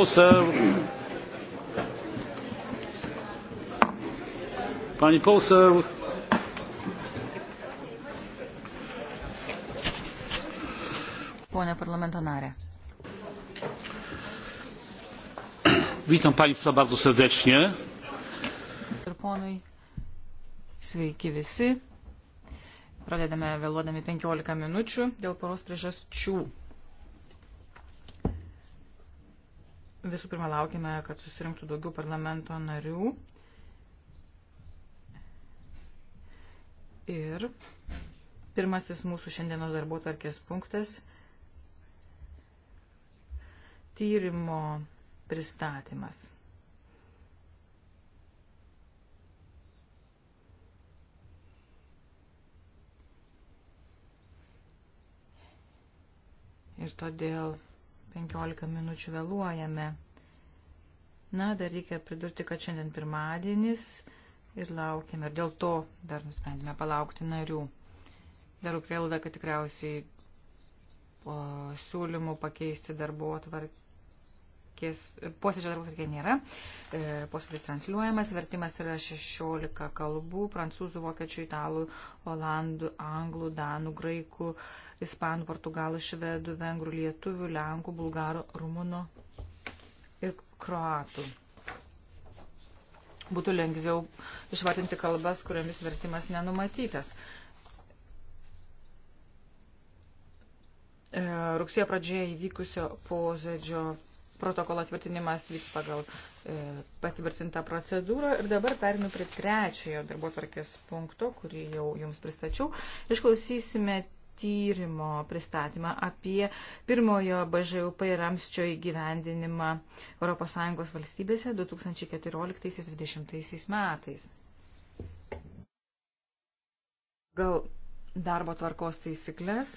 poseł. Pani poseł. Pone parlamento narė. Witam Państwa bardzo serdecznie. Ponui, sveiki visi. Pradedame vėluodami 15 minučių dėl poros priežasčių. Visų pirma, laukime, kad susirinktų daugiau parlamento narių. Ir pirmasis mūsų šiandienos darbo tarkės punktas – tyrimo pristatymas. Ir todėl 15 minučių vėluojame. Na, dar reikia pridurti, kad šiandien pirmadienis ir laukiame. Ir dėl to dar nusprendėme palaukti narių. Darau prielaidą, kad tikriausiai o, siūlymų pakeisti darbo atvarkį tvarkės, posėdžio darbos tvarkė nėra, e, posėdis transliuojamas, vertimas yra 16 kalbų, prancūzų, vokiečių, italų, olandų, anglų, danų, graikų, ispanų, portugalų, švedų, vengrų, lietuvių, lenkų, bulgarų, rumunų ir kroatų. Būtų lengviau išvardinti kalbas, kuriomis vertimas nenumatytas. E, rugsėjo pradžioje įvykusio posėdžio protokolo tvirtinimas vyks pagal e, patvirtintą procedūrą. Ir dabar perinu prie trečiojo darbo tvarkės punkto, kurį jau jums pristačiau. Išklausysime tyrimo pristatymą apie pirmojo BŽUP ramsčio įgyvendinimą ES valstybėse 2014-2020 metais. Gal darbo tvarkos taisyklės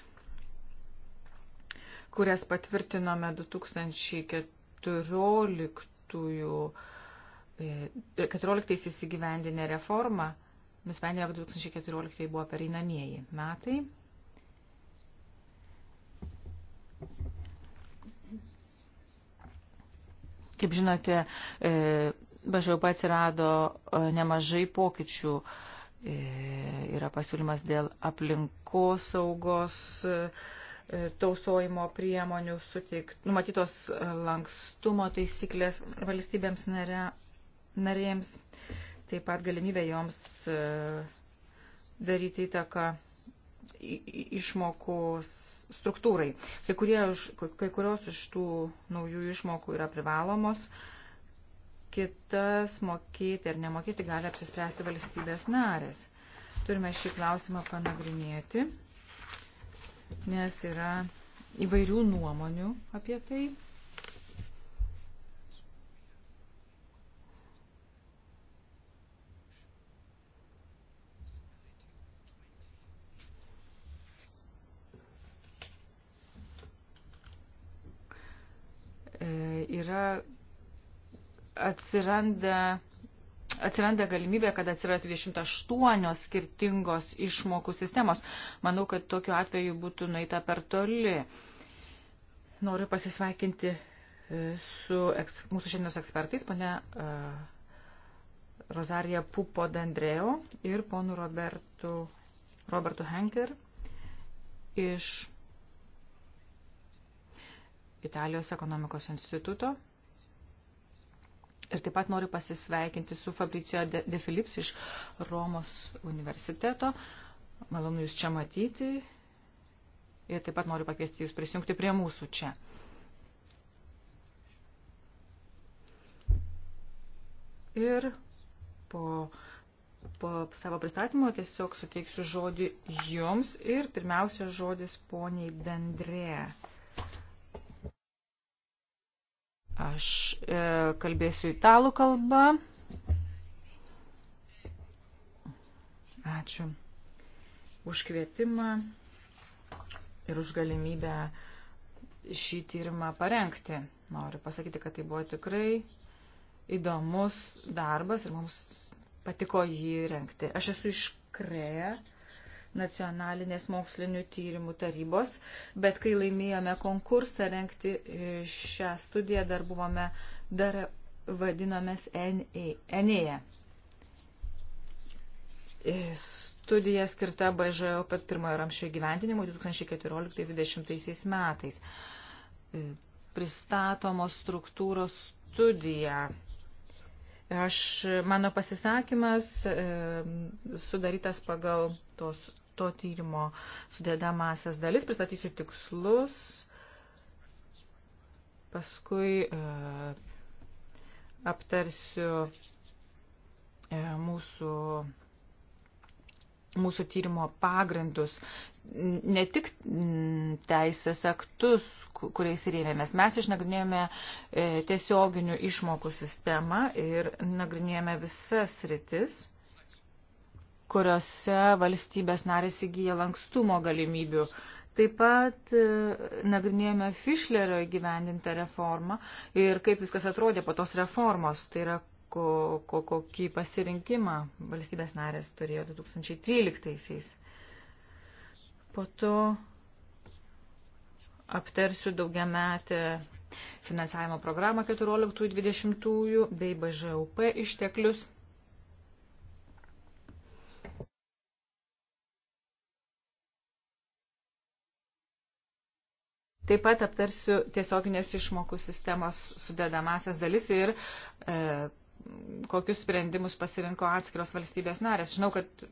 kurias patvirtinome 2014 14 e, įsigyvendinę reformą nusprendė, jog 2014 buvo pereinamieji metai. Kaip žinote, e, BŽP atsirado e, nemažai pokyčių. Yra pasiūlymas dėl aplinkos saugos, E, tausojimo priemonių suteikt, numatytos e, lankstumo taisyklės valstybėms nare, narėms, taip pat galimybė joms e, daryti įtaką išmokų struktūrai. Kai, kurie, kai kurios iš tų naujų išmokų yra privalomos, kitas mokyti ar nemokyti gali apsispręsti valstybės narės. Turime šį klausimą panagrinėti nes yra įvairių nuomonių apie tai. E, yra atsiranda atsiranda galimybė, kad atsiras 28 skirtingos išmokų sistemos. Manau, kad tokiu atveju būtų naita per toli. Noriu pasisveikinti e, su eks, mūsų šiandienos ekspertais, pane uh, Rozarija Pupo Dandreo ir ponu Robertu, Robertu Henker iš Italijos ekonomikos instituto. Ir taip pat noriu pasisveikinti su Fabricio De, De Philips iš Romos universiteto. Malonu Jūs čia matyti. Ir taip pat noriu pakviesti Jūs prisijungti prie mūsų čia. Ir po, po savo pristatymo tiesiog suteiksiu žodį Jums ir pirmiausia žodis poniai Bendrė. Aš e, kalbėsiu italų kalbą. Ačiū už kvietimą ir už galimybę šį tyrimą parengti. Noriu pasakyti, kad tai buvo tikrai įdomus darbas ir mums patiko jį rengti. Aš esu iš Kreja nacionalinės mokslinių tyrimų tarybos, bet kai laimėjome konkursą renkti e, šią studiją, dar buvome, dar vadinomės ENEA. E. E, studija skirta BŽO pat pirmojo ramščio gyventinimui 2014-2020 metais. Pristatomos struktūros studija Aš, mano pasisakymas e, sudarytas pagal tos, to tyrimo sudėdamasias dalis, pristatysiu tikslus, paskui e, aptarsiu e, mūsų mūsų tyrimo pagrindus, ne tik teisės aktus, kuriais rėmėmės. Mes išnagrinėjome e, tiesioginių išmokų sistemą ir nagrinėjome visas rytis kuriuose valstybės narės įgyja lankstumo galimybių. Taip pat e, nagrinėjome Fischlerio įgyvendintą reformą ir kaip viskas atrodė po tos reformos, tai yra ko, ko, kokį pasirinkimą valstybės narės turėjo 2013-aisiais. Po to aptarsiu daugiametę finansavimo programą 14-20 bei BŽUP išteklius Taip pat aptarsiu tiesioginės išmokų sistemos sudedamasias dalis ir e, kokius sprendimus pasirinko atskiros valstybės narės. Žinau, kad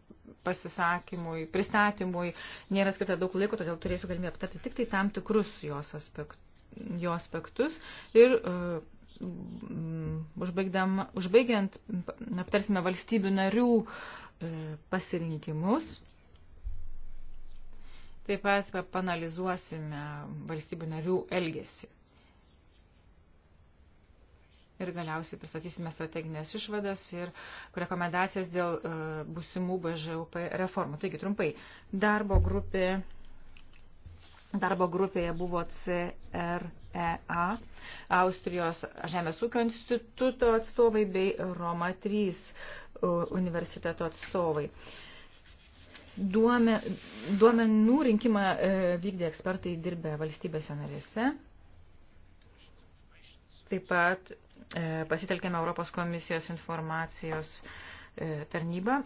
pasisakymui, pristatymui nėra skirta daug laiko, todėl turėsiu galimybę aptarti tik tai tam tikrus jos, aspekt, jo aspektus. Ir uh, užbaigiant aptarsime valstybių narių uh, pasirinkimus. Taip pat panalizuosime valstybių narių elgesį. Ir galiausiai pristatysime strateginės išvadas ir rekomendacijas dėl uh, e, busimų BŽUP reformų. Taigi trumpai, darbo, grupė, darbo grupėje buvo CREA, Austrijos Žemės ūkio instituto atstovai bei Roma 3 uh, e, universiteto atstovai. Uh, Duome, duomenų rinkimą e, vykdė ekspertai dirbę valstybėse narėse. Taip pat e, pasitelkėme Europos komisijos informacijos e, tarnybą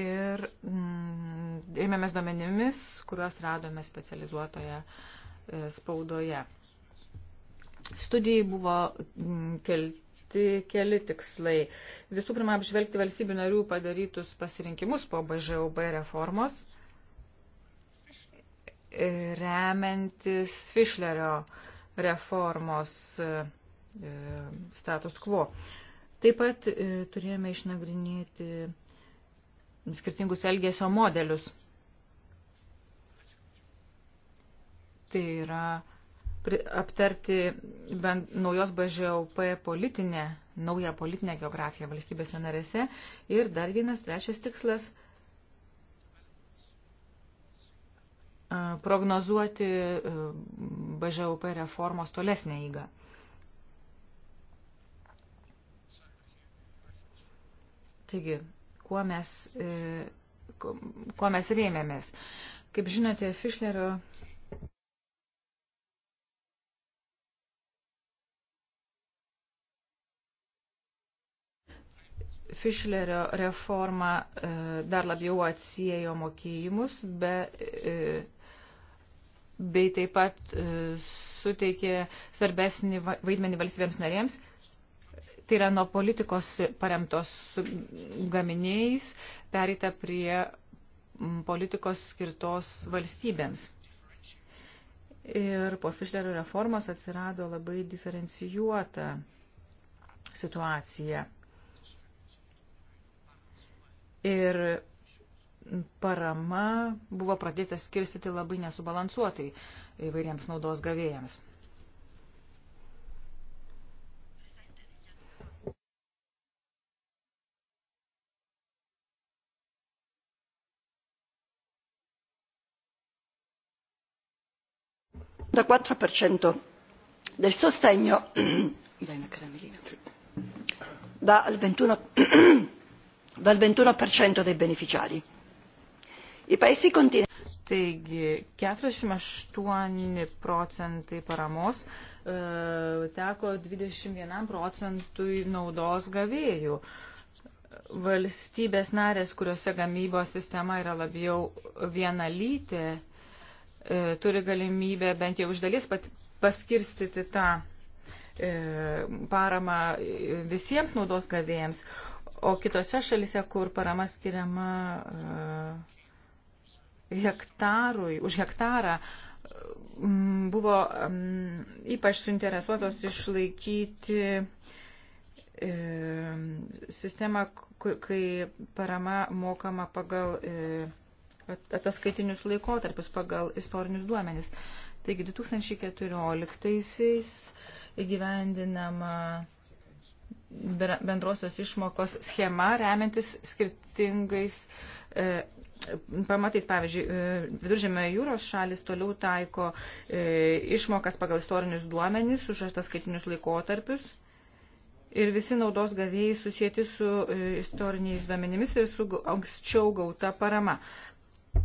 ir mm, ėmėmės duomenimis, kuriuos radome specializuotoje e, spaudoje. Studijai buvo mm, kelti iškelti keli tikslai. Visų pirma, apžvelgti valstybių narių padarytus pasirinkimus po BŽUB reformos, remiantis Fischlerio reformos e, status quo. Taip pat e, turėjome išnagrinėti skirtingus elgesio modelius. Tai yra aptarti bent naujos BŽOP politinę, naują politinę geografiją valstybėse narėse. Ir dar vienas trečias tikslas e, - prognozuoti e, BŽOP reformos tolesnę įgą. Taigi, kuo mes, e, kuo mes rėmėmės? Kaip žinote, Fischlerio Fischlerio reforma e, dar labiau atsiejo mokėjimus, be, e, bei taip pat e, suteikė svarbesnį vaidmenį valstybėms narėms. Tai yra nuo politikos paremtos gaminiais perita prie politikos skirtos valstybėms. Ir po Fischlerio reformos atsirado labai diferencijuota situacija ir parama buvo pradėta skirstyti labai nesubalansuotai įvairiems naudos gavėjams. ottantaquattro del sostegno da dal 21% dei beneficiari. I paesi continentali. Taigi 48 procentai paramos e, teko 21 procentui naudos gavėjų. Valstybės narės, kuriuose gamybos sistema yra labiau vienalytė, e, turi galimybę bent jau iš dalies pat, paskirstyti tą e, paramą e, visiems naudos gavėjams, O kitose šalise, kur parama skiriama e, hektarui, už hektarą, buvo ypač suinteresuotos išlaikyti e, sistemą, kai parama mokama pagal e, ataskaitinius laikotarpius, pagal istorinius duomenis. Taigi 2014 įgyvendinama bendrosios išmokos schema remiantis skirtingais e, pamatais. Pavyzdžiui, e, viduržėmio jūros šalis toliau taiko e, išmokas pagal istorinius duomenys už ataskaitinius laikotarpius. Ir visi naudos gavėjai susijęti su e, istoriniais duomenimis ir su anksčiau gauta parama.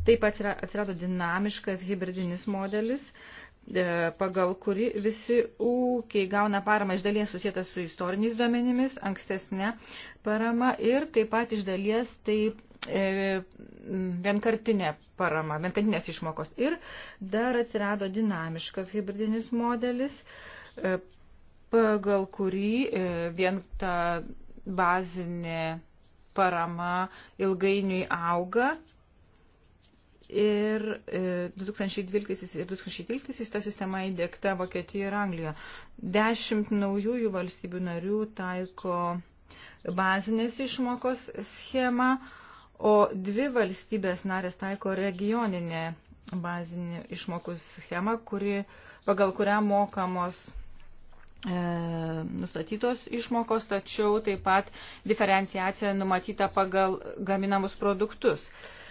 Taip pat atsirado dinamiškas hybridinis modelis, e, E, pagal kuri visi ūkiai gauna paramą iš dalies susijęta su istoriniais duomenimis, ankstesnė parama ir taip pat iš dalies tai e, vienkartinė parama, vienkartinės išmokos. Ir dar atsirado dinamiškas hybridinis modelis, e, pagal kurį e, vien ta bazinė parama ilgainiui auga Ir 2012-2013 e, ta sistema įdėkta Vokietijoje ir Anglijoje. Dešimt naujųjų valstybių narių taiko bazinės išmokos schemą, o dvi valstybės narės taiko regioninę bazinį išmokų schemą, kuri, pagal kurią mokamos e, nustatytos išmokos, tačiau taip pat diferenciacija numatyta pagal gaminamus produktus. E,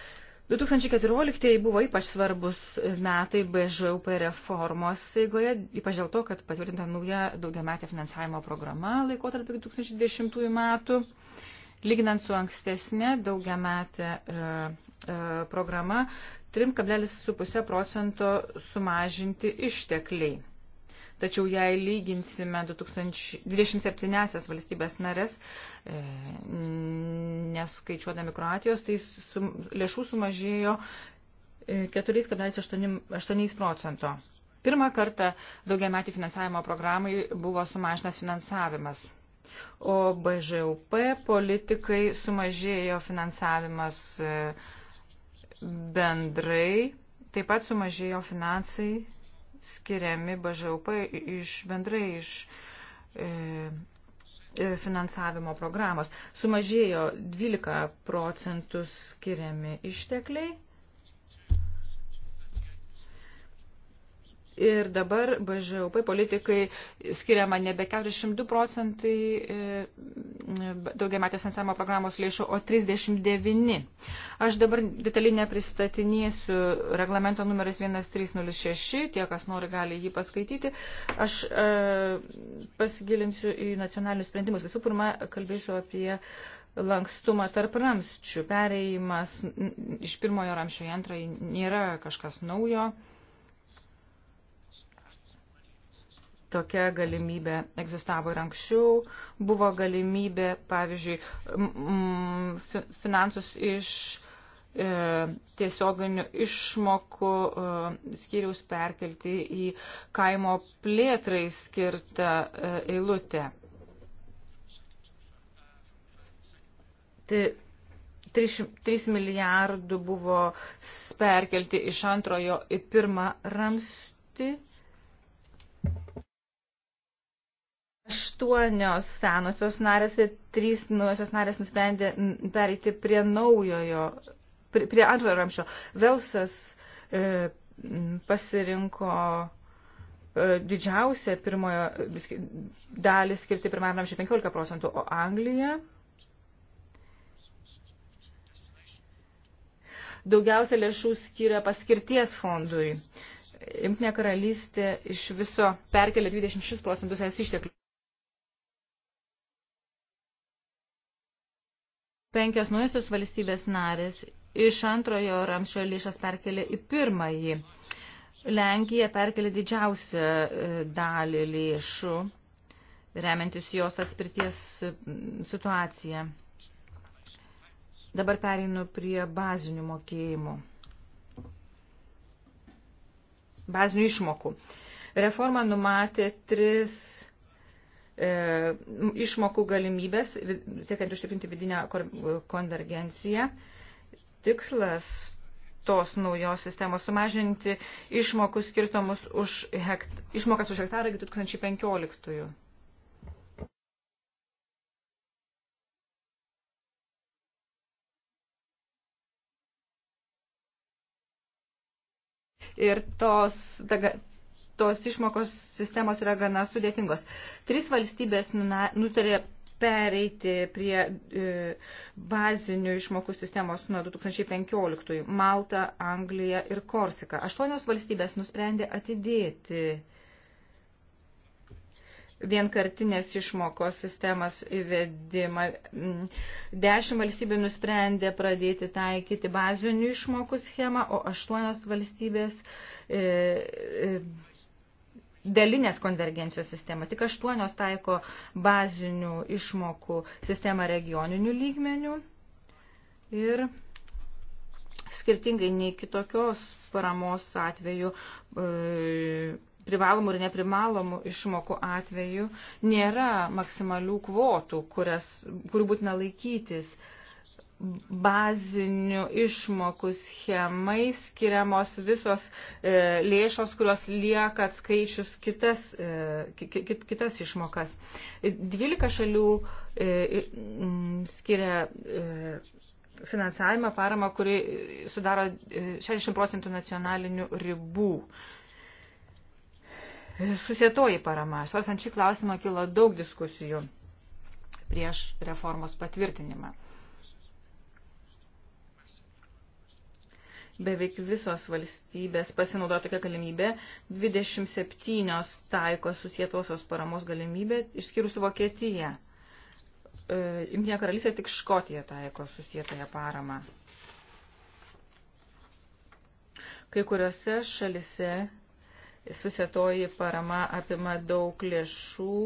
2014 buvo ypač svarbus metai BŽUP reformos eigoje, ypač dėl to, kad patvirtinta nauja daugiametė finansavimo programa laikotarpį 2010 metų. Lyginant su ankstesnė daugiametė e, e, programa, 3,5 procento sumažinti ištekliai. Tačiau jei lyginsime 2027 valstybės narės, e, neskaičiuodami Kroatijos, tai sum, lėšų sumažėjo 4,8 e, procento. Pirmą kartą daugiametį finansavimo programai buvo sumažinas finansavimas. O BŽUP politikai sumažėjo finansavimas e, bendrai, taip pat sumažėjo finansai skiriami BŽUP iš bendrai iš e, e finansavimo programos. Sumažėjo 12 procentų skiriami ištekliai Ir dabar BŽUP politikai skiriama nebe 42 procentai e, daugiametės finansavimo programos lėšų, o 39. Aš dabar detaliai nepristatinėsiu reglamento numeris 1306, tie, kas nori, gali jį paskaityti. Aš e, pasigilinsiu į nacionalinius sprendimus. Visų pirma, kalbėsiu apie lankstumą tarp ramsčių. Pereimas iš pirmojo ramščio į antrąjį nėra kažkas naujo. E, tokia galimybė egzistavo ir anksčiau. Buvo galimybė, pavyzdžiui, finansus iš e, tiesioginių išmokų e, skyriaus perkelti į kaimo plėtrai skirtą e, eilutę. Tai 3, 3 milijardų buvo perkelti iš antrojo į pirmą ramstį aštuonios senosios narės ir trys naujosios narės nusprendė pereiti prie naujojo, prie, prie antrojo ramšio. Velsas e, pasirinko e, didžiausią pirmojo dalį skirti pirmajam ramščiui 15 procentų, o Anglija daugiausia lėšų skiria paskirties fondui. Imtinė karalystė iš viso perkelia 26 procentus es išteklių. Penkios nuosios valstybės narės iš antrojo ramščio lėšas perkelė į pirmąjį. Lenkija perkelė didžiausią e, dalį lėšų, remiantis jos atspirties e, situaciją. Dabar pereinu prie bazinių mokėjimų. Bazinių išmokų. Reforma numatė tris E, išmokų galimybės, siekiant užtikrinti vidinę konvergenciją. Tikslas tos naujos sistemos sumažinti išmokus skirtomus už hekt, išmokas už hektarą iki 2015. Ir tos, ta, tos išmokos sistemos yra gana sudėtingos. Trys valstybės nutarė pereiti prie e, bazinių išmokų sistemos nuo 2015 - Malta, Anglija ir Korsika. Aštuonios valstybės nusprendė atidėti vienkartinės išmokos sistemos įvedimą. Dešimt valstybių nusprendė pradėti taikyti bazinių išmokų schemą, o aštuonios valstybės e, e, dalinės konvergencijos sistemą. Tik aštuonios taiko bazinių išmokų sistemą regioninių lygmenių. Ir skirtingai nei kitokios paramos atveju, e, privalomų ir neprivalomų išmokų atveju, nėra maksimalių kvotų, kurias, kurių būtina laikytis bazinių išmokų schemai skiriamos visos e, lėšos, kurios lieka atskaičius kitas, e, kit, kitas išmokas. 12 šalių e, skiria e, finansavimą, paramą, kuri sudaro 60 e, procentų nacionalinių ribų. Susietoji parama. Svarstant šį klausimą kilo daug diskusijų prieš reformos patvirtinimą. beveik visos valstybės pasinaudoja tokią galimybę, 27 taiko susietosios paramos galimybę, išskyrus Vokietiją. Imtinė e, karalystė tik Škotija taiko susietoje paramą. Kai kuriuose šalise susietoji parama apima daug lėšų,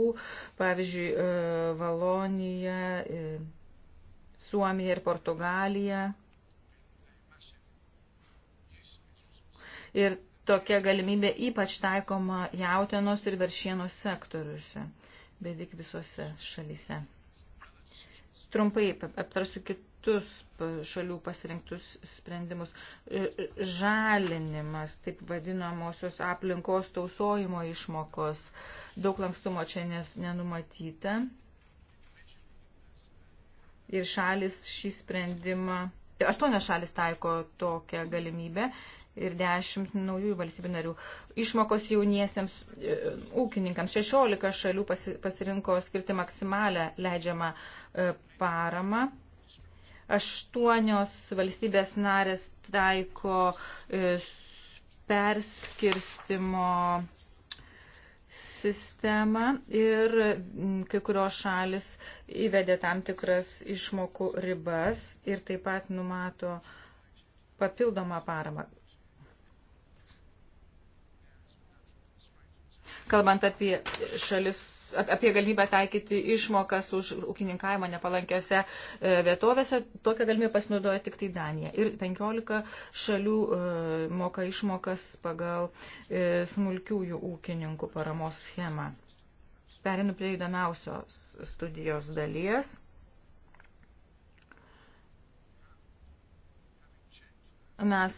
pavyzdžiui, e, Valonija, e, Suomija ir Portugalija. Ir tokia galimybė ypač taikoma jautienos ir veršienos sektoriuose, bet tik visose šalyse. Trumpai aptarsiu kitus šalių pasirinktus sprendimus. E, žalinimas, taip vadinamosios aplinkos tausojimo išmokos, daug lankstumo čia nenumatyta. Ir šalis šį sprendimą, aštuonios šalis taiko tokią galimybę ir 10 naujųjų valstybių narių. Išmokos jauniesiems e, ūkininkams 16 šalių pasirinko skirti maksimalę leidžiamą e, paramą. Aštuonios valstybės narės taiko e, perskirstimo sistemą ir kai kurios šalis įvedė tam tikras išmokų ribas ir taip pat numato papildomą paramą. kalbant apie šalis apie galimybę taikyti išmokas už ūkininkavimą nepalankiose e, vietovėse. Tokią galimybę pasinaudoja tik tai Danija. Ir 15 šalių e, moka išmokas pagal e, smulkiųjų ūkininkų paramos schemą. Perinu prie įdomiausios studijos dalies. Mes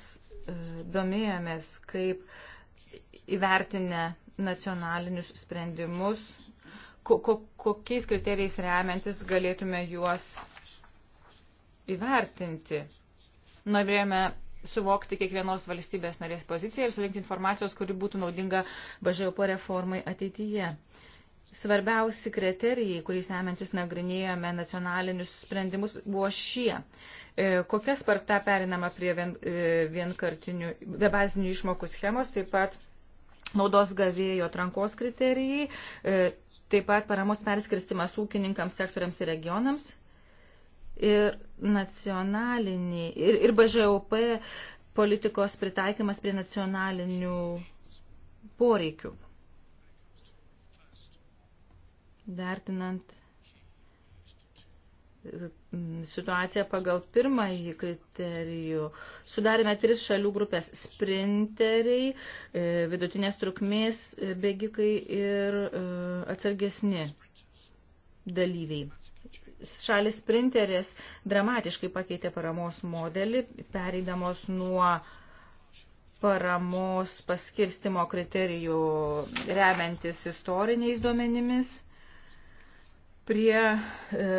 domėjomės, kaip įvertinę nacionalinius sprendimus, ko, ko, kokiais kriterijais remiantis galėtume juos įvertinti. Norėjome suvokti kiekvienos valstybės narės poziciją ir surinkti informacijos, kuri būtų naudinga BŽP reformai ateityje. Svarbiausi kriterijai, kuriais remiantis nagrinėjome nacionalinius sprendimus, buvo šie. E, kokia sparta perinama prie e, vienkartinių, be bazinių išmokų schemos, taip pat naudos gavėjo atrankos kriterijai, e, taip pat paramos perskirstimas ūkininkams, sektoriams ir regionams ir nacionaliniai, ir, ir BŽOP politikos pritaikymas prie nacionalinių poreikių. Vertinant situaciją pagal pirmąjį kriterijų. Sudarėme tris šalių grupės - sprinteriai, e, vidutinės trukmės e, bėgikai ir e, atsargesni dalyviai. Šalis sprinterės dramatiškai pakeitė paramos modelį, pereidamos nuo paramos paskirstimo kriterijų remiantis istoriniais duomenimis – prie e,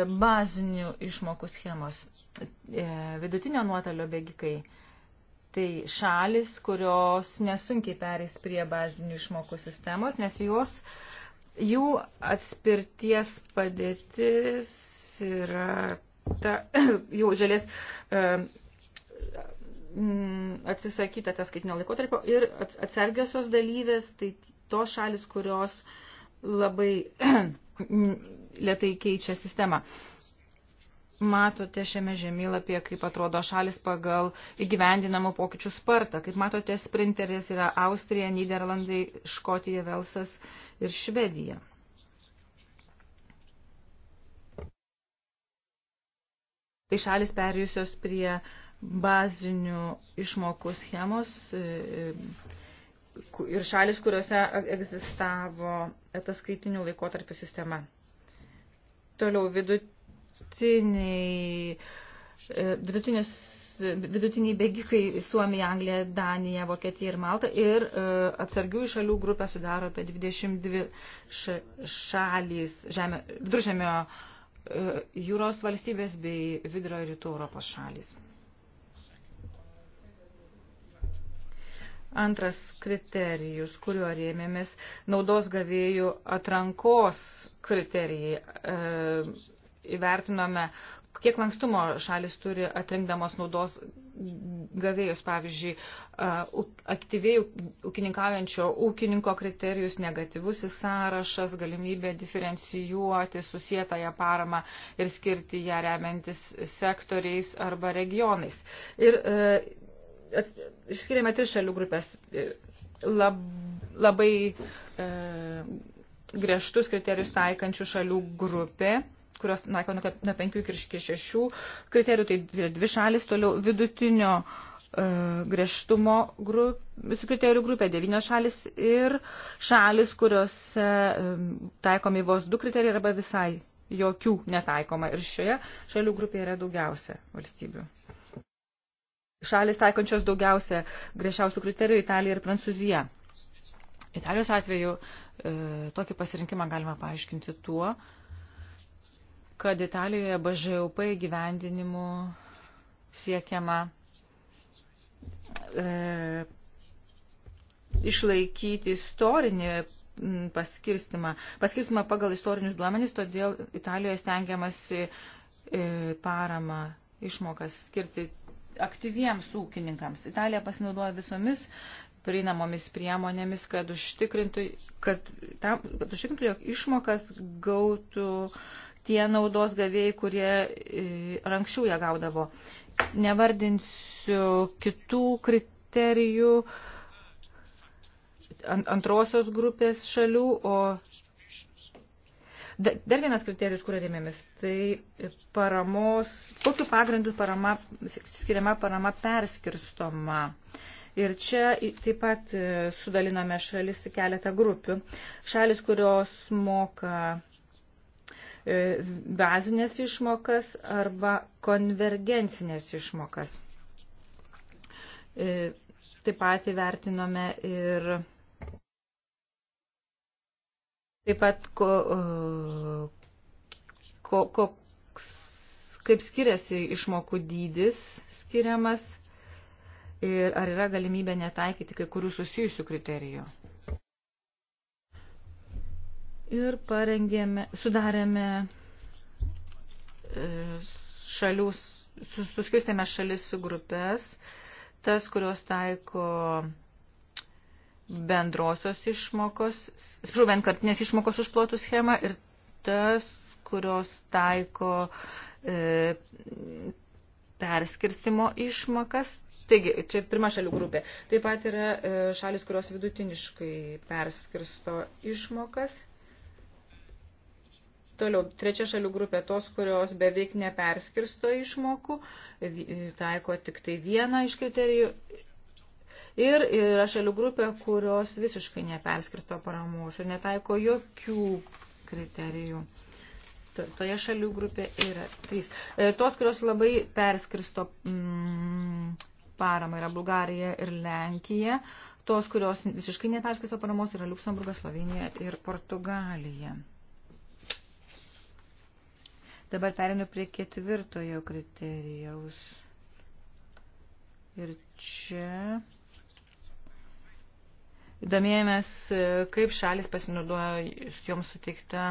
bazinių išmokų schemos. E, vidutinio nuotolio bėgikai tai šalis, kurios nesunkiai perės prie bazinių išmokų sistemos, nes jos, jų atspirties padėtis yra ta, jų žalės e, atsisakyta tas skaitinio laikotarpio ir atsargiosios dalyvės, tai tos šalis, kurios labai Mm, lietai keičia sistemą. Matote šiame žemėlapyje, kaip atrodo šalis pagal įgyvendinamų pokyčių spartą. Kaip matote, sprinteris yra Austrija, Niderlandai, Škotija, Velsas ir Švedija. Tai šalis perėjusios prie bazinių išmokų schemos. E, e, ir šalis, kuriuose egzistavo ataskaitinių laikotarpių sistema. Toliau vidutiniai, e, vidutinis, vidutiniai bėgikai Suomija, Anglija, Danija, Vokietija ir Malta ir e, atsargių šalių grupę sudaro apie 22 šalys žemė, viduržemio e, jūros valstybės bei vidurio rytų Europos šalys. Antras kriterijus, kuriuo rėmėmės, naudos gavėjų atrankos kriterijai. E, įvertinome, kiek lankstumo šalis turi atrinkdamos naudos gavėjus, pavyzdžiui, e, aktyviai ūkininkaujančio ūkininko kriterijus, negatyvusis sąrašas, galimybė diferencijuoti susietąją paramą ir skirti ją remiantis sektoriais arba regionais. Ir e, išskiriame tris šalių grupės. Lab, labai e, griežtus kriterijus taikančių šalių grupė, kurios taiko nuo 5 iki 6 kriterijų, tai dvi šalis toliau vidutinio e, griežtumo grup, kriterijų grupė, devynios šalis ir šalis, kuriuose e, taikomi vos du kriterijai arba visai jokių netaikoma. Ir šioje šalių grupėje yra daugiausia valstybių šalis taikančios daugiausia griežčiausių kriterijų Italija ir Prancūzija. Italijos atveju e, tokį pasirinkimą galima paaiškinti tuo, kad Italijoje BŽUP įgyvendinimu siekiama e, išlaikyti istorinį paskirstimą. Paskirstimą pagal istorinius duomenys, todėl Italijoje stengiamasi e, paramą išmokas skirti aktyviems ūkininkams. Italija pasinaudoja visomis prieinamomis priemonėmis, kad užtikrintų, kad, tam, kad užtikrintų, jog išmokas gautų tie naudos gavėjai, kurie e, anksčiau ją gaudavo. Nevardinsiu kitų kriterijų antrosios grupės šalių, o Dar vienas kriterijus, kurio rėmėmis, tai paramos, kokiu pagrindu parama, skiriama parama perskirstoma. Ir čia taip pat e, sudaliname šalis į keletą grupių. Šalis, kurios moka e, bazinės išmokas arba konvergencinės išmokas. E, taip pat įvertinome ir Taip pat, ko, uh, ko, koks, kaip skiriasi išmokų dydis skiriamas ir ar yra galimybė netaikyti kai kurių susijusių kriterijų. Ir parengėme, sudarėme uh, šalių, suskirstėme šalis su grupės, tas, kurios taiko bendrosios išmokos, atsiprašau, vienkartinės išmokos už plotų schemą ir tas, kurios taiko e, perskirstimo išmokas. Taigi, čia pirma šalių grupė. Taip pat yra e, šalis, kurios vidutiniškai perskirsto išmokas. Toliau, trečia šalių grupė tos, kurios beveik neperskirsto išmokų, taiko tik tai vieną iš kriterijų Ir yra šalių grupė, kurios visiškai neperskirto paramos ir netaiko jokių kriterijų. Toje šalių grupė yra trys. E, tos, kurios labai perskirsto mm, paramą, yra Bulgarija ir Lenkija. Tos, kurios visiškai neperskirsto paramos, yra Luksemburgas, Slovenija ir Portugalija. Dabar perinu prie ketvirtojo kriterijaus. Ir čia Domėjomės, kaip šalis pasinaudojo joms suteikta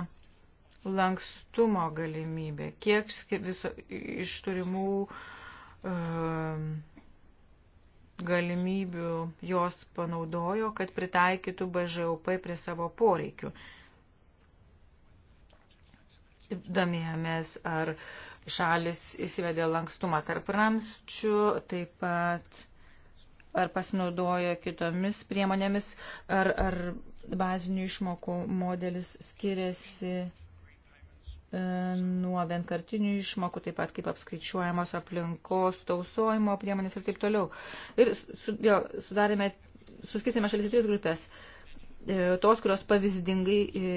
lankstumo galimybė, kiek viso, iš turimų um, galimybių jos panaudojo, kad pritaikytų BŽUP prie savo poreikių. Domėjomės, ar šalis įsivedė lankstumą tarp ramščių, taip pat ar pasinaudojo kitomis priemonėmis, ar, ar bazinių išmokų modelis skiriasi e, nuo vienkartinių išmokų, taip pat kaip apskaičiuojamos aplinkos, tausojimo priemonės ir taip toliau. Ir su, jo, sudarėme, suskisėme šalis į tris grupės. E, tos, kurios pavyzdingai e,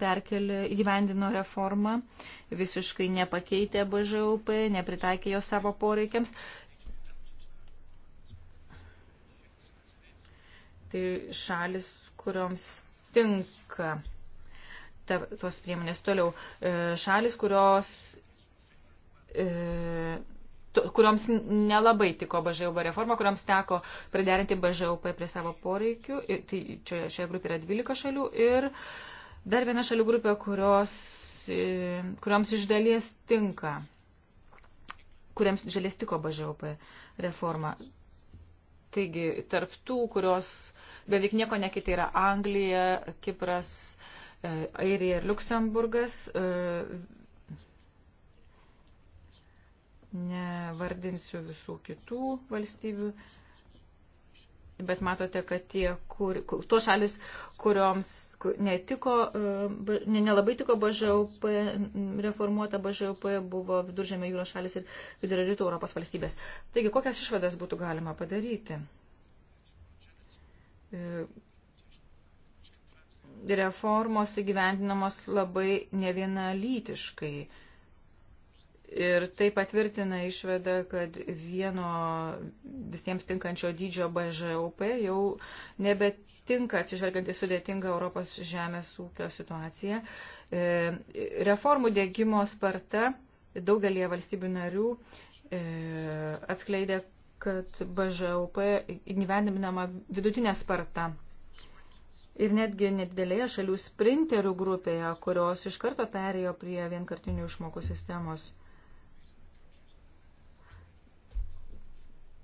perkelė, įgyvendino reformą, visiškai nepakeitė BŽUP, nepritaikė jo savo poreikiams Tai šalis, kurioms tinka ta, tos priemonės. Toliau, e, šalis, kurios, e, to, kurioms nelabai tiko BŽUB reforma, kurioms teko priderinti BŽUP prie savo poreikių. Ir, tai šioje, šioje grupėje yra 12 šalių ir dar viena šalių grupė, kurios, e, kurioms iš dalies tinka kuriems žalės tiko BŽOP reforma. Taigi, tarp tų, kurios beveik nieko nekitai yra Anglija, Kipras, e, Airija ir Luksemburgas, e, nevardinsiu visų kitų valstybių bet matote, kad tie, kur, tuo šalis, kurioms netiko, e, ne, nelabai tiko BŽUP, reformuota BŽUP buvo viduržėmio jūros šalis ir vidurio rytų Europos valstybės. Taigi, kokias išvadas būtų galima padaryti? E, reformos įgyvendinamos labai nevienalytiškai. lytiškai Ir tai patvirtina išveda, kad vieno visiems tinkančio dydžio BŽUP jau nebetinka atsižvelgiant į sudėtingą Europos žemės ūkio situaciją. E, reformų dėgymo sparta daugelie valstybių narių e, atskleidė, kad BŽUP įgyvendinama vidutinė sparta. Ir netgi nedidelėje šalių sprinterių grupėje, kurios iš karto perėjo prie vienkartinių išmokų sistemos.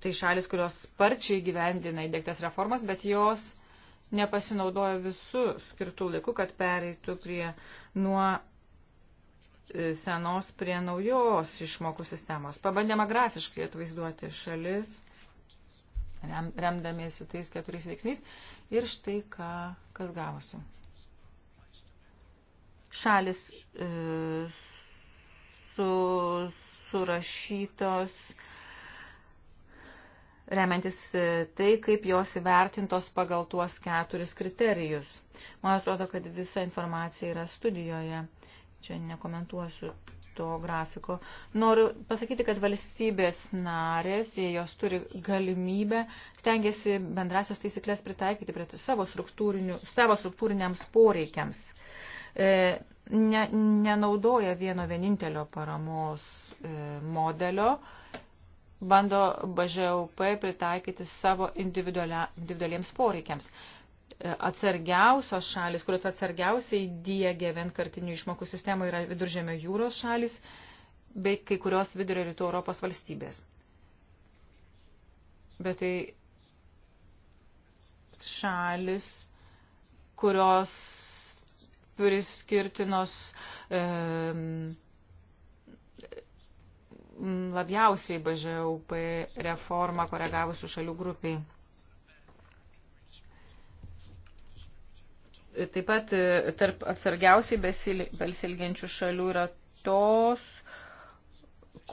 Tai šalis, kurios sparčiai gyvendina įdėktas reformas, bet jos nepasinaudojo visų skirtų laikų, kad pereitų prie nuo e, senos prie naujos išmokų sistemos. Pabandėme grafiškai atvaizduoti šalis, rem, remdamiesi tais keturiais veiksniais. Ir štai ką, kas gavosi. Šalis e, su, surašytos e, remiantis e, tai, kaip jos įvertintos pagal tuos keturis kriterijus. Man atrodo, kad visa informacija yra studijoje. Čia nekomentuosiu to grafiko. Noriu pasakyti, kad valstybės narės, jei jos turi galimybę, stengiasi bendrasias taisyklės pritaikyti prie savo, savo struktūriniams poreikiams. E, ne, nenaudoja vieno vienintelio paramos e, modelio. E, bando BŽUP pritaikyti savo individualiems poreikiams. E, atsargiausios šalis, kurios atsargiausiai diegia vienkartinių išmokų sistemą, yra viduržėmio jūros šalis bei kai kurios vidurio rytų Europos valstybės. Bet tai šalis, kurios priskirtinos e, labiausiai BŽUP reformą koregavusių šalių grupiai. Taip pat e, tarp atsargiausiai besilgiančių šalių yra tos,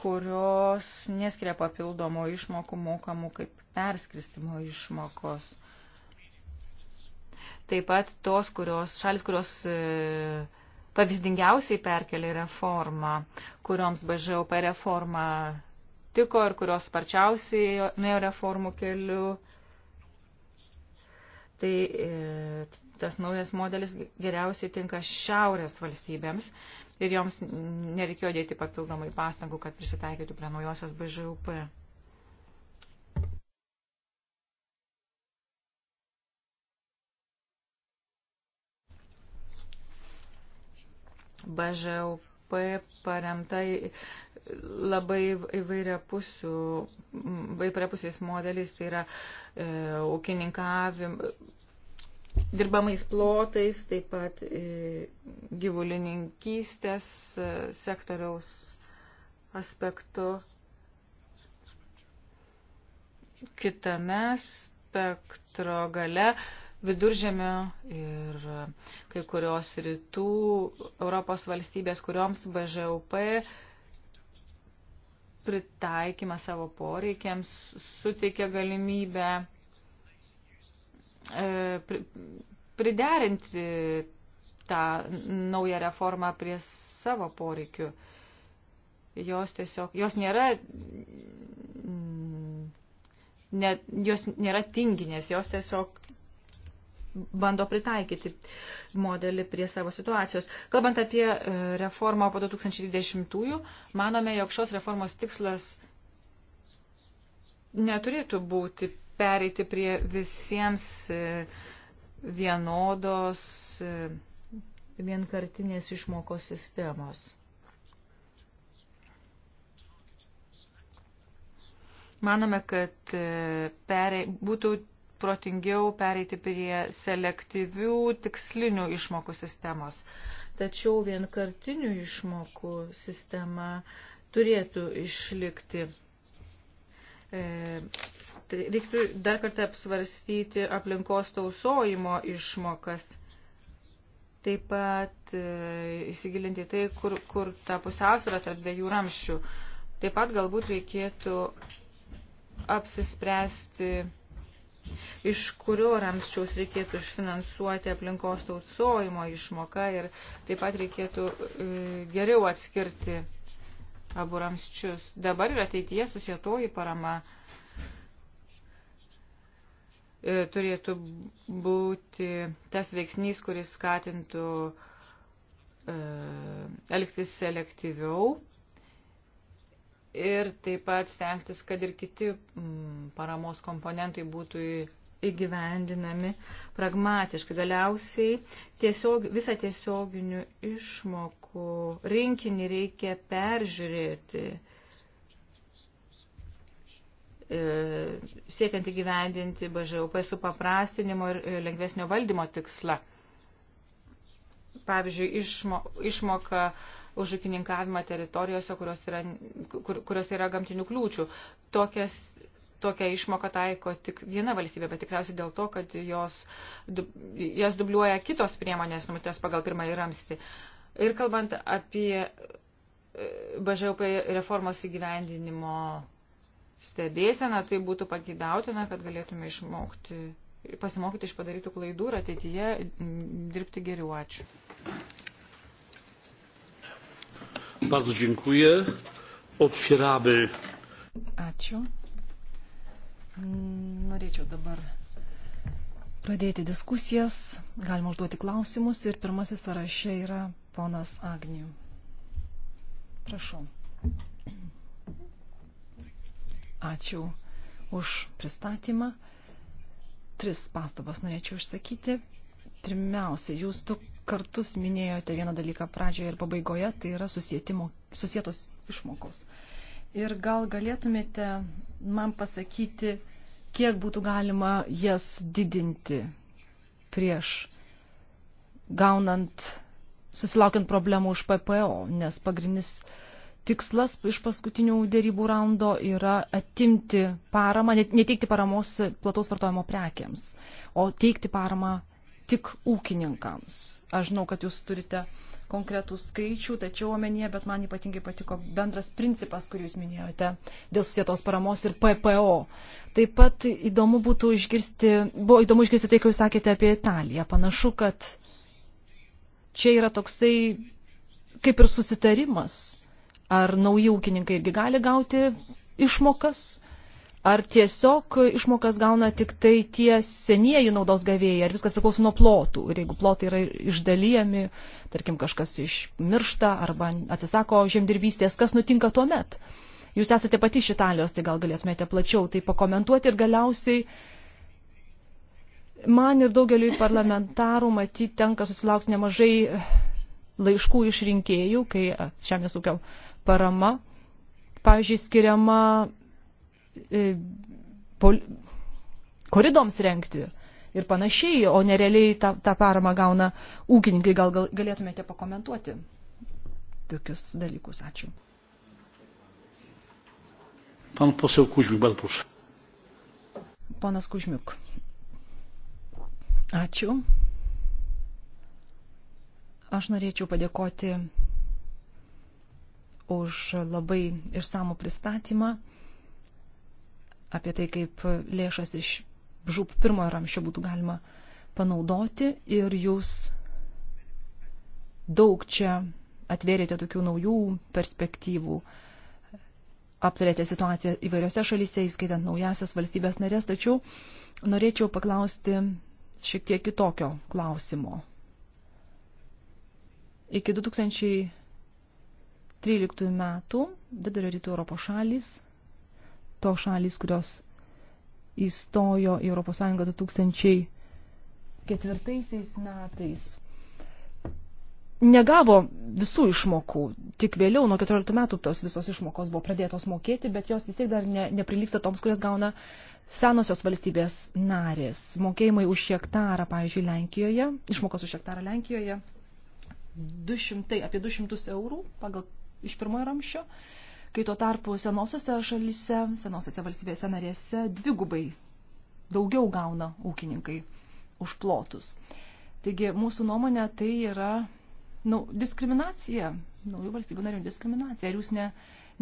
kurios neskiria papildomo išmokų mokamų kaip perskristimo išmokos. Taip pat tos, kurios, šalis, kurios e, pavyzdingiausiai perkelė reformą, kurioms BŽOP reforma tiko ir kurios sparčiausiai nuėjo reformų keliu. Tai e, tas naujas modelis geriausiai tinka šiaurės valstybėms ir joms nereikėjo dėti papildomai pastangų, kad prisitaikytų prie naujosios BŽUP. BŽUP paremta labai įvairiapusių, įvairiapusiais modeliais, tai yra e, ūkininkavim, dirbamais plotais, taip pat e, gyvulininkystės e, sektoriaus aspektu. Kitame spektro gale e, viduržėmio ir kai kurios rytų Europos valstybės, kurioms BŽUP pritaikymą savo poreikiams suteikia galimybę e, priderinti tą naują reformą prie savo poreikių. Jos tiesiog, jos nėra net jos nėra tinginės, jos tiesiog bando pritaikyti modelį prie savo situacijos. Kalbant apie e, reformą po 2020-ųjų, manome, jog šios reformos tikslas neturėtų būti pereiti prie visiems e, vienodos e, vienkartinės išmokos sistemos. Manome, kad perė, būtų protingiau pereiti prie selektyvių tikslinių išmokų sistemos. Tačiau vienkartinių išmokų sistema turėtų išlikti. E, tai reiktų dar kartą apsvarstyti aplinkos tausojimo išmokas. Taip pat e, įsigilinti tai, kur, kur ta pusiausvėra tarp dviejų ramščių. Taip pat galbūt reikėtų apsispręsti iš kurio ramščiaus reikėtų išfinansuoti aplinkos tausojimo išmoką ir taip pat reikėtų e, geriau atskirti abu ramščius. Dabar ir ateityje susietoji parama e, turėtų būti tas veiksnys, kuris skatintų e, elgtis selektyviau ir taip pat stengtis, kad ir kiti mm, paramos komponentai būtų įgyvendinami pragmatiškai. Galiausiai tiesiog, visą tiesioginių išmokų rinkinį reikia peržiūrėti, e, siekiant įgyvendinti BŽUP su paprastinimo ir lengvesnio valdymo tiksla. Pavyzdžiui, išmo, išmoka už ūkininkavimą teritorijose, kurios yra, kur, kurios yra gamtinių kliūčių. Tokias, tokią išmoką taiko tik viena valstybė, bet tikriausiai dėl to, kad jos, jas dubliuoja kitos priemonės numatytos pagal pirmąjį ramstį. Ir kalbant apie e, BŽP reformos įgyvendinimo stebėseną, tai būtų pagydautina, kad galėtume išmokti, pasimokyti iš padarytų klaidų ir ateityje dirbti geriau. Ačiū. Bardzo dziękuję. Otwieramy. Ačiū. Norėčiau dabar pradėti diskusijas. Galima užduoti klausimus ir pirmasis sąraše yra ponas Agnių. Prašau. Ačiū už pristatymą. Tris pastabas norėčiau išsakyti. Pirmiausia, jūs kartus minėjote vieną dalyką pradžioje ir pabaigoje, tai yra susietos išmokos. Ir gal galėtumėte man pasakyti, kiek būtų galima jas didinti prieš gaunant, susilaukiant problemų už PPO, nes pagrindinis tikslas iš paskutinių dėrybų raundo yra atimti paramą, neteikti paramos plataus vartojimo prekiams, o teikti paramą tik ūkininkams. Aš žinau, kad jūs turite konkretų skaičių, tačiau omenyje, bet man ypatingai patiko bendras principas, kurį jūs minėjote, dėl susietos paramos ir PPO. Taip pat įdomu būtų išgirsti, buvo įdomu išgirsti tai, ką jūs sakėte apie Italiją. Panašu, kad čia yra toksai kaip ir susitarimas, ar nauji ūkininkai irgi gali gauti išmokas, Ar tiesiog išmokas gauna tik tai tie senieji naudos gavėjai, ar viskas priklauso nuo plotų. Ir jeigu plotai yra išdalyjami, tarkim kažkas išmiršta arba atsisako žemdirbystės, kas nutinka tuo met? Jūs esate pati iš Italijos, tai gal galėtumėte plačiau tai pakomentuoti ir galiausiai man ir daugeliu parlamentarų matyti tenka susilaukti nemažai laiškų iš rinkėjų, kai žemės ūkio parama, pavyzdžiui, skiriama E, pol, koridoms renkti ir panašiai, o nerealiai tą, tą paramą gauna ūkininkai. Gal, gal galėtumėte pakomentuoti tokius dalykus? Ačiū. Pan posel Kužmiuk, man prašau. Ponas Kužmiuk. Ačiū. Aš norėčiau padėkoti už labai išsamų pristatymą apie tai, kaip lėšas iš žūp pirmojo ramščio būtų galima panaudoti ir jūs daug čia atvėrėte tokių naujų perspektyvų, aptarėte situaciją įvairiose šalyse, įskaitant naujasias valstybės narės, tačiau norėčiau paklausti šiek tiek kitokio klausimo. Iki 2013 metų vidurio rytų Europos šalis to šalis, kurios įstojo į ES 2004 metais. Negavo visų išmokų, tik vėliau nuo 14 metų tos visos išmokos buvo pradėtos mokėti, bet jos vis tiek dar ne, neprilyksta toms, kurias gauna senosios valstybės narės. Mokėjimai už hektarą, pavyzdžiui, Lenkijoje, išmokos už hektarą Lenkijoje, 200, apie 200 eurų pagal iš pirmojo ramščio kai tuo tarpu senosiose šalyse, senosiose valstybėse narėse dvigubai daugiau gauna ūkininkai už plotus. Taigi mūsų nuomonė tai yra nu, diskriminacija, naujų valstybių narių diskriminacija. Ar jūs ne,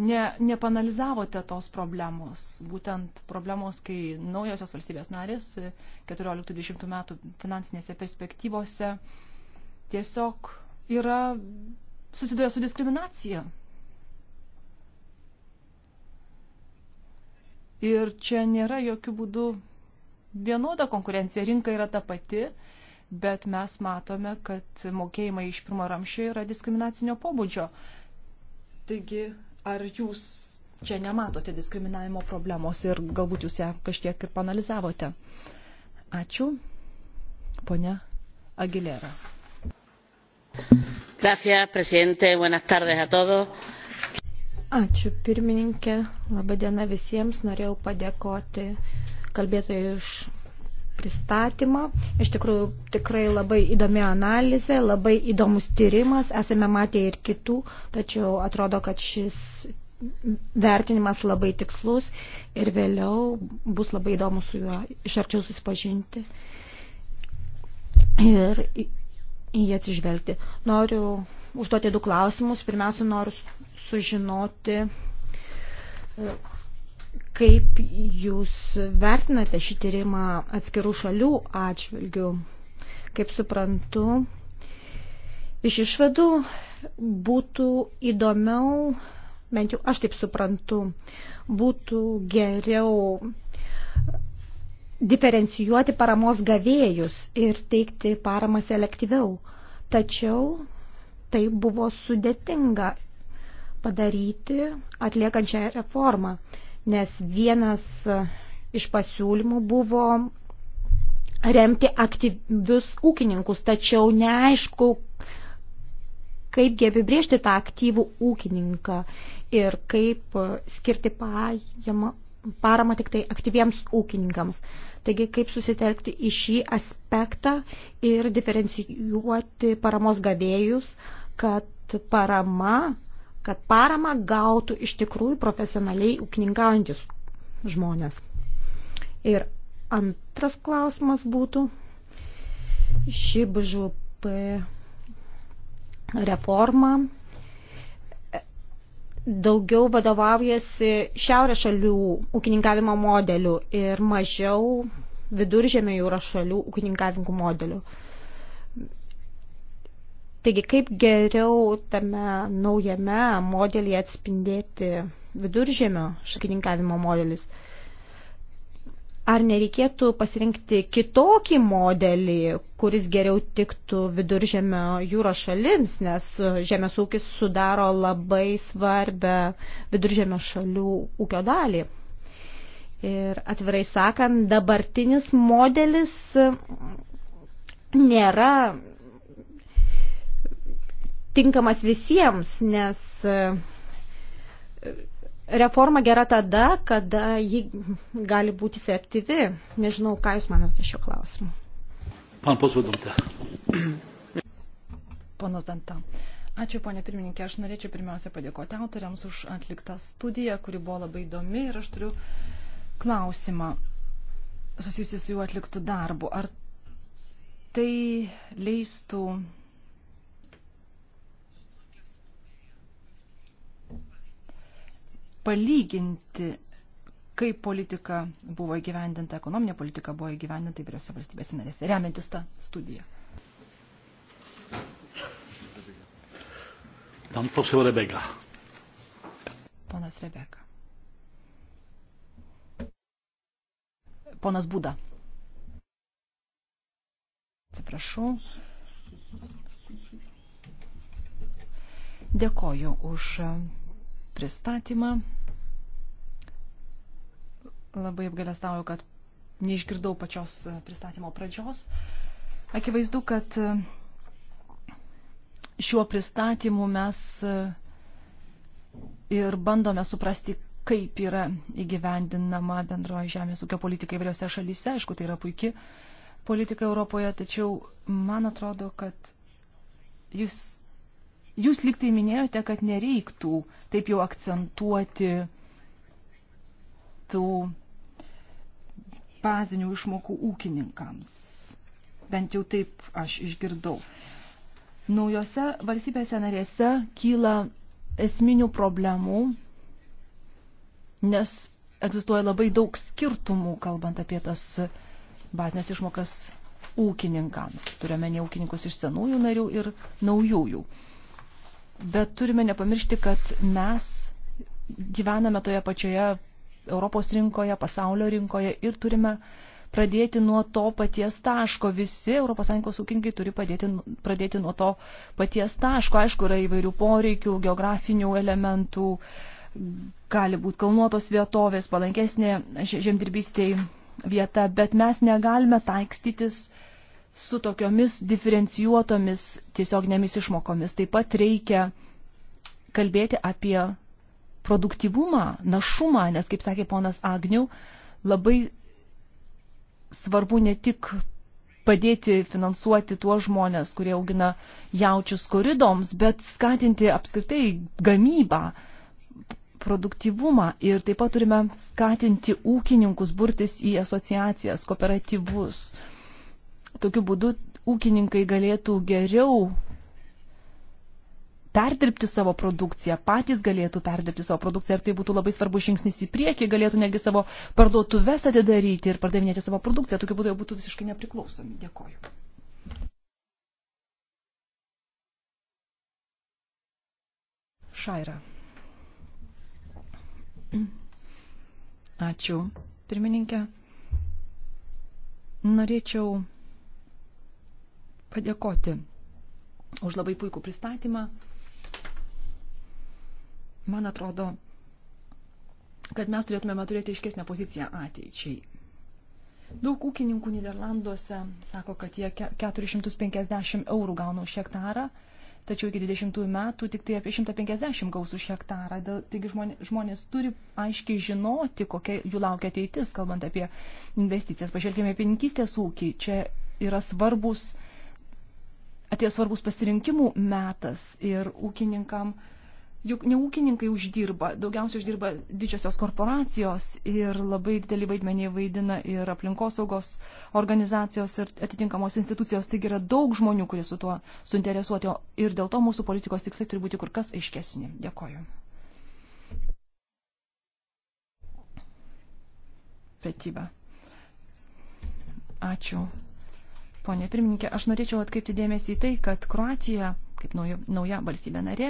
ne, nepanalizavote tos problemos, būtent problemos, kai naujosios valstybės narės 14-20 metų finansinėse perspektyvose tiesiog yra susiduria su diskriminacija Ir čia nėra jokių būdų vienoda konkurencija, rinka yra ta pati, bet mes matome, kad mokėjimai iš pirmo ramščio yra diskriminacinio pobūdžio. Taigi, ar jūs čia nematote diskriminavimo problemos ir galbūt jūs ją kažkiek ir panalizavote? Ačiū, ponia Aguilera. Gracias, presidente. Buenas tardes a todos. Ačiū pirmininkė, laba diena visiems, norėjau padėkoti kalbėtojai iš pristatymą. Iš tikrųjų, tikrai labai įdomi analizė, labai įdomus tyrimas, esame matę ir kitų, tačiau atrodo, kad šis vertinimas labai tikslus ir vėliau bus labai įdomu su juo iš arčiau susipažinti ir į jį atsižvelgti. Noriu užduoti du klausimus. Pirmiausia, noriu sužinoti, kaip jūs vertinate šį tyrimą atskirų šalių atžvilgių. Kaip suprantu, iš išvadų būtų įdomiau, bent jau aš taip suprantu, būtų geriau diferencijuoti paramos gavėjus ir teikti paramą selektyviau. Tačiau tai buvo sudėtinga padaryti atliekančią reformą, nes vienas e, iš pasiūlymų buvo remti aktyvius ūkininkus, tačiau neaišku, kaipgi apibriežti tą aktyvų ūkininką ir kaip e, skirti pajamą, paramą tik tai aktyviems ūkininkams. Taigi, kaip susitelkti į šį aspektą ir diferencijuoti paramos gavėjus, kad parama kad paramą gautų iš tikrųjų profesionaliai ūkininkaujantis žmonės. Ir antras klausimas būtų, ši BŽP reforma daugiau vadovaujasi šiaurės šalių ūkininkavimo modeliu ir mažiau viduržėmio jūros šalių ūkininkavimo modeliu. Taigi, kaip geriau tame naujame modelyje atspindėti viduržėmio šakininkavimo modelis? Ar nereikėtų pasirinkti kitokį modelį, kuris geriau tiktų viduržėmio jūros šalims, nes žemės ūkis sudaro labai svarbę viduržėmio šalių ūkio dalį? Ir atvirai sakant, dabartinis modelis nėra tinkamas visiems, nes e, reforma gera tada, kada ji gali būti efektyvi. Nežinau, ką Jūs manote šiuo klausimu. Pan posudantą. Ponas Danta. Ačiū, ponė pirmininkė. Aš norėčiau pirmiausia padėkoti autoriams už atliktą studiją, kuri buvo labai įdomi ir aš turiu klausimą susijusiu su jų atliktų darbu. Ar tai leistų palyginti, kaip politika buvo įgyvendinta, ekonominė politika buvo įgyvendinta įvairiose valstybėse narėse, remiantis tą studiją. Pan poseł Rebega. Ponas Rebeka. Ponas Buda. Atsiprašau. Dėkoju už pristatymą. Labai apgalėstauju, kad neišgirdau pačios pristatymo pradžios. Akivaizdu, kad šiuo pristatymu mes ir bandome suprasti, kaip yra įgyvendinama bendroji žemės ūkio politika įvairiose šalyse. Aišku, tai yra puikia politika Europoje, tačiau man atrodo, kad jūs Jūs liktai minėjote, kad nereiktų taip jau akcentuoti tų bazinių išmokų ūkininkams. Bent jau taip aš išgirdau. Naujose valstybėse narėse kyla esminių problemų, nes egzistuoja labai daug skirtumų, kalbant apie tas bazinės išmokas ūkininkams. Turime ne ūkininkus iš senųjų narių ir naujųjų bet turime nepamiršti, kad mes gyvename toje pačioje Europos rinkoje, pasaulio rinkoje ir turime pradėti nuo to paties taško. Visi ES ūkininkai turi padėti, pradėti nuo to paties taško. Aišku, yra įvairių poreikių, geografinių elementų, gali būti kalnuotos vietovės, palankesnė žemdirbystėj vieta, bet mes negalime taikstytis uh, su tokiomis diferencijuotomis tiesioginėmis išmokomis. Taip pat reikia kalbėti apie produktyvumą, našumą, nes, kaip sakė ponas Agnių, labai svarbu ne tik padėti finansuoti tuos žmonės, kurie augina jaučius koridoms, bet skatinti apskritai gamybą, produktyvumą ir taip pat turime skatinti ūkininkus burtis į asociacijas, kooperatyvus. Uh, tokiu būdu ūkininkai galėtų geriau perdirbti savo produkciją, patys galėtų perdirbti savo produkciją ir tai būtų labai svarbu žingsnis į priekį, galėtų negi savo parduotuves atidaryti ir pardavinėti savo produkciją, tokiu būdu jau būtų visiškai nepriklausomi. Dėkoju. Šaira. Ačiū, pirmininkė. Norėčiau padėkoti už labai puikų pristatymą. Man atrodo, kad mes turėtumėme turėti iškesnę poziciją ateičiai. Daug ūkininkų Niderlanduose sako, kad jie 450 eurų gauna už hektarą, tačiau iki 20 metų tik tai apie 150 gaus už hektarą. Taigi žmonės, žmonės turi aiškiai žinoti, kokia jų laukia ateitis, kalbant apie investicijas. Pažvelkime apie pieninkystės ūkį. Čia yra svarbus uh, atėjo svarbus pasirinkimų metas ir ūkininkam, juk ne ūkininkai uždirba, daugiausiai uždirba didžiosios korporacijos ir labai didelį vaidmenį vaidina ir aplinkosaugos organizacijos ir atitinkamos institucijos, taigi yra daug žmonių, kurie su tuo suinteresuoti ir dėl to mūsų politikos tikslai turi būti kur kas aiškesni. Dėkoju. Petyba. Ačiū. Pone pirmininkė, aš norėčiau atkreipti dėmesį į tai, kad Kroatija, kaip nauja, nauja valstybė narė,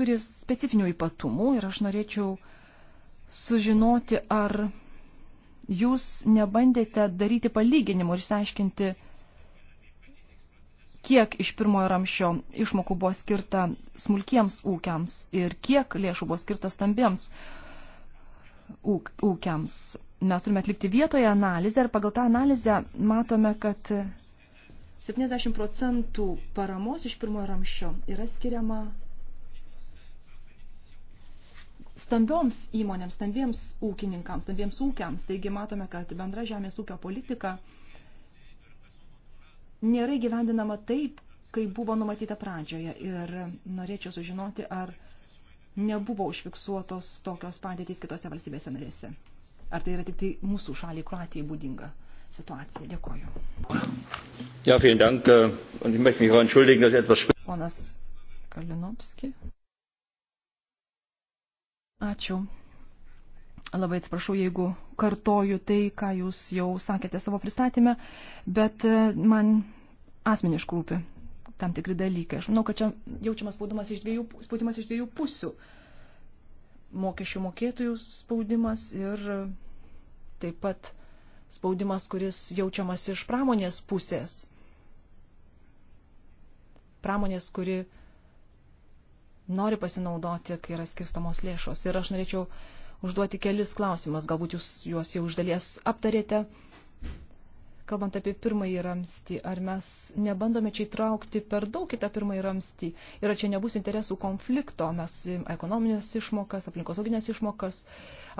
turi specifinių ypatumų ir aš norėčiau sužinoti, ar jūs nebandėte daryti palyginimų ir išsiaiškinti, kiek iš pirmojo ramščio išmokų buvo skirta smulkiems ūkiams ir kiek lėšų buvo skirta stambiems ūkiams mes turime atlikti vietoje analizę ir pagal tą analizę matome, kad 70 procentų paramos iš pirmojo ramščio yra skiriama stambioms įmonėms, stambiems ūkininkams, stambiems ūkiams. Taigi matome, kad bendra žemės ūkio politika nėra gyvendinama taip, kaip buvo numatyta pradžioje. Ir norėčiau sužinoti, ar nebuvo užfiksuotos tokios padėtys kitose valstybėse narėse. Ar tai yra tik tai mūsų šaliai Kroatijai būdinga situacija? Dėkoju. Ja, vielen Dank. Äh, und ich möchte mich auch entschuldigen, dass etwas spät. Ponas Kalinovski. Ačiū. Labai atsiprašau, jeigu kartoju tai, ką jūs jau sakėte savo pristatymę, bet e, man asmeniškai rūpi tam tikri dalykai. Aš manau, kad čia jaučiamas spaudimas iš dviejų, spaudimas iš dviejų pusių. Uh, mokesčių mokėtojų spaudimas ir taip pat spaudimas, kuris jaučiamas iš pramonės pusės. Pramonės, kuri nori pasinaudoti, kai yra skirstamos lėšos. Ir aš norėčiau užduoti kelis klausimas, galbūt jūs juos jau uždalies aptarėte kalbant apie pirmąjį ramstį, ar mes nebandome čia įtraukti per daug kitą pirmąjį ramstį ir ar čia nebus interesų konflikto, mes e, ekonominės išmokas, aplinkosauginės išmokas,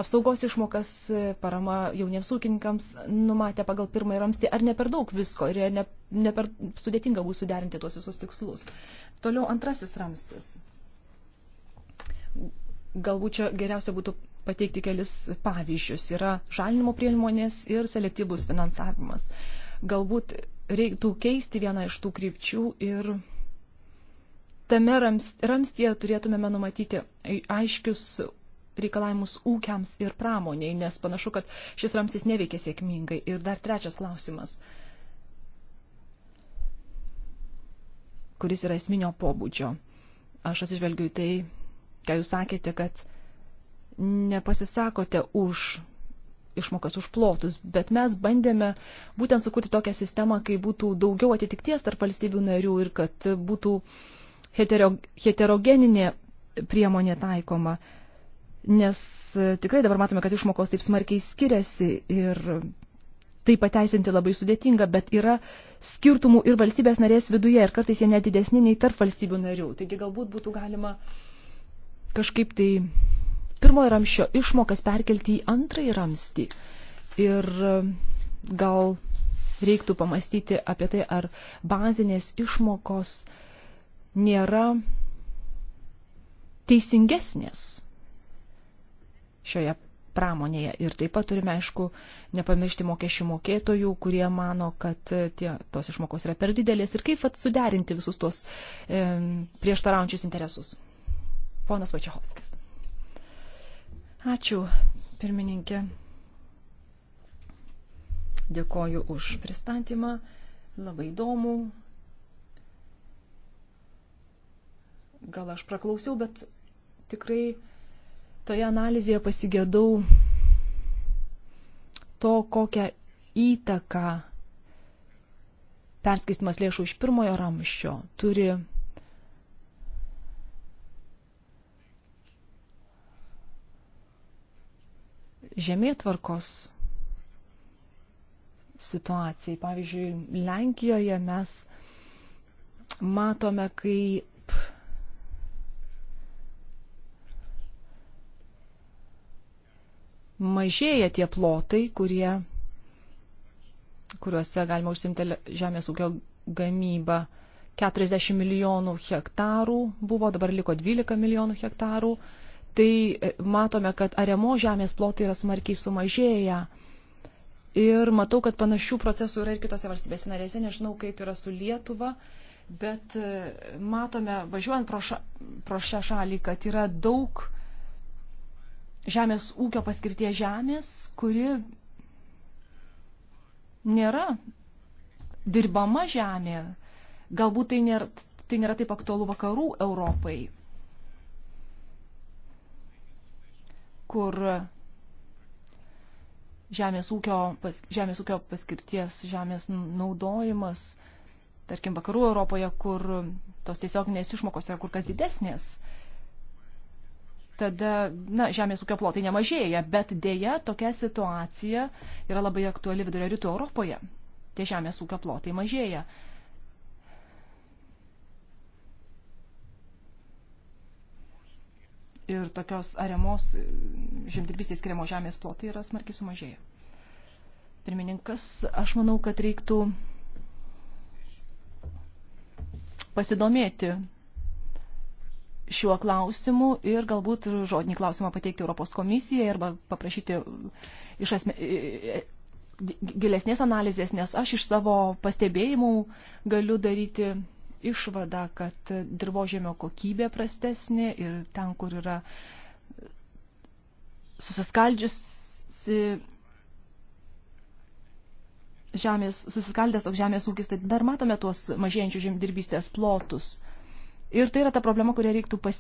apsaugos išmokas, e, parama jauniems ūkininkams numatę pagal pirmąjį ramstį, ar ne per daug visko ir ne, ne per sudėtinga bus suderinti tuos visus tikslus. Toliau antrasis ramstis galbūt čia geriausia būtų pateikti kelis pavyzdžius. Yra žalinimo priemonės ir selektyvus finansavimas. Galbūt reiktų keisti vieną iš tų krypčių ir tame ramstie turėtumėme numatyti aiškius reikalavimus ūkiams ir pramoniai, nes panašu, kad šis ramsis neveikia sėkmingai. Ir dar trečias klausimas, kuris yra esminio pobūdžio. Aš atsižvelgiu į tai, ką jūs sakėte, kad nepasisakote už išmokas už plotus, bet mes bandėme būtent sukurti tokią sistemą, kai būtų daugiau atitikties tarp valstybių narių ir kad būtų hetero, heterogeninė priemonė taikoma, nes e, tikrai dabar matome, kad išmokos taip smarkiai skiriasi ir tai pateisinti labai sudėtinga, bet yra skirtumų ir valstybės narės viduje ir kartais jie net didesni nei tarp valstybių narių. Taigi galbūt būtų galima kažkaip tai pirmojo ramščio išmokas perkelti į antrąjį ramstį. Ir e, gal reiktų pamastyti apie tai, ar bazinės išmokos nėra teisingesnės šioje pramonėje. Ir taip pat turime, aišku, nepamiršti mokesčių mokėtojų, kurie mano, kad e, tie, tos išmokos yra per didelės ir kaip vat, suderinti visus tuos e, prieštaraujančius interesus. Ponas Vačiahovskis. Ačiū, pirmininkė. Dėkoju už pristatymą. Labai įdomu. Gal aš praklausiau, bet tikrai toje analizėje pasigėdau to, kokią įtaką perskaistimas lėšų iš pirmojo ramščio turi žemėtvarkos situacijai. Pavyzdžiui, Lenkijoje mes matome, kaip mažėja tie plotai, kurie, kuriuose galima užsimti žemės ūkio gamybą. 40 milijonų hektarų buvo, dabar liko 12 milijonų hektarų tai e, matome, kad aremo žemės plotai yra smarkiai sumažėję. Ir matau, kad panašių procesų yra ir kitose valstybėse narėse, nežinau, kaip yra su Lietuva, bet e, matome, važiuojant pro, ša, pro šią šalį, kad yra daug žemės ūkio paskirtie žemės, kuri nėra dirbama žemė. Galbūt tai nėra, tai nėra taip aktualu vakarų Europai kur žemės ūkio, pas, žemės ūkio paskirties, žemės naudojimas, tarkim, vakarų Europoje, kur tos tiesioginės išmokos yra kur kas didesnės, tada, na, žemės ūkio plotai nemažėja, bet dėja tokia situacija yra labai aktuali vidurio rytų Europoje. Tie žemės ūkio plotai mažėja. ir tokios ariamos žemdirbystės skiriamo žemės plotai yra smarkiai sumažėję. Pirmininkas, aš manau, kad reiktų pasidomėti šiuo klausimu ir galbūt žodinį klausimą pateikti Europos komisijai arba paprašyti iš asme, gilesnės analizės, nes aš iš savo pastebėjimų galiu daryti išvadą, kad dirbožėmio kokybė prastesnė ir ten, kur yra susiskaldžiusi žemės, susiskaldęs toks žemės ūkis, tai dar matome tuos mažėjančių žemdirbystės plotus. Ir tai yra ta problema, kurią reiktų pas,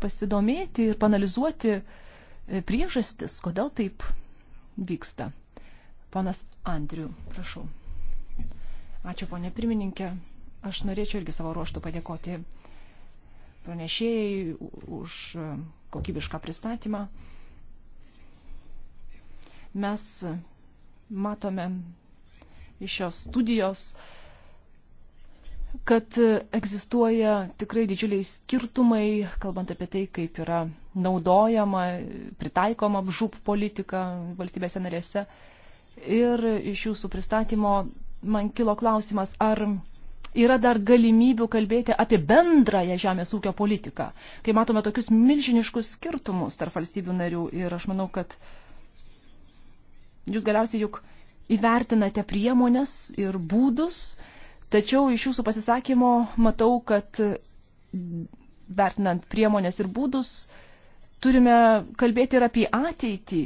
pasidomėti ir panalizuoti e, priežastis, kodėl taip vyksta. Ponas Andriu, prašau. Ačiū, ponė pirmininkė. Aš norėčiau irgi savo ruoštų padėkoti pranešėjai už e, kokybišką pristatymą. Mes matome iš šios studijos, kad egzistuoja tikrai didžiuliai skirtumai, kalbant apie tai, kaip yra naudojama, pritaikoma žūp politika valstybėse narėse. Ir iš jūsų pristatymo man kilo klausimas, ar yra dar galimybių kalbėti apie bendrąją žemės ūkio politiką, kai matome tokius milžiniškus skirtumus tarp valstybių narių ir aš manau, kad jūs galiausiai juk įvertinate priemonės ir būdus, tačiau iš jūsų pasisakymo matau, kad vertinant priemonės ir būdus, turime kalbėti ir apie ateitį.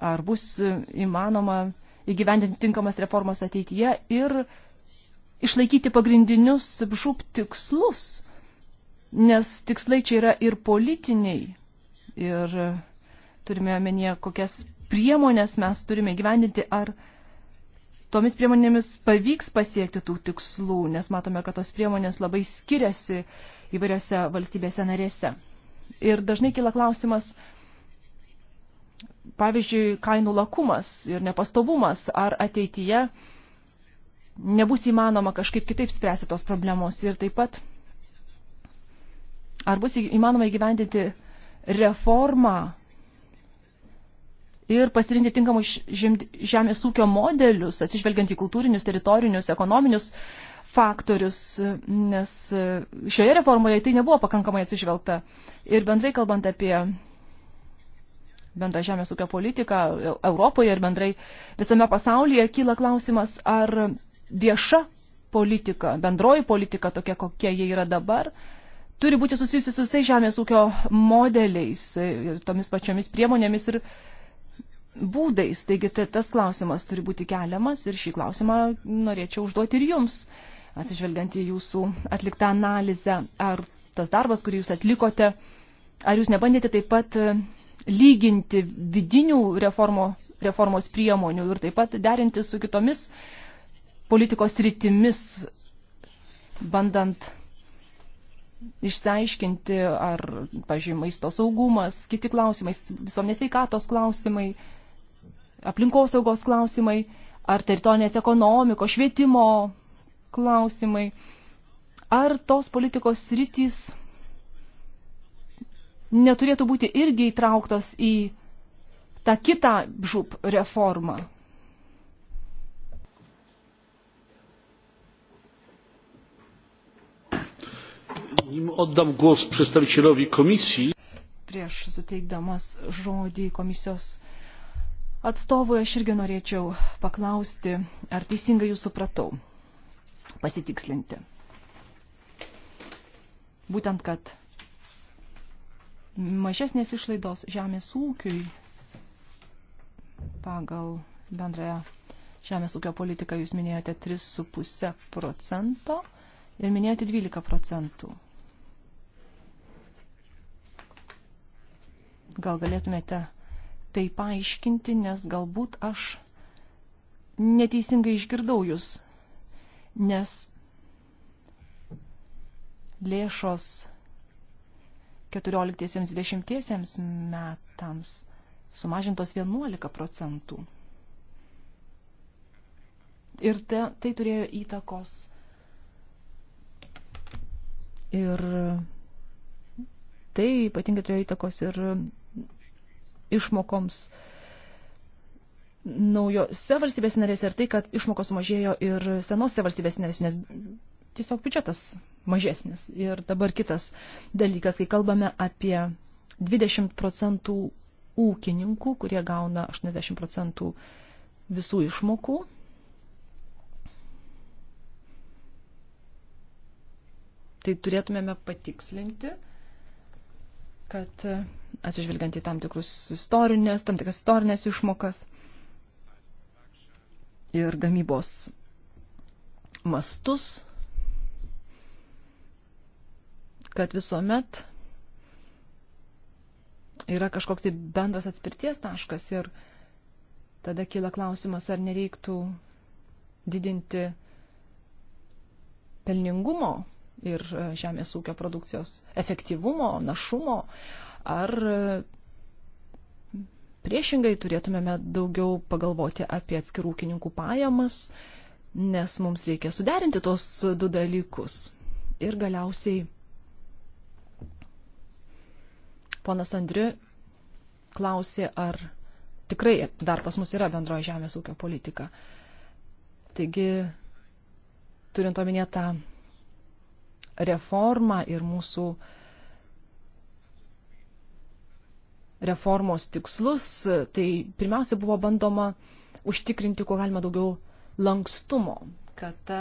Ar bus įmanoma įgyvendinti tinkamas reformas ateityje ir išlaikyti pagrindinius žūp tikslus, nes tikslai čia yra ir politiniai. Ir turime omenyje, kokias priemonės mes turime gyvendinti, ar tomis priemonėmis pavyks pasiekti tų tikslų, nes matome, kad tos priemonės labai skiriasi įvairiose valstybėse narėse. Ir dažnai kila klausimas, pavyzdžiui, kainų lakumas ir nepastovumas, ar ateityje nebus įmanoma kažkaip kitaip spręsti tos problemos ir taip pat, ar bus įmanoma įgyvendinti reformą ir pasirinkti tinkamus žemės ūkio modelius, atsižvelgiant į kultūrinius, teritorinius, ekonominius faktorius, nes e, šioje reformoje tai nebuvo pakankamai atsižvelgta. Ir bendrai kalbant apie bendrą žemės ūkio politiką Europoje ir bendrai visame pasaulyje, kyla klausimas, ar vieša politika, bendroji politika tokia, kokia jie yra dabar, turi būti susijusi su visais žemės ūkio modeliais ir tomis pačiomis priemonėmis ir būdais. Taigi tas klausimas turi būti keliamas ir šį klausimą norėčiau užduoti ir jums, atsižvelgiant į jūsų atliktą analizę, ar tas darbas, kurį jūs atlikote, ar jūs nebandėte taip pat lyginti vidinių reformo, reformos priemonių ir taip pat derinti su kitomis politikos rytimis, bandant išsiaiškinti, ar, pažiūrėjau, maisto saugumas, kiti klausimai, visuomenės veikatos klausimai, aplinkosaugos klausimai, ar teritorinės ekonomikos, švietimo klausimai, ar tos politikos rytis neturėtų būti irgi įtrauktas į tą kitą žūp reformą. Nim oddam głos przedstawicielowi komisji. Prieš suteikdamas žodį komisijos atstovui aš irgi norėčiau paklausti, ar teisingai jūs supratau, pasitikslinti. Būtent, kad mažesnės išlaidos žemės ūkiui pagal bendrąją žemės ūkio politiką jūs minėjote 3,5 procento ir minėjote 12 procentų. Gal galėtumėte tai paaiškinti, nes galbūt aš neteisingai išgirdau jūs, nes lėšos 14-20 metams sumažintos 11 procentų. Ir te, tai turėjo įtakos ir tai ypatingai turėjo įtakos ir išmokoms naujose valstybės narėse ir tai, kad išmokos sumažėjo ir senose valstybės narėse, nes tiesiog biudžetas mažesnis. Ir dabar kitas dalykas, kai kalbame apie 20 procentų ūkininkų, kurie gauna 80 procentų visų išmokų. Tai turėtumėme patikslinti, kad atsižvelgiant į tam tikrus istorinės, tam tikras istorinės išmokas ir gamybos mastus, kad visuomet yra kažkoks tai bendras atspirties taškas ir tada kyla klausimas, ar nereiktų didinti pelningumo ir e, žemės ūkio produkcijos efektyvumo, našumo, ar e, priešingai turėtumėme daugiau pagalvoti apie atskirų ūkininkų pajamas, nes mums reikia suderinti tos du dalykus. Ir galiausiai Ponas Andri klausė, ar tikrai dar pas mus yra bendroji žemės ūkio politika. Taigi, turint omenyje tą reformą ir mūsų reformos tikslus, tai pirmiausia buvo bandoma užtikrinti, kuo galima daugiau lankstumo, kad ta,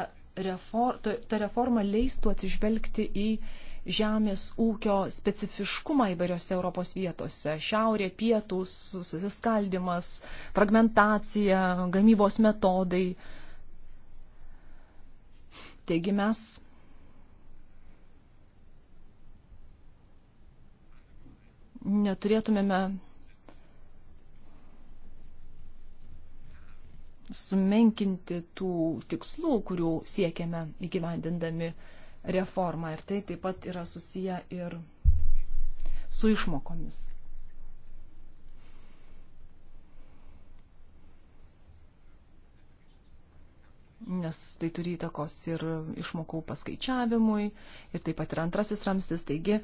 reform, ta reforma leistų atsižvelgti į žemės ūkio specifiškumą įvairiose Europos vietose. Šiaurė, pietus, susiskaldimas, fragmentacija, gamybos metodai. Taigi mes neturėtumėme sumenkinti tų tikslų, kurių siekiame įgyvendindami uh, reformą ir tai taip pat yra susiję ir su išmokomis. nes tai turi įtakos ir išmokau paskaičiavimui, ir taip pat ir antrasis ramstis. Taigi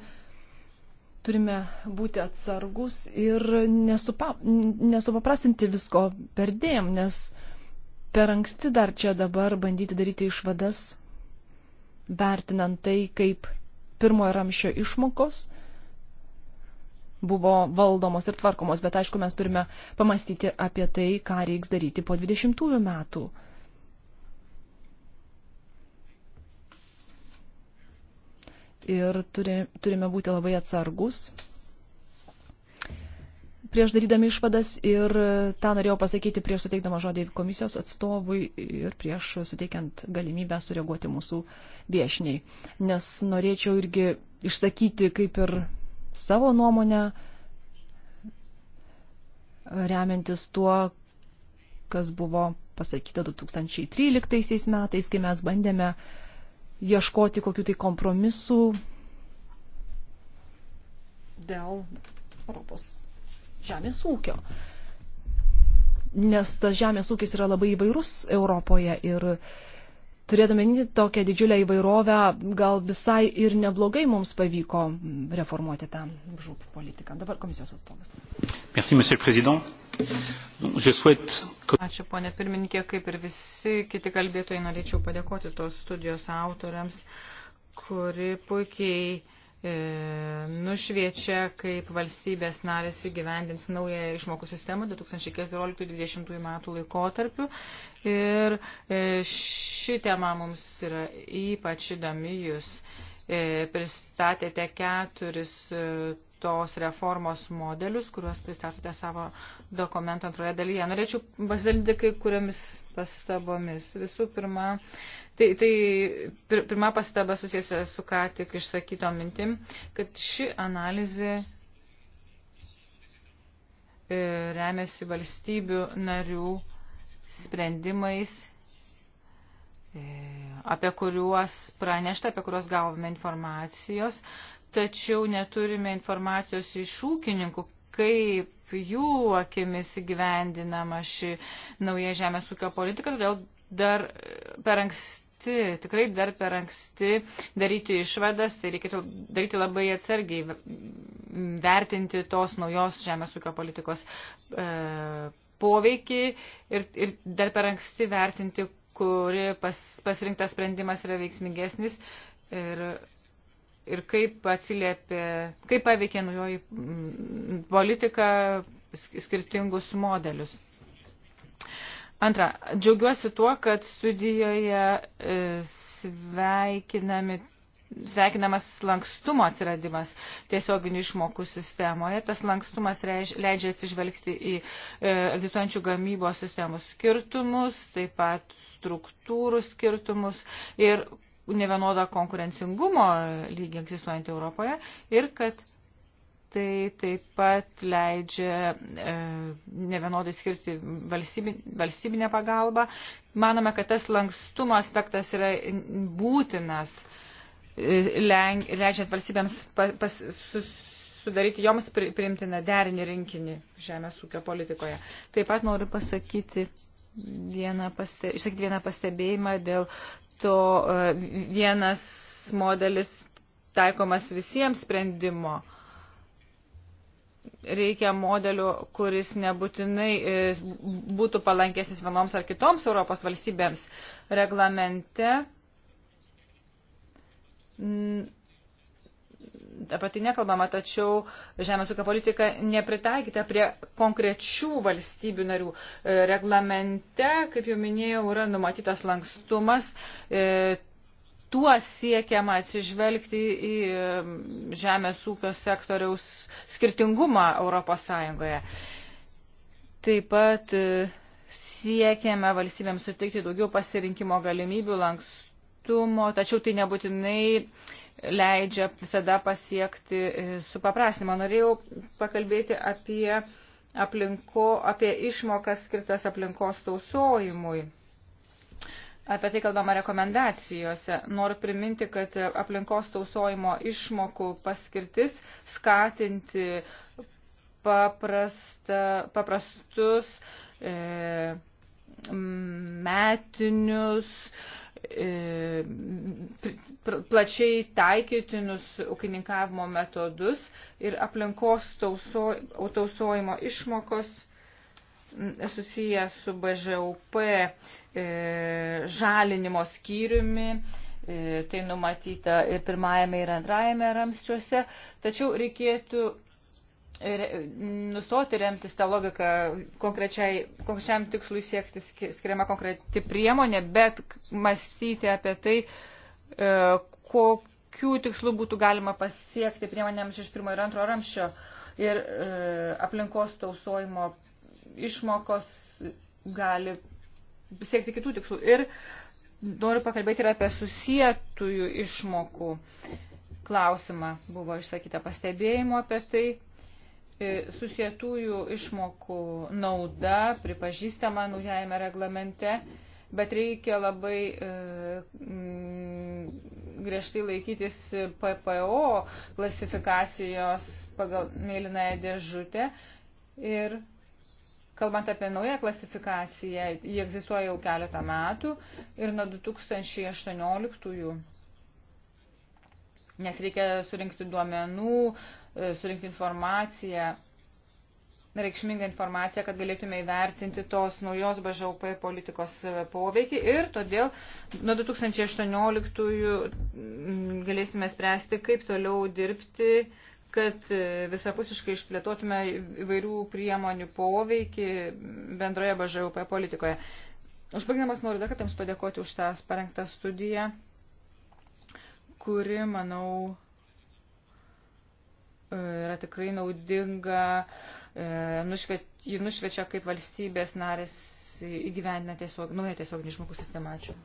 turime būti atsargus ir nesupa, nesupaprastinti visko per dėm, nes per anksti dar čia dabar bandyti daryti išvadas vertinant tai, kaip pirmojo ramšio išmokos buvo valdomos ir tvarkomos, bet aišku, mes turime pamastyti apie tai, ką reiks daryti po 20 metų. Ir turi, turime būti labai atsargus prieš darydami išvadas ir tą norėjau pasakyti prieš suteikdama žodį komisijos atstovui ir prieš suteikiant galimybę sureaguoti mūsų viešniai. Nes norėčiau irgi išsakyti kaip ir savo nuomonę, remiantis tuo, kas buvo pasakyta 2013 metais, kai mes bandėme ieškoti kokių tai kompromisų dėl Europos žemės ūkio. Nes tas žemės ūkis yra labai įvairus Europoje ir turėdami tokią didžiulę įvairovę, gal visai ir neblogai mums pavyko reformuoti tą žūp politiką. Dabar komisijos atstovas. Merci, monsieur le président. Souhait... Ačiū, ponė pirmininkė, kaip ir visi kiti kalbėtojai, norėčiau padėkoti tos studijos autoriams, kuri puikiai E, nušviečia, kaip valstybės narės įgyvendins naują išmokų sistemą 2014-2020 metų laikotarpiu. Ir e, ši tema mums yra ypač įdomi, jūs E, pristatėte keturis e, tos reformos modelius, kuriuos pristatote savo dokumento antroje dalyje. Norėčiau pasidalinti kai kuriamis pastabomis. Visų pirma, tai, tai pir, pirma pastaba susijęsia su ką tik išsakyto mintim, kad ši analizė e, remiasi valstybių narių sprendimais E, apie kuriuos pranešta, apie kuriuos gavome informacijos, tačiau neturime informacijos iš ūkininkų, kaip jų akimis įgyvendinama ši nauja žemės ūkio politika, todėl dar per anksti, tikrai dar per anksti daryti išvadas, tai reikėtų daryti labai atsargiai, vertinti tos naujos žemės ūkio politikos e, poveikį ir, ir dar per anksti vertinti, kuri pas, pasirinktas sprendimas yra veiksmingesnis ir, ir kaip atsiliepė, kaip paveikė naujoji mm, politika skirtingus modelius. Antra, džiaugiuosi tuo, kad studijoje e, sveikinami sveikinamas lankstumo atsiradimas tiesioginių išmokų sistemoje. Tas lankstumas reiž, leidžia atsižvelgti į e, egzistuojančių gamybos sistemų skirtumus, taip pat struktūrų skirtumus ir nevienodą konkurencingumo lygį egzistuojant Europoje ir kad tai taip pat leidžia e, nevienodai skirti valstybin, valstybinę pagalbą. Manome, kad tas lankstumo aspektas yra būtinas e, leidžiant valstybėms pas, pas, sus, sudaryti joms priimtiną derinį rinkinį žemės ūkio politikoje. Taip pat noriu pasakyti vieną, paste, išsakyti vieną pastebėjimą dėl to e, vienas modelis taikomas visiems sprendimo. Reikia modelių, kuris nebūtinai e, būtų palankesnis vienoms ar kitoms Europos valstybėms. Reglamente apie tai nekalbama, tačiau žemės ūkio politika nepritaikyta prie konkrečių valstybių narių. E, reglamente, kaip jau minėjau, yra numatytas lankstumas. E, tuo siekiama atsižvelgti į e, žemės ūkio sektoriaus skirtingumą Europos Sąjungoje. Taip pat siekiame valstybėms suteikti daugiau pasirinkimo galimybių, lankstumo lankstumo, tačiau tai nebūtinai leidžia visada pasiekti e, supaprastinimą. Norėjau pakalbėti apie, aplinko, apie išmokas skirtas aplinkos tausojimui. Apie tai kalbama rekomendacijose. Noriu priminti, kad aplinkos tausojimo išmokų paskirtis skatinti paprasta, paprastus e, metinius e, E, plačiai taikytinus ūkininkavimo metodus ir aplinkos tauso, tausojimo išmokos susiję su BŽUP e, žalinimo skyriumi. E, tai numatyta ir pirmajame ir antrajame ramščiuose, tačiau reikėtų nustoti remtis tą logiką konkrečiam tikslui siekti skiriama konkreti priemonė, bet mąstyti apie tai, e, kokių tikslų būtų galima pasiekti priemonėms iš pirmo ir antro ramščio ir e, aplinkos tausojimo išmokos gali siekti kitų tikslų. Ir noriu pakalbėti ir apie susijėtųjų išmokų klausimą. Buvo išsakyta pastebėjimo apie tai E, susietųjų išmokų nauda pripažįstama naujajame reglamente, bet reikia labai e, mm, griežtai laikytis PPO klasifikacijos pagal mėlynąją dėžutę ir Kalbant apie naują klasifikaciją, jie egzistuoja jau keletą metų ir nuo 2018, nes reikia surinkti duomenų, E, surinkti informaciją, reikšmingą informaciją, kad galėtume įvertinti tos naujos BŽUP politikos e, poveikį ir todėl nuo 2018 galėsime spręsti, kaip toliau dirbti kad e, visapusiškai išplėtotume įvairių priemonių poveikį bendroje BŽUP politikoje. Užbaigdamas noriu dar kartą Jums padėkoti už tą parengtą studiją, kuri, manau, E, yra tikrai naudinga, e, ji nušvečia kaip valstybės narės įgyvendina tiesiog, naują tiesiog išmokų sistemą. Ačiū.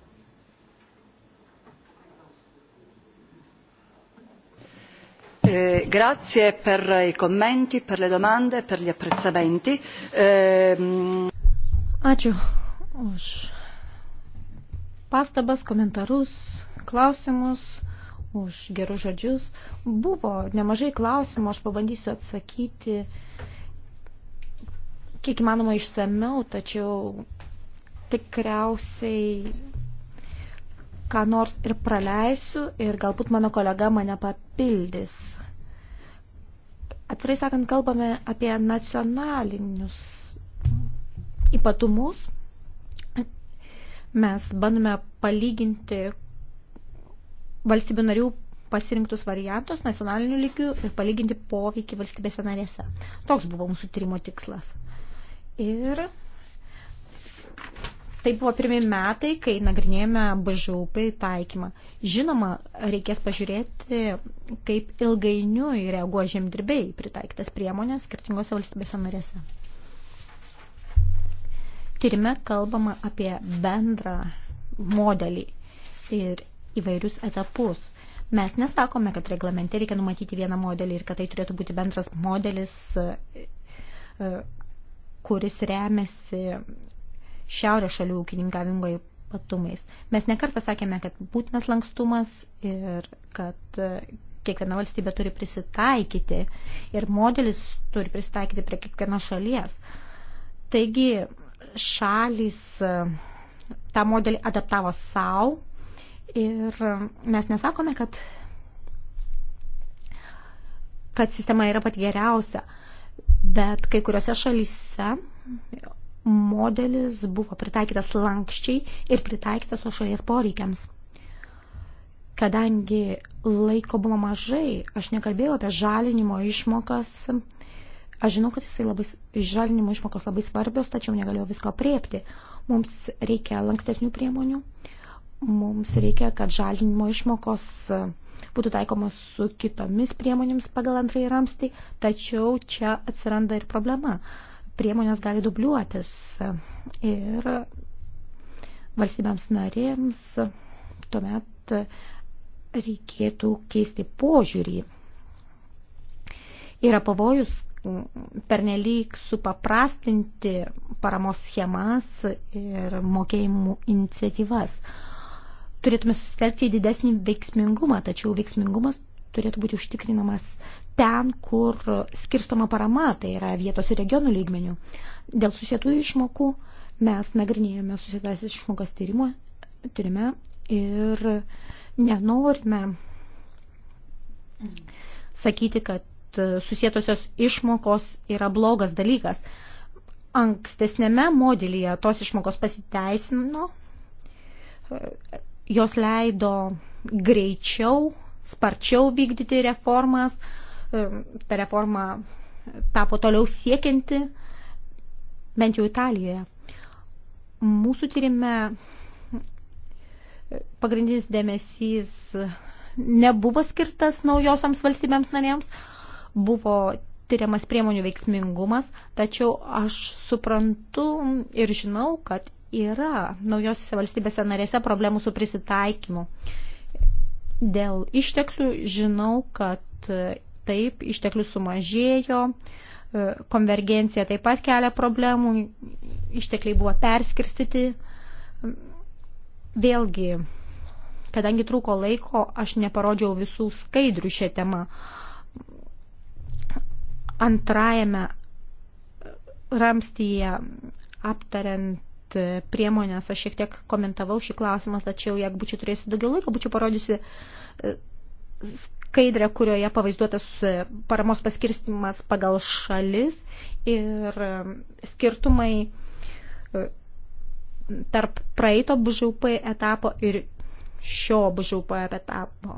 E, grazie per i commenti per le domande per gli apprezzamenti. Mm, Ačiū už pastabas, komentarus, klausimus už gerus žodžius. Buvo nemažai klausimų, aš pabandysiu atsakyti kiek įmanoma išsameu, tačiau tikriausiai ką nors ir praleisiu ir galbūt mano kolega mane papildys. Atvirai sakant, kalbame apie nacionalinius ypatumus. Mes bandome palyginti, valstybių narių pasirinktus variantus nacionaliniu lygiu ir palyginti poveikį valstybėse narėse. Toks buvo mūsų tyrimo tikslas. Ir tai buvo pirmie metai, kai nagrinėjome BŽUP taikymą. Žinoma, reikės pažiūrėti, kaip ilgainiui reaguoja žemdirbiai pritaikytas priemonės skirtingose valstybėse narėse. Tyrime kalbama apie bendrą modelį ir įvairius etapus. Mes nesakome, kad reglamente reikia numatyti vieną modelį ir kad tai turėtų būti bendras modelis, e, e, kuris remiasi šiaurės šalių ūkininkavimo ypatumais. Mes nekartą sakėme, kad būtinas lankstumas ir kad e, kiekviena valstybė turi prisitaikyti ir modelis turi prisitaikyti prie kiekvienos šalies. Taigi šalis tą modelį adaptavo savo Ir mes nesakome, kad, kad sistema yra pati geriausia, bet kai kuriuose šalyse modelis buvo pritaikytas lankščiai ir pritaikytas nuo šalies poreikiams. Kadangi laiko buvo mažai, aš nekalbėjau apie žalinimo išmokas. Aš žinau, kad jisai labai, žalinimo išmokos labai svarbios, tačiau negalėjau visko apriepti. Mums reikia lankstesnių priemonių. Uh, mums reikia, kad žalinimo išmokos e, būtų taikomos su kitomis priemonėms pagal antrąjį ramstį, tačiau čia atsiranda ir problema. Priemonės gali dubliuotis e, ir valstybėms narėms tuomet e, reikėtų keisti požiūrį. Yra pavojus pernelyg supaprastinti paramos schemas ir mokėjimų iniciatyvas. Uh, turėtume susitelkti į didesnį veiksmingumą, tačiau veiksmingumas turėtų būti užtikrinamas ten, kur skirstoma parama, tai yra vietos ir regionų lygmenių. Dėl susietų išmokų mes nagrinėjame susietas išmokas tyrimo, tyrime ir nenorime sakyti, kad susietosios išmokos yra blogas dalykas. Ankstesnėme modelyje tos išmokos pasiteisino, jos leido greičiau, sparčiau vykdyti reformas, ta reforma tapo toliau siekianti, bent jau Italijoje. Mūsų tyrime pagrindinis dėmesys nebuvo skirtas naujosioms valstybėms narėms, buvo tyriamas priemonių veiksmingumas, tačiau aš suprantu ir žinau, kad yra naujosiose valstybėse narėse problemų su prisitaikymu. Dėl išteklių žinau, kad e, taip, išteklių sumažėjo, e, konvergencija taip pat kelia problemų, ištekliai buvo perskirstyti. Vėlgi, kadangi trūko laiko, aš neparodžiau visų skaidrių šią temą. Antrajame ramstyje aptariant E, priemonės. Aš šiek tiek komentavau šį klausimą, tačiau jeigu būčiau turėjusi daugiau laiko, būčiau parodžiusi e, skaidrę, kurioje pavaizduotas e, paramos paskirstimas pagal šalis ir skirtumai tarp praeito BŽUP etapo ir šio BŽUP etapo.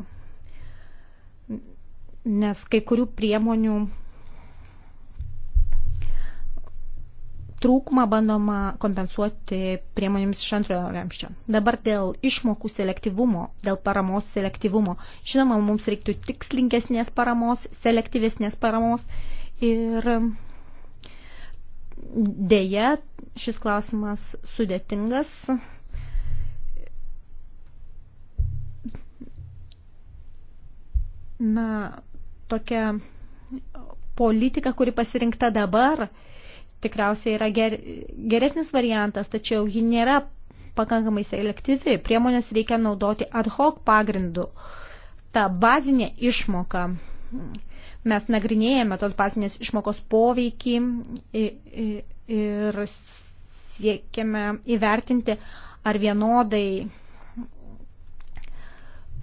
Nes kai kurių priemonių trūkumą bandoma kompensuoti priemonėmis iš antrojo ramščio. Dabar dėl išmokų selektyvumo, dėl paramos selektyvumo. Žinoma, mums reiktų tikslinkesnės paramos, selektyvesnės paramos ir dėja šis klausimas sudėtingas. Na, tokia politika, kuri pasirinkta dabar, uh, tikriausiai yra ger, geresnis variantas, tačiau ji nėra pakankamai selektyvi. Priemonės reikia naudoti ad hoc pagrindu. Ta bazinė išmoka. Mes nagrinėjame tos bazinės išmokos poveikį ir siekiame įvertinti, ar vienodai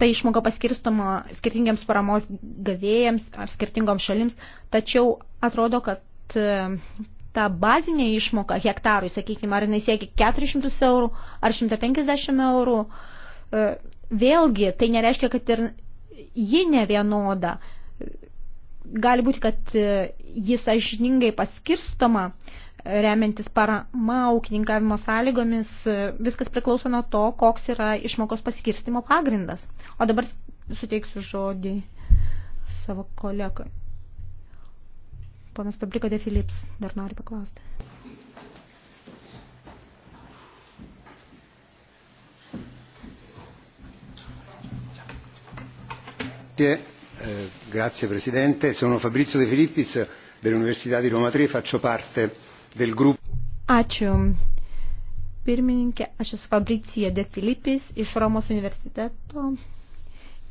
ta išmoka paskirstoma skirtingiams paramos gavėjams ar skirtingoms šalims, tačiau atrodo, kad ta bazinė išmoka hektarui, sakykime, ar jinai siekia 400 eurų ar 150 eurų, e, vėlgi tai nereiškia, kad ir ji nevienoda. Gali būti, kad e, jis ažiningai paskirstoma, e, remiantis parama ūkininkavimo sąlygomis, viskas priklauso nuo to, koks yra išmokos paskirstimo pagrindas. O dabar suteiksiu žodį savo kolegai. Ponas Pabriko de Philips dar nori paklausti. Grazie eh, Presidente, sono Fabrizio De Filippis dell'Università di Roma 3, faccio parte del gruppo. Ačiū. Pirmininkė, aš esu Fabricija De Filippis iš Romos universiteto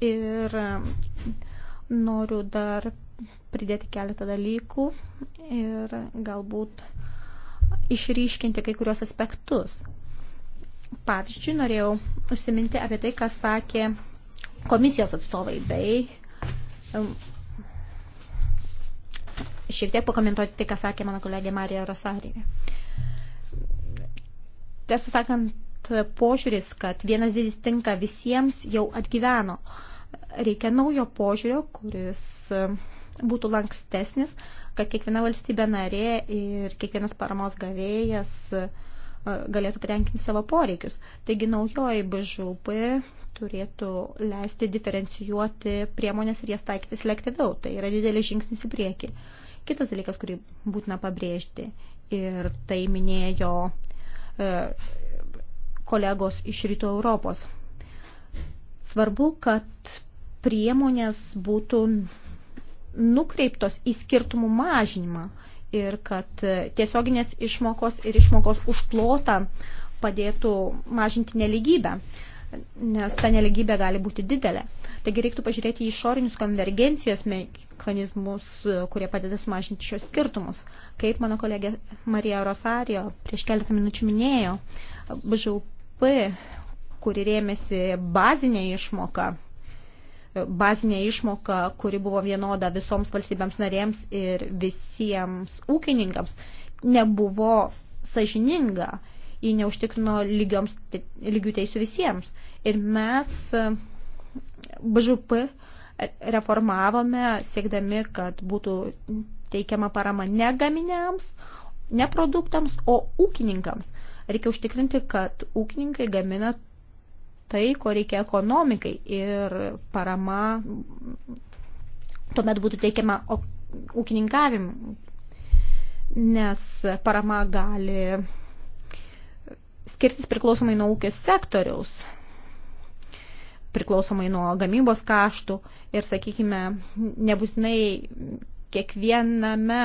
ir ehm, noriu dar pridėti keletą dalykų ir galbūt išryškinti kai kurios aspektus. Pavyzdžiui, norėjau užsiminti apie tai, kas sakė komisijos atstovai bei um, šiek tiek pakomentuoti tai, ką sakė mano kolegė Marija Rosarinė. Tiesą sakant, požiūris, kad vienas dydis tinka visiems, jau atgyveno. Reikia naujo požiūrio, kuris uh, būtų lankstesnis, kad kiekviena valstybė narė ir kiekvienas paramos gavėjas e, galėtų patenkinti savo poreikius. Taigi naujoji BŽUP turėtų leisti diferencijuoti priemonės ir jas taikyti selektyviau. Tai yra didelis žingsnis į priekį. Kitas dalykas, kurį būtina pabrėžti, ir tai minėjo e, kolegos iš rytų Europos. Svarbu, kad priemonės būtų nukreiptos į skirtumų mažinimą ir kad tiesioginės išmokos ir išmokos užplotą padėtų mažinti neligybę, nes ta neligybė gali būti didelė. Taigi reiktų pažiūrėti į išorinius konvergencijos mechanizmus, kurie padeda sumažinti šios skirtumus. Kaip mano kolegė Marija Rosario prieš keletą minučių minėjo, BŽUP, kuri rėmėsi bazinė išmoka bazinė išmoka, kuri buvo vienoda visoms valstybėms narėms ir visiems ūkininkams, nebuvo sažininga, ji neužtikrino lygioms, lygių teisų visiems. Ir mes e, BŽP reformavome, siekdami, kad būtų teikiama parama ne gaminiams, ne produktams, o ūkininkams. Reikia užtikrinti, kad ūkininkai gamina tai, ko reikia ekonomikai ir parama tuomet būtų teikiama ūkininkavimui, nes parama gali skirtis priklausomai nuo ūkio sektoriaus, priklausomai nuo gamybos kaštų ir, sakykime, nebūtinai kiekviename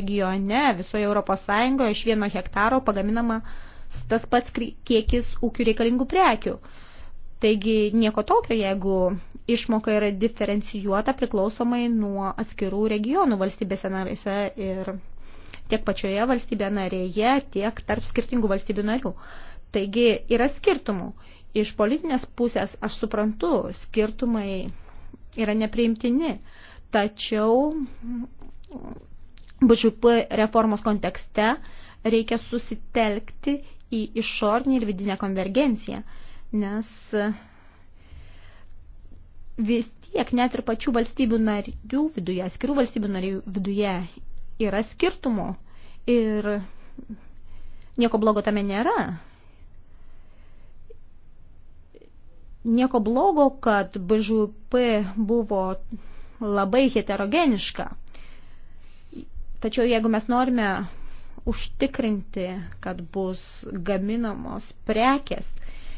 regione visoje Europos Sąjungoje iš vieno hektaro pagaminama tas pats kiekis ūkių reikalingų prekių. Taigi nieko tokio, jeigu išmoka yra diferencijuota priklausomai nuo atskirų regionų valstybėse narėse ir tiek pačioje valstybėje narėje, tiek tarp skirtingų valstybių narių. Taigi yra skirtumų. Iš politinės pusės aš suprantu, skirtumai yra nepriimtini, tačiau BŽP reformos kontekste reikia susitelkti į išornį ir vidinę konvergenciją nes vis tiek net ir pačių valstybių narių viduje, atskirų valstybių narių viduje yra skirtumų ir nieko blogo tame nėra. Nieko blogo, kad BŽP buvo labai heterogeniška. Tačiau jeigu mes norime užtikrinti, kad bus gaminamos prekės,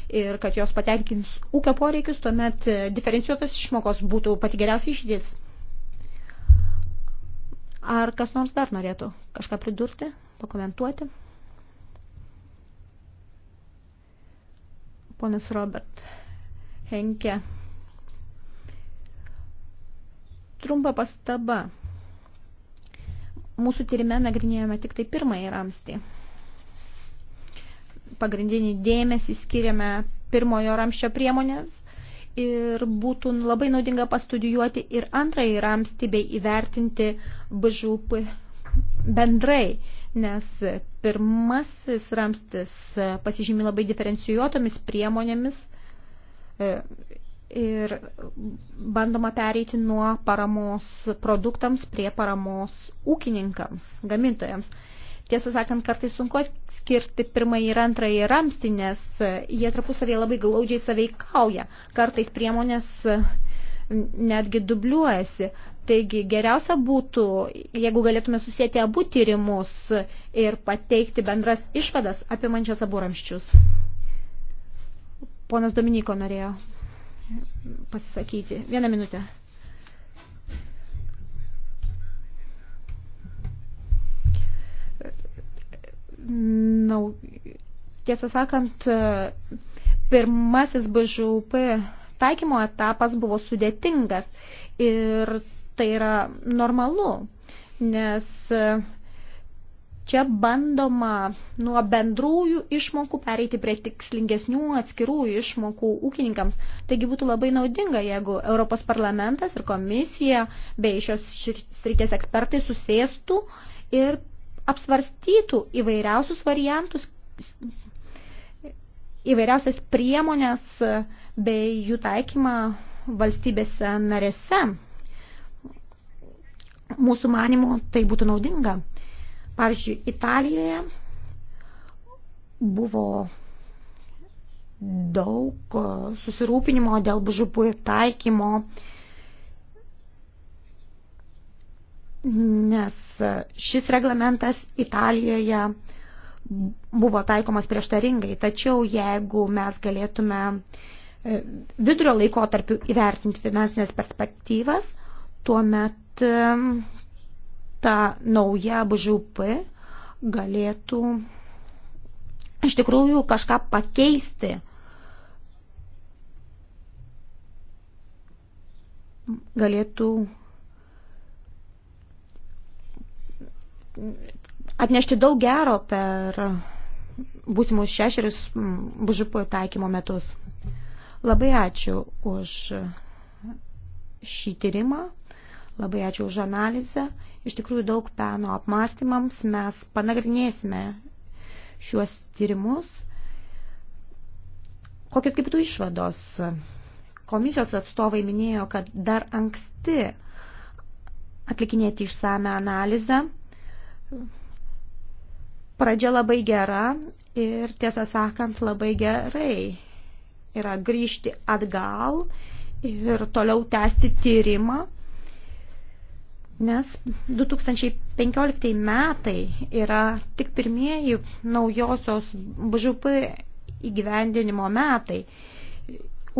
ir kad jos patenkins ūkio poreikius, tuomet e, diferencijuotas išmokos būtų pati geriausia išdės. Ar kas nors dar norėtų kažką pridurti, pakomentuoti? Ponas Robert Henke. Trumpa pastaba. Mūsų tyrime nagrinėjome tik tai pirmąjį ramstį pagrindinį dėmesį skiriame pirmojo ramščio priemonėms ir būtų labai naudinga pastudijuoti ir antrąjį ramstį bei įvertinti BŽUP bendrai, nes pirmasis ramstis pasižymi labai diferencijuotomis priemonėmis e, ir bandoma pereiti nuo paramos produktams prie paramos ūkininkams, gamintojams. Tiesą sakant, kartais sunku skirti pirmąjį ir antrąjį ramstį, nes e, jie tarpusavėje labai glaudžiai saveikauja. Kartais priemonės e, netgi dubliuojasi. Taigi geriausia būtų, jeigu galėtume susėti abu tyrimus ir pateikti bendras išvadas apimančias abu ramščius. Ponas Dominiko norėjo pasisakyti. Vieną minutę. nau, tiesą sakant, pirmasis BŽUP taikymo etapas buvo sudėtingas ir tai yra normalu, nes čia bandoma nuo bendrųjų išmokų pereiti prie tikslingesnių atskirų išmokų ūkininkams. Taigi būtų labai naudinga, jeigu Europos parlamentas ir komisija bei šios srities ekspertai susėstų ir apsvarstytų įvairiausius variantus, įvairiausias priemonės bei jų taikymą valstybėse narėse. Mūsų manimų tai būtų naudinga. Pavyzdžiui, Italijoje buvo daug susirūpinimo dėl bžupų taikymo uh, nes šis reglamentas Italijoje buvo taikomas prieštaringai, tačiau jeigu mes galėtume e, vidurio laiko tarp įvertinti finansinės perspektyvas, tuomet e, ta nauja BŽUP galėtų iš tikrųjų kažką pakeisti. Galėtų atnešti daug gero per būsimus šešerius bužipų taikymo metus. Labai ačiū už šį tyrimą, labai ačiū už analizę. Iš tikrųjų daug peno apmąstymams mes panagrinėsime šiuos tyrimus. Kokios kaip tų išvados? Komisijos atstovai minėjo, kad dar anksti atlikinėti išsame analizę Pradžia labai gera ir tiesą sakant labai gerai yra grįžti atgal ir toliau tęsti tyrimą, nes 2015 metai yra tik pirmieji naujosios BŽP įgyvendinimo metai.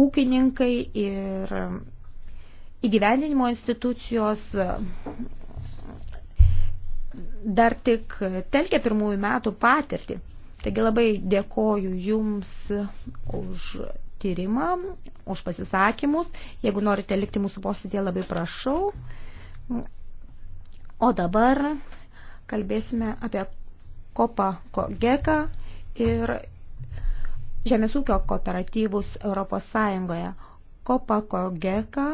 Ūkininkai ir įgyvendinimo institucijos dar tik telkia pirmųjų metų patirtį. Taigi labai dėkoju Jums už tyrimą, už pasisakymus. Jeigu norite likti mūsų posėdėje, labai prašau. O dabar kalbėsime apie kopą kogeką ir žemės ūkio kooperatyvus Europos Sąjungoje. Kopa kogeka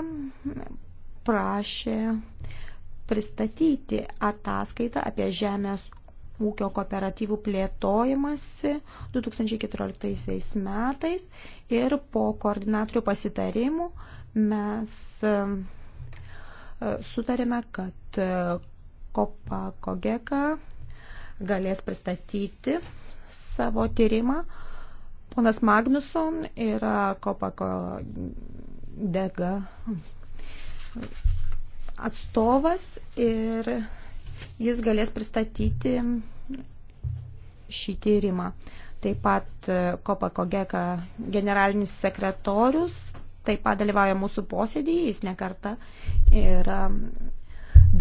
prašė pristatyti ataskaitą apie žemės ūkio kooperatyvų plėtojimasi 2014 metais ir po koordinatorių pasitarimų mes e, sutarėme, kad e, Kopa Kogeka galės pristatyti savo tyrimą. Ponas Magnuson yra Kopa Kodega atstovas ir jis galės pristatyti šį tyrimą. Taip pat e, Kopa Kogeka generalinis sekretorius taip pat dalyvauja mūsų posėdėje, jis nekarta ir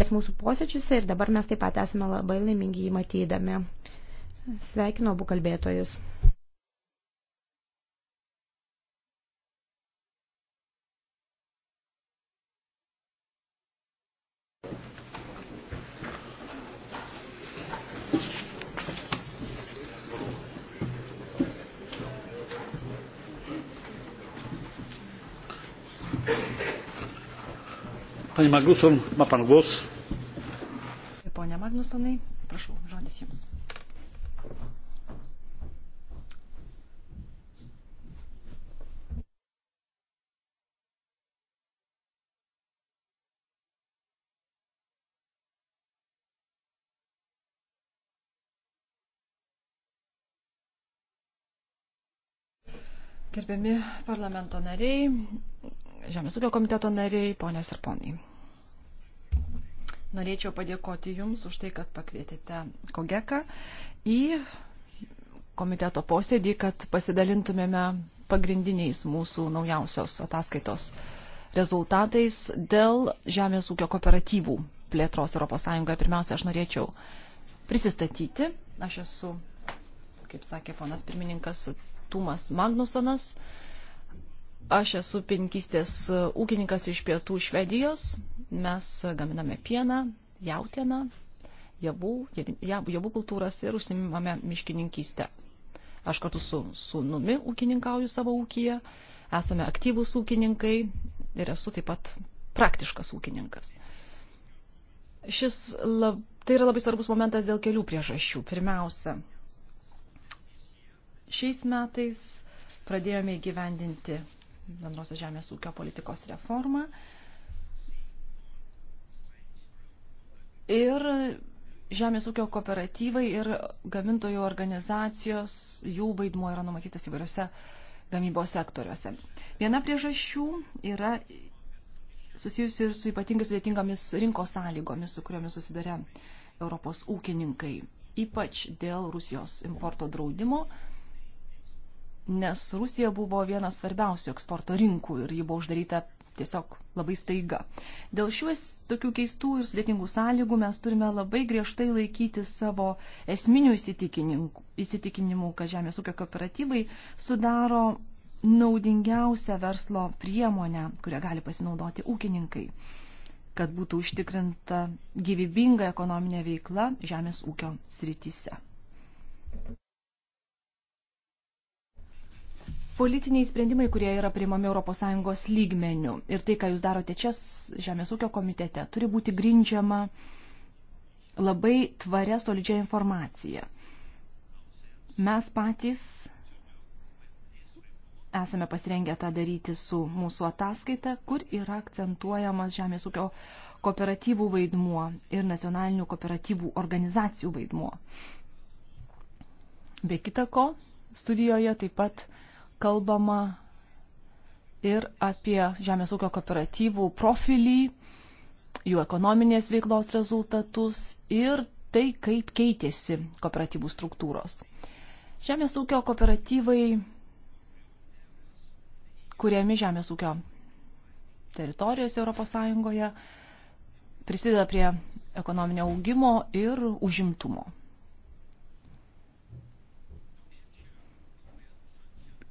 des mūsų posėdžiuose ir dabar mes taip pat esame labai laimingi jį matydami. Sveikinu abu kalbėtojus. Panie Magnusson, ma pan głos. Pone Magnusonai, prašau, žodis jums. Gerbiami parlamento nariai, Žemės ūkio komiteto nariai, ponės ir ponai. Norėčiau padėkoti Jums už tai, kad pakvietėte Kogeką į komiteto posėdį, kad pasidalintumėme pagrindiniais mūsų naujausios ataskaitos rezultatais dėl žemės ūkio kooperatyvų plėtros ES. Pirmiausia, aš norėčiau prisistatyti. Aš esu, kaip sakė ponas pirmininkas Tumas Magnusonas, Aš esu pinkystės ūkininkas iš pietų Švedijos. Mes gaminame pieną, jautieną, javų, javų kultūras ir užsimame miškininkystę. Aš kartu su sūnumi ūkininkauju savo ūkiją. Esame aktyvūs ūkininkai ir esu taip pat praktiškas ūkininkas. Šis lab, tai yra labai svarbus momentas dėl kelių priežasčių. Pirmiausia, šiais metais pradėjome įgyvendinti bendrosios žemės ūkio politikos reformą. Ir žemės ūkio kooperatyvai ir gamintojų organizacijos, jų vaidmuo yra numatytas įvairiose gamybos sektoriuose. Viena priežasčių yra susijusi ir su ypatingai sudėtingomis rinkos sąlygomis, su kuriomis susidarė Europos ūkininkai, ypač dėl Rusijos importo draudimo nes Rusija buvo vienas svarbiausių eksporto rinkų ir ji buvo uždaryta tiesiog labai staiga. Dėl šių tokių keistų ir sudėtingų sąlygų mes turime labai griežtai laikyti savo esminių įsitikinimų, kad žemės ūkio kooperatyvai sudaro naudingiausią verslo priemonę, kurią gali pasinaudoti ūkininkai, kad būtų užtikrinta gyvybinga ekonominė veikla žemės ūkio srityse. politiniai sprendimai, kurie yra priimami ES lygmenių. Ir tai, ką jūs darote čia Žemės ūkio komitete, turi būti grindžiama labai tvaria, solidžia informacija. Mes patys esame pasirengę tą daryti su mūsų ataskaita, kur yra akcentuojamas Žemės ūkio kooperatyvų vaidmuo ir nacionalinių kooperatyvų organizacijų vaidmuo. Be kita ko, studijoje taip pat uh, kalbama ir apie žemės ūkio kooperatyvų profilį, jų ekonominės veiklos rezultatus ir tai, kaip keitėsi kooperatyvų struktūros. Žemės ūkio kooperatyvai kuriami žemės ūkio teritorijose ES prisideda prie ekonominio augimo ir užimtumo.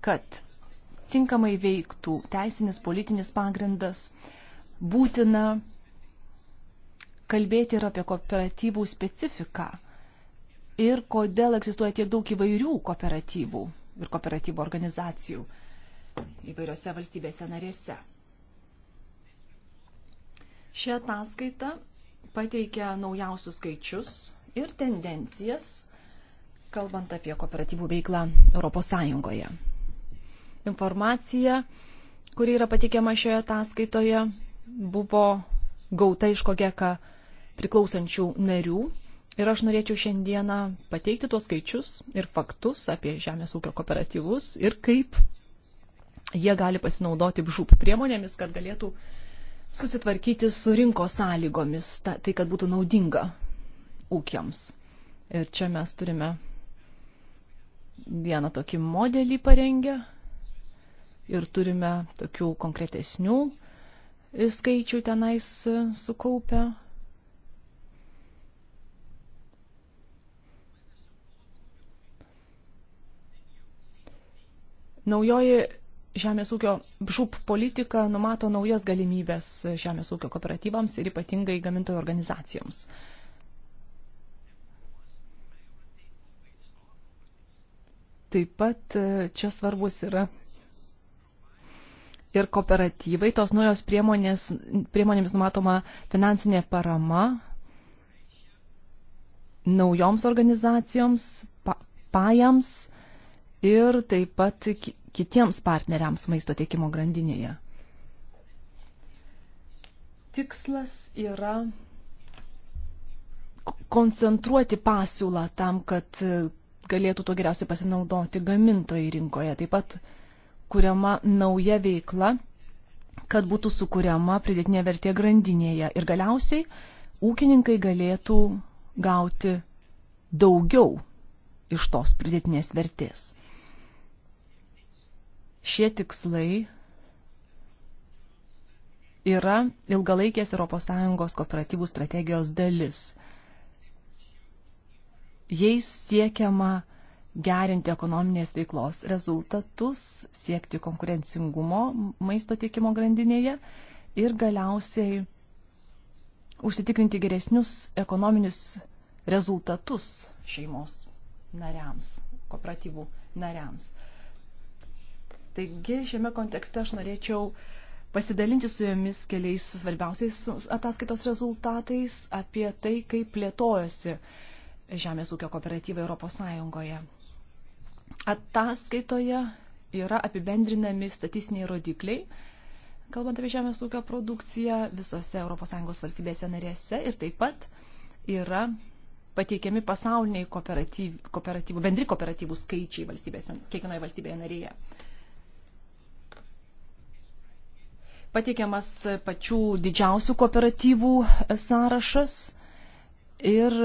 kad tinkamai veiktų teisinis politinis pagrindas, būtina kalbėti ir apie kooperatyvų specifiką ir kodėl egzistuoja tiek daug įvairių kooperatyvų ir kooperatyvų organizacijų įvairiose valstybėse narėse. Šią ataskaitą pateikia naujausius skaičius ir tendencijas, kalbant apie kooperatyvų veiklą Europos Sąjungoje informacija, kuri yra pateikiama šioje ataskaitoje, buvo gauta iš kogeka priklausančių narių. Ir aš norėčiau šiandieną pateikti tuos skaičius ir faktus apie žemės ūkio kooperatyvus ir kaip jie gali pasinaudoti žūp priemonėmis, kad galėtų susitvarkyti su rinkos sąlygomis, ta, tai kad būtų naudinga ūkiams. Ir čia mes turime vieną tokį modelį parengę, ir turime tokių konkretesnių skaičių tenais sukaupę. Naujoji žemės ūkio žūp politika numato naujas galimybės žemės ūkio kooperatyvams ir ypatingai gamintojų organizacijoms. Taip pat e, čia svarbus yra ir kooperatyvai. Tos naujos priemonės, priemonėmis numatoma finansinė parama naujoms organizacijoms, pa, pajams ir taip pat kitiems partneriams maisto tiekimo grandinėje. Tikslas yra koncentruoti pasiūlą tam, kad galėtų to geriausiai pasinaudoti gamintojai rinkoje. Taip pat kuriama nauja veikla, kad būtų sukūriama pridėtinė vertė grandinėje ir galiausiai ūkininkai galėtų gauti daugiau iš tos pridėtinės vertės. Šie tikslai yra ilgalaikės ES kooperatyvų strategijos dalis. Jais siekiama gerinti ekonominės veiklos rezultatus, siekti konkurencingumo maisto tiekimo grandinėje ir galiausiai užsitikrinti geresnius ekonominius rezultatus šeimos nariams, kooperatyvų nariams. Taigi šiame kontekste aš norėčiau pasidalinti su jumis keliais svarbiausiais ataskaitos rezultatais apie tai, kaip plėtojosi žemės ūkio kooperatyvai Europos Sąjungoje. Ataskaitoje yra apibendrinami statistiniai rodikliai, kalbant apie žemės ūkio produkciją visose ES valstybėse narėse ir taip pat yra pateikiami pasauliniai kooperatyv, kooperatyvų, bendri kooperatyvų skaičiai valstybėse, kiekvienoje valstybėje narėje. Pateikiamas pačių didžiausių kooperatyvų sąrašas ir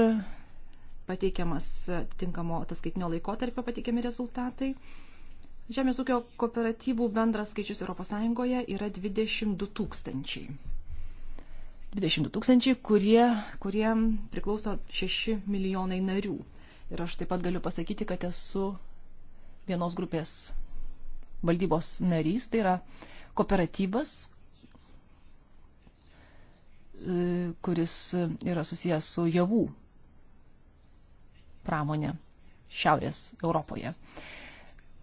pateikiamas tinkamo ataskaitinio laikotarpio pateikiami rezultatai. Žemės ūkio kooperatyvų bendras skaičius ES yra 22 tūkstančiai. 22 tūkstančiai, kurie, kurie priklauso 6 milijonai narių. Ir aš taip pat galiu pasakyti, kad esu vienos grupės valdybos narys, tai yra kooperatyvas, e, kuris yra susijęs su javų pramonę Šiaurės Europoje.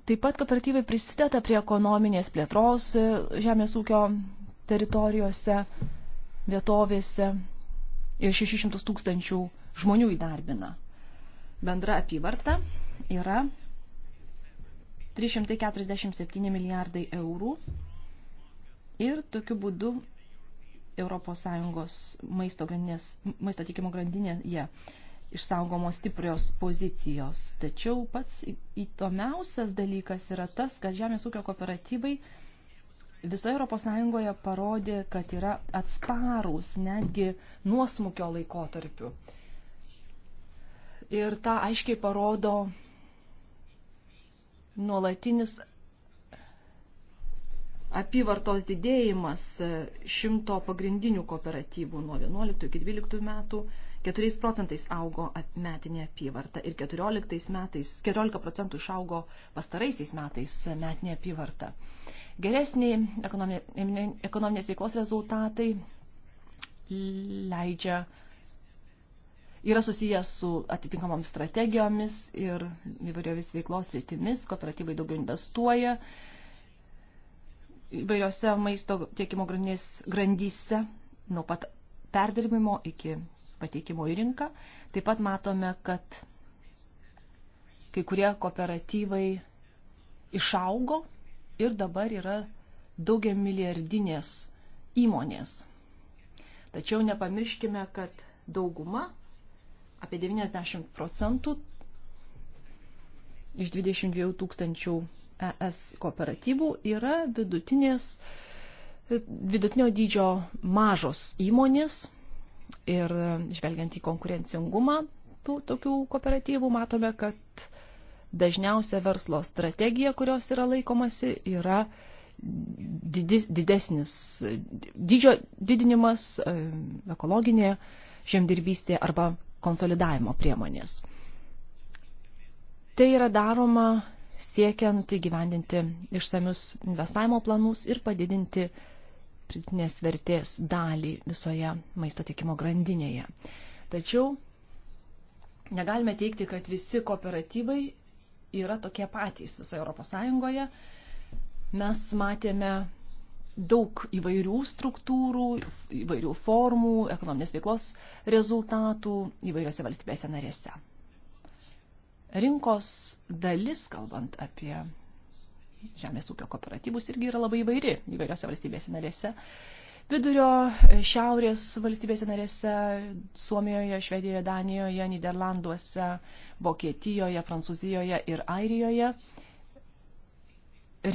Taip pat kooperatyvai prisideda prie ekonominės plėtros e, žemės ūkio teritorijose, vietovėse ir 600 tūkstančių žmonių įdarbina. Bendra apyvarta yra 347 milijardai eurų ir tokiu būdu ES maisto, grandinės, maisto tikimo grandinėje yeah išsaugomos stiprios pozicijos. Tačiau pats įdomiausias dalykas yra tas, kad žemės ūkio kooperatyvai visoje ES parodė, kad yra atsparūs netgi nuosmukio laikotarpiu. Ir tą aiškiai parodo nuolatinis apyvartos didėjimas šimto pagrindinių kooperatyvų nuo 11 iki 12 metų 4 procentais augo metinė apyvarta ir 14, metais, 14 procentų išaugo pastaraisiais metais metinė apyvarta. Geresniai ekonominės veiklos rezultatai leidžia, yra susijęs su atitinkamomis strategijomis ir įvairiomis veiklos rytimis, kooperatyvai daugiau investuoja įvairiose maisto tiekimo grandyse nuo pat perdirbimo iki pateikimo į rinką. Taip pat matome, kad kai kurie kooperatyvai išaugo ir dabar yra daugia milijardinės įmonės. Tačiau nepamirškime, kad dauguma, apie 90 procentų iš 22 tūkstančių ES kooperatyvų yra vidutinės, vidutinio dydžio mažos įmonės, Ir žvelgiant į konkurencingumą tų tokių kooperatyvų, matome, kad dažniausia verslo strategija, kurios yra laikomasi, yra didis, didesnis dydžio didinimas, ekologinė žemdirbystė arba konsolidavimo priemonės. Tai yra daroma siekiant įgyvendinti išsamius investavimo planus ir padidinti pridėtinės vertės dalį visoje maisto tiekimo grandinėje. Tačiau negalime teikti, kad visi kooperatyvai yra tokie patys visoje Europos Sąjungoje. Mes matėme daug įvairių struktūrų, įvairių formų, ekonominės veiklos rezultatų įvairiose valstybėse narėse. Rinkos dalis, kalbant apie žemės ūkio kooperatyvus irgi yra labai įvairi įvairiose valstybėse narėse. Vidurio e, šiaurės valstybėse narėse, Suomijoje, Švedijoje, Danijoje, Niderlanduose, Vokietijoje, Prancūzijoje ir Airijoje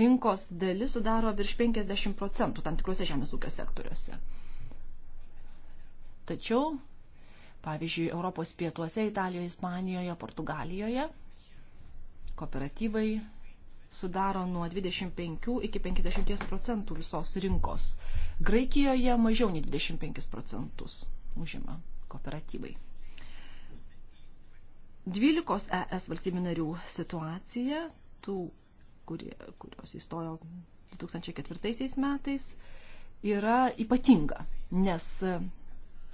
rinkos dalis sudaro virš 50 procentų tam tikrose žemės ūkio sektoriuose. Tačiau, pavyzdžiui, Europos pietuose, Italijoje, Ispanijoje, Portugalijoje kooperatyvai sudaro nuo 25 iki 50 procentų visos rinkos. Graikijoje mažiau nei 25 procentus užima kooperatyvai. 12 ES valstybių narių situacija, tų, kurie, kurios įstojo 2004 metais, yra ypatinga, nes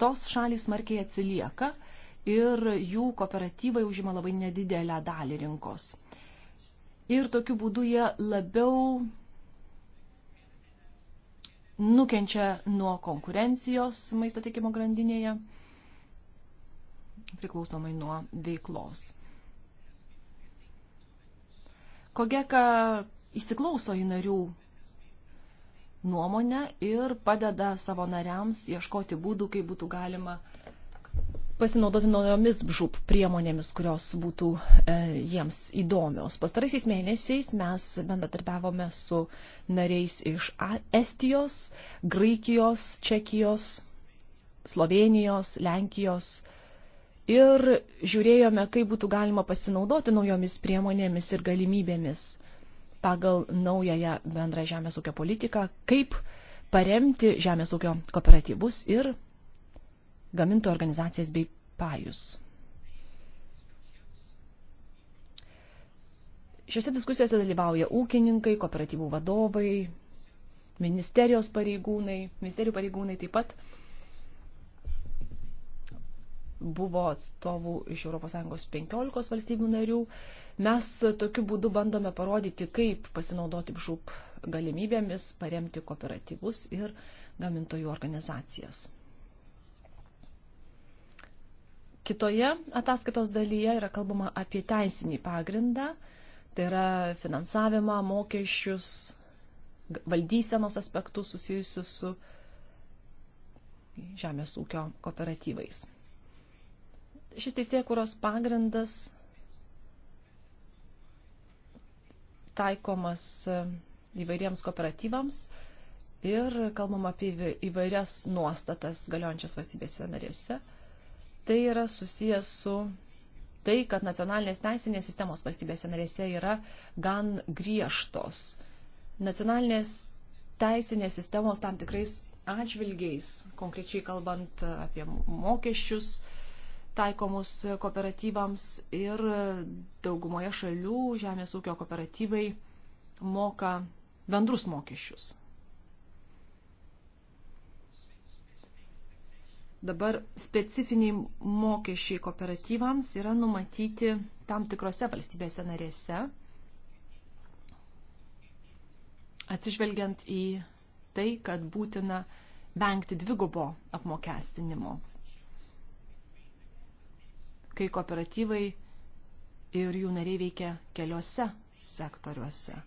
tos šalys smarkiai atsilieka ir jų kooperatyvai užima labai nedidelę dalį rinkos ir tokiu būdu jie labiau nukenčia nuo konkurencijos maisto tiekimo grandinėje, priklausomai nuo veiklos. Kogeka įsiklauso į narių nuomonę ir padeda savo nariams ieškoti būdų, kaip būtų galima uh, pasinaudoti naujomis žūp priemonėmis, kurios būtų e, jiems įdomios. Pastaraisiais mėnesiais mes bendradarbiavome su nariais iš Estijos, Graikijos, Čekijos, Slovenijos, Lenkijos ir žiūrėjome, kaip būtų galima pasinaudoti naujomis priemonėmis ir galimybėmis pagal naująją bendrą žemės ūkio politiką, kaip paremti žemės ūkio kooperatyvus ir gaminto organizacijas bei pajus. Šiuose diskusijose dalyvauja ūkininkai, kooperatyvų vadovai, ministerijos pareigūnai, ministerijų pareigūnai taip pat buvo atstovų iš ES 15 valstybių narių. Mes tokiu būdu bandome parodyti, kaip pasinaudoti žūp galimybėmis, paremti kooperatyvus ir gamintojų organizacijas. Kitoje ataskaitos dalyje yra kalbama apie teisinį pagrindą, tai yra finansavimą, mokesčius, valdysenos aspektus susijusius su žemės ūkio kooperatyvais. Šis teisėkūros pagrindas taikomas įvairiems kooperatyvams ir kalbam apie įvairias nuostatas galiojančias valstybėse narėse – tai yra susijęs su tai, kad nacionalinės teisinės sistemos valstybėse narėse yra gan griežtos. Nacionalinės teisinės sistemos tam tikrais atžvilgiais, konkrečiai kalbant apie mokesčius taikomus kooperatyvams ir daugumoje šalių žemės ūkio kooperatyvai moka bendrus mokesčius. Dabar specifiniai mokesčiai kooperatyvams yra numatyti tam tikrose valstybėse narėse, atsižvelgiant į tai, kad būtina vengti dvigubo apmokestinimo, kai kooperatyvai ir jų nariai veikia keliose sektoriuose.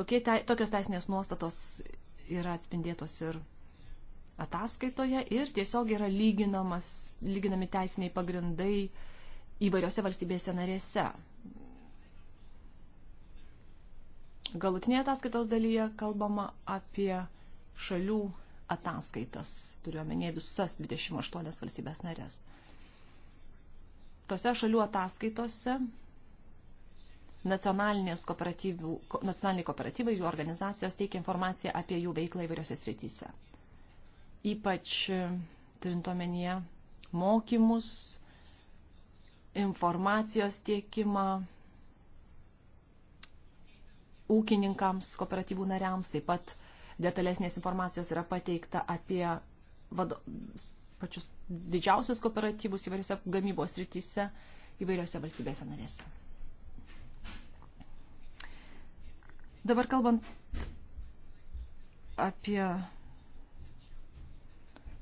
Tokie, tokios teisinės nuostatos yra atspindėtos ir ataskaitoje ir tiesiog yra lyginamas, lyginami teisiniai pagrindai įvairiose valstybėse narėse. Galutinėje ataskaitos dalyje kalbama apie šalių ataskaitas, turiuomenė visas 28 valstybės narės. Tose šalių ataskaitose nacionalinės kooperatyvų, nacionaliniai kooperatyvai, jų organizacijos teikia informaciją apie jų veiklą įvairiose srityse ypač e, turint omenyje mokymus, informacijos tiekimą ūkininkams, kooperatyvų nariams, taip pat detalesnės informacijos yra pateikta apie vado, pačius didžiausius kooperatyvus įvairiose gamybos rytise, įvairiose valstybėse narėse. Dabar kalbant apie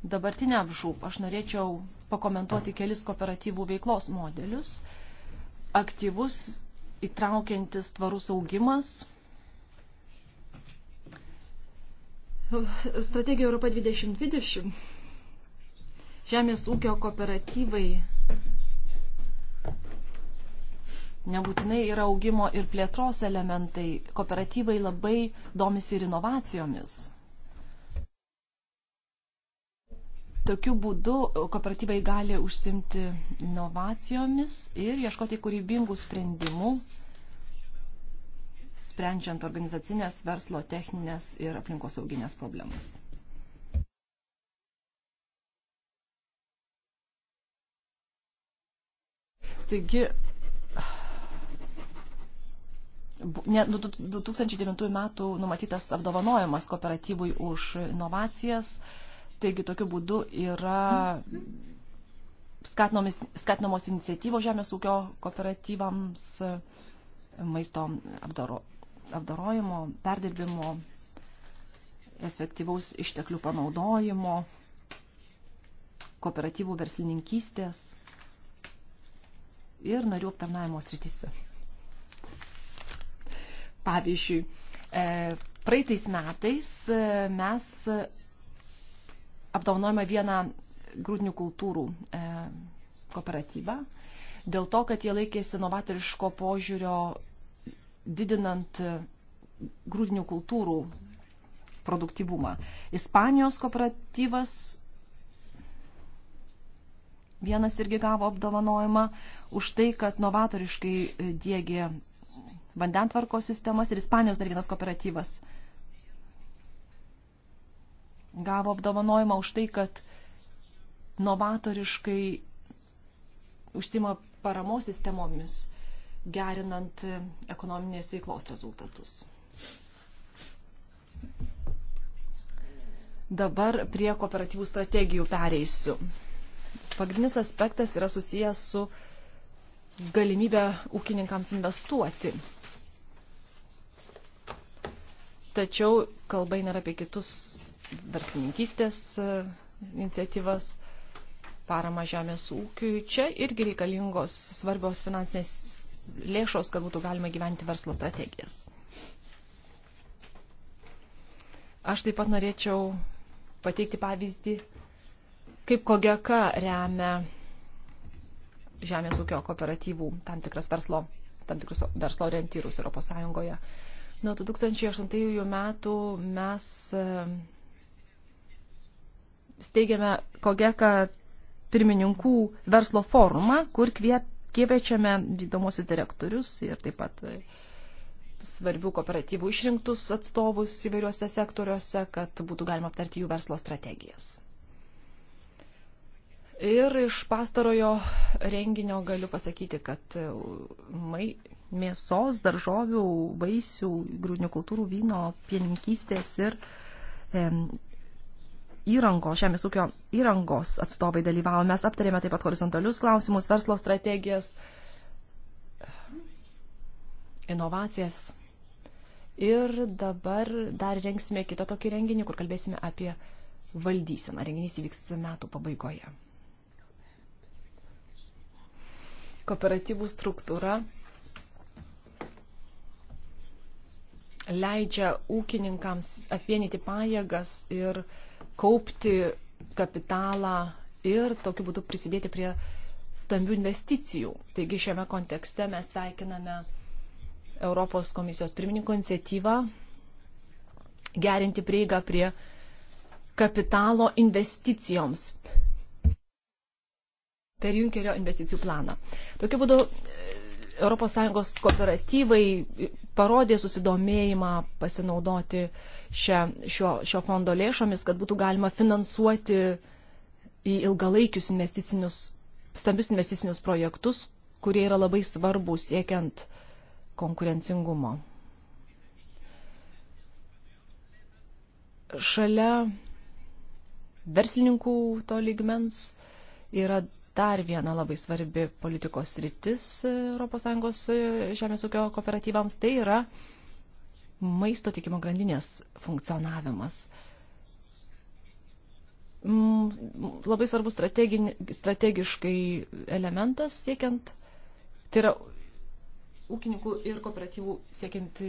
dabartinę apžūp, aš norėčiau pakomentuoti kelis kooperatyvų veiklos modelius. Aktyvus, įtraukiantis tvarus augimas. Strategija Europa 2020. Žemės ūkio kooperatyvai nebūtinai yra augimo ir plėtros elementai. Kooperatyvai labai domisi ir inovacijomis Tokiu būdu kooperatyvai gali užsimti inovacijomis ir ieškoti kūrybingų sprendimų, sprendžiant organizacinės, verslo, techninės ir aplinkosauginės problemas. Taigi, ne, 2009 metų numatytas apdovanojimas kooperatyvui už inovacijas – Taigi tokiu būdu yra skatinamos iniciatyvos žemės ūkio kooperatyvams maisto apdaro, apdarojimo, perdirbimo, efektyvaus išteklių panaudojimo, kooperatyvų verslininkystės ir narių aptarnavimo srityse. Pavyzdžiui, e, praeitais metais e, mes apdaunojame vieną grūdinių kultūrų e, kooperatyvą dėl to, kad jie laikėsi novatoriško požiūrio didinant e, grūdinių kultūrų produktyvumą. Ispanijos kooperatyvas vienas irgi gavo apdovanojimą už tai, kad novatoriškai e, dėgė vandentvarko sistemas ir Ispanijos dar vienas kooperatyvas gavo apdovanojimą už tai, kad novatoriškai užsima paramos sistemomis, gerinant ekonominės veiklos rezultatus. Dabar prie kooperatyvų strategijų pereisiu. Pagrindinis aspektas yra susijęs su galimybė ūkininkams investuoti. Tačiau kalba eina apie kitus verslininkystės e, iniciatyvas, paramą žemės ūkiui. Čia irgi reikalingos svarbios finansinės lėšos, kad būtų galima gyventi verslo strategijas. Aš taip pat norėčiau pateikti pavyzdį, kaip kogeka remia žemės ūkio kooperatyvų tam tikras verslo, tam tikrus verslo orientyrus Europos Sąjungoje. Nuo 2008 metų mes e, steigiame kogeką pirmininkų verslo forumą, kur kviečiame vykdomosius direktorius ir taip pat e, svarbių kooperatyvų išrinktus atstovus įvairiuose sektoriuose, kad būtų galima aptarti jų verslo strategijas. Ir iš pastarojo renginio galiu pasakyti, kad e, mai, mėsos, daržovių, vaisių, grūdinių kultūrų, vyno, pieninkystės ir e, įrangos, žemės ūkio įrangos atstovai dalyvavo. Mes aptarėme taip pat horizontalius klausimus, verslo strategijas, inovacijas. Ir dabar dar rengsime kitą tokį renginį, kur kalbėsime apie valdyseną. Renginys įvyks metų pabaigoje. Kooperatyvų struktūra leidžia ūkininkams apvienyti pajėgas ir uh, kaupti kapitalą ir tokiu būdu prisidėti prie stambių investicijų. Taigi šiame kontekste mes sveikiname Europos komisijos pirmininko iniciatyvą gerinti prieigą prie kapitalo investicijoms per Junkerio investicijų planą. Tokiu būdu ES kooperatyvai parodė susidomėjimą pasinaudoti šia, šio, šio fondo lėšomis, kad būtų galima finansuoti į ilgalaikius investicinius, stambius investicinius projektus, kurie yra labai svarbus siekiant konkurencingumo. Šalia verslininkų to lygmens yra dar viena labai svarbi politikos rytis ES žemės ūkio kooperatyvams, tai yra maisto tikimo grandinės funkcionavimas. Mm, labai svarbus strategiškai elementas siekiant, tai yra ūkininkų ir kooperatyvų siekiant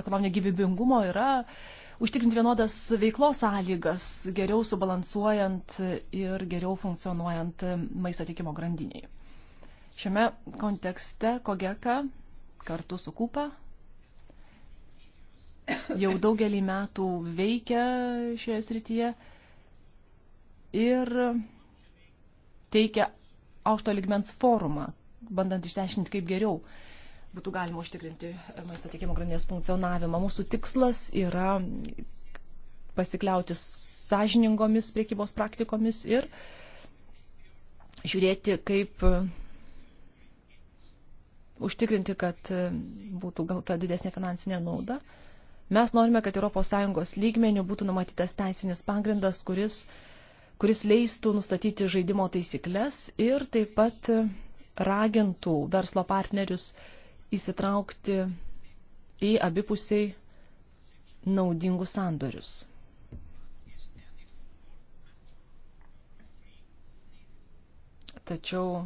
ekonominio gyvybingumo yra uh, užtikrinti vienodas veiklos sąlygas, geriau subalansuojant ir geriau funkcionuojant maisto tikimo grandiniai. Šiame kontekste Kogeka kartu su Kupa jau daugelį metų veikia šioje srityje ir teikia aukšto ligmens forumą, bandant išteiškinti, kaip geriau būtų galima užtikrinti maisto tiekimo grandinės funkcionavimą. Mūsų tikslas yra pasikliauti sąžiningomis priekybos praktikomis ir žiūrėti, kaip užtikrinti, kad būtų gauta didesnė finansinė nauda. Mes norime, kad ES lygmenių būtų numatytas teisinis pagrindas, kuris, kuris leistų nustatyti žaidimo taisyklės ir taip pat ragintų verslo partnerius įsitraukti į abipusiai naudingus sandorius. Tačiau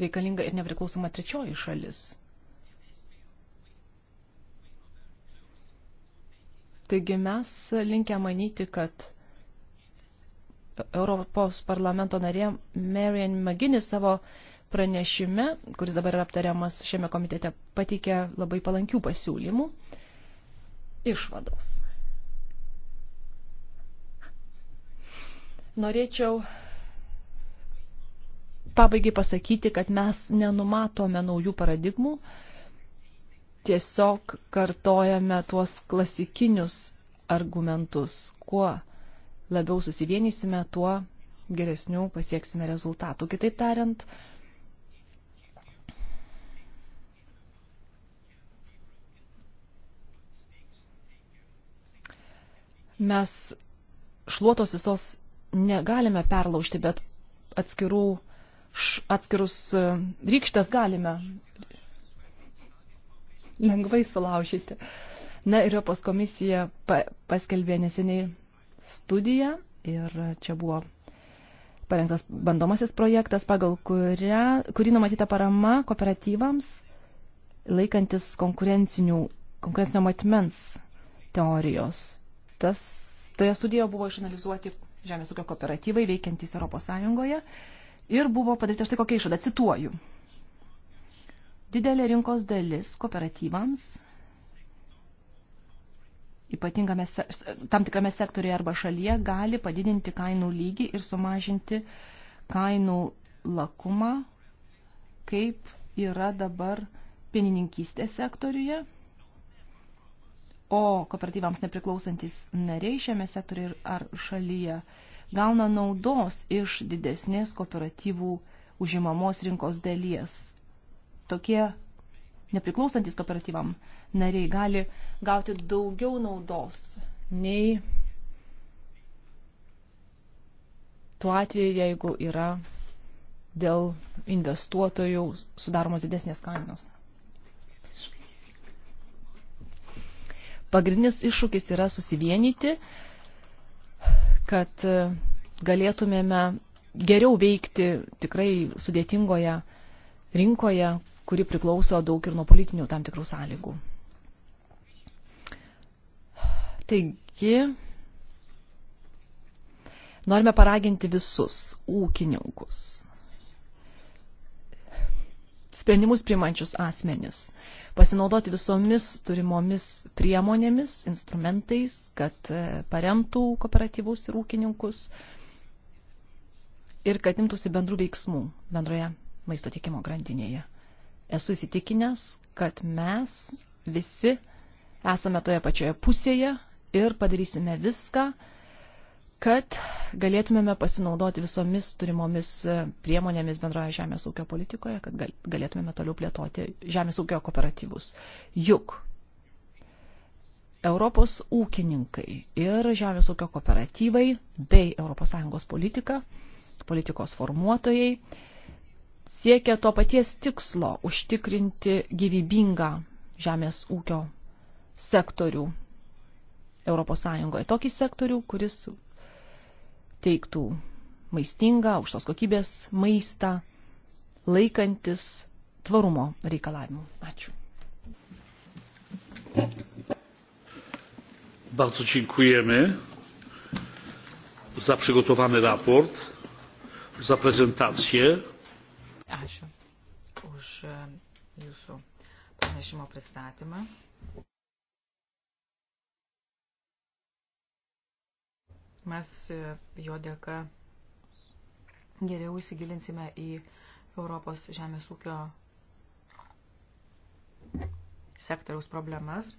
reikalinga ir nepriklausoma trečioji šalis. Taigi mes linkę manyti, kad Europos parlamento narė Marian Maginis savo pranešime, kuris dabar yra aptariamas šiame komitete, pateikė labai palankių pasiūlymų išvados. Norėčiau pabaigai pasakyti, kad mes nenumatome naujų paradigmų, tiesiog kartojame tuos klasikinius argumentus. Kuo labiau susivienysime, tuo geresnių pasieksime rezultatų. Kitaip tariant, Mes šluotos visos negalime perlaužti, bet atskirų, atskirus e, rykštės galime lengvai sulaužyti. Na ir Europos komisija paskelbė neseniai studiją ir čia buvo parengtas bandomasis projektas, pagal kurią, kurį numatyta parama kooperatyvams laikantis konkurencinio matmens teorijos tas, toje studijoje buvo išanalizuoti žemės ūkio kooperatyvai veikiantys Europos Sąjungoje ir buvo padaryta štai kokia išvada, cituoju. Didelė rinkos dalis kooperatyvams, ypatingame, tam tikrame sektoriuje arba šalyje, gali padidinti kainų lygį ir sumažinti kainų lakumą, kaip yra dabar pienininkystės sektoriuje o kooperatyvams nepriklausantis nariai šiame sektoriuje ar šalyje gauna naudos iš didesnės kooperatyvų užimamos rinkos dalies. Tokie nepriklausantis kooperatyvam nariai gali gauti daugiau naudos nei tuo atveju, jeigu yra dėl investuotojų sudaromos didesnės kainos. pagrindinis iššūkis yra susivienyti, kad e, galėtumėme geriau veikti tikrai sudėtingoje rinkoje, kuri priklauso daug ir nuo politinių tam tikrų sąlygų. Taigi, norime paraginti visus ūkininkus, sprendimus primančius asmenis, pasinaudoti visomis turimomis priemonėmis, instrumentais, kad e, paremtų kooperatyvus ir ūkininkus ir kad imtųsi bendrų veiksmų bendroje maisto tiekimo grandinėje. Esu įsitikinęs, kad mes visi esame toje pačioje pusėje ir padarysime viską, kad galėtumėme pasinaudoti visomis turimomis e, priemonėmis bendroje žemės ūkio politikoje, kad galėtumėme toliau plėtoti žemės ūkio kooperatyvus. Juk Europos ūkininkai ir žemės ūkio kooperatyvai bei ES politika, politikos formuotojai siekia to paties tikslo užtikrinti gyvybingą žemės ūkio sektorių ES. Tokį sektorių, kuris teiktų maistingą, aukštos kokybės maistą, laikantis tvarumo reikalavimų. Ačiū. Bardzo dziękujemy za przygotowany raport, za prezentację. Ačiū už e, jūsų pranešimo pristatymą. Mes e, jo dėka geriau įsigilinsime į Europos žemės ūkio sektoriaus problemas.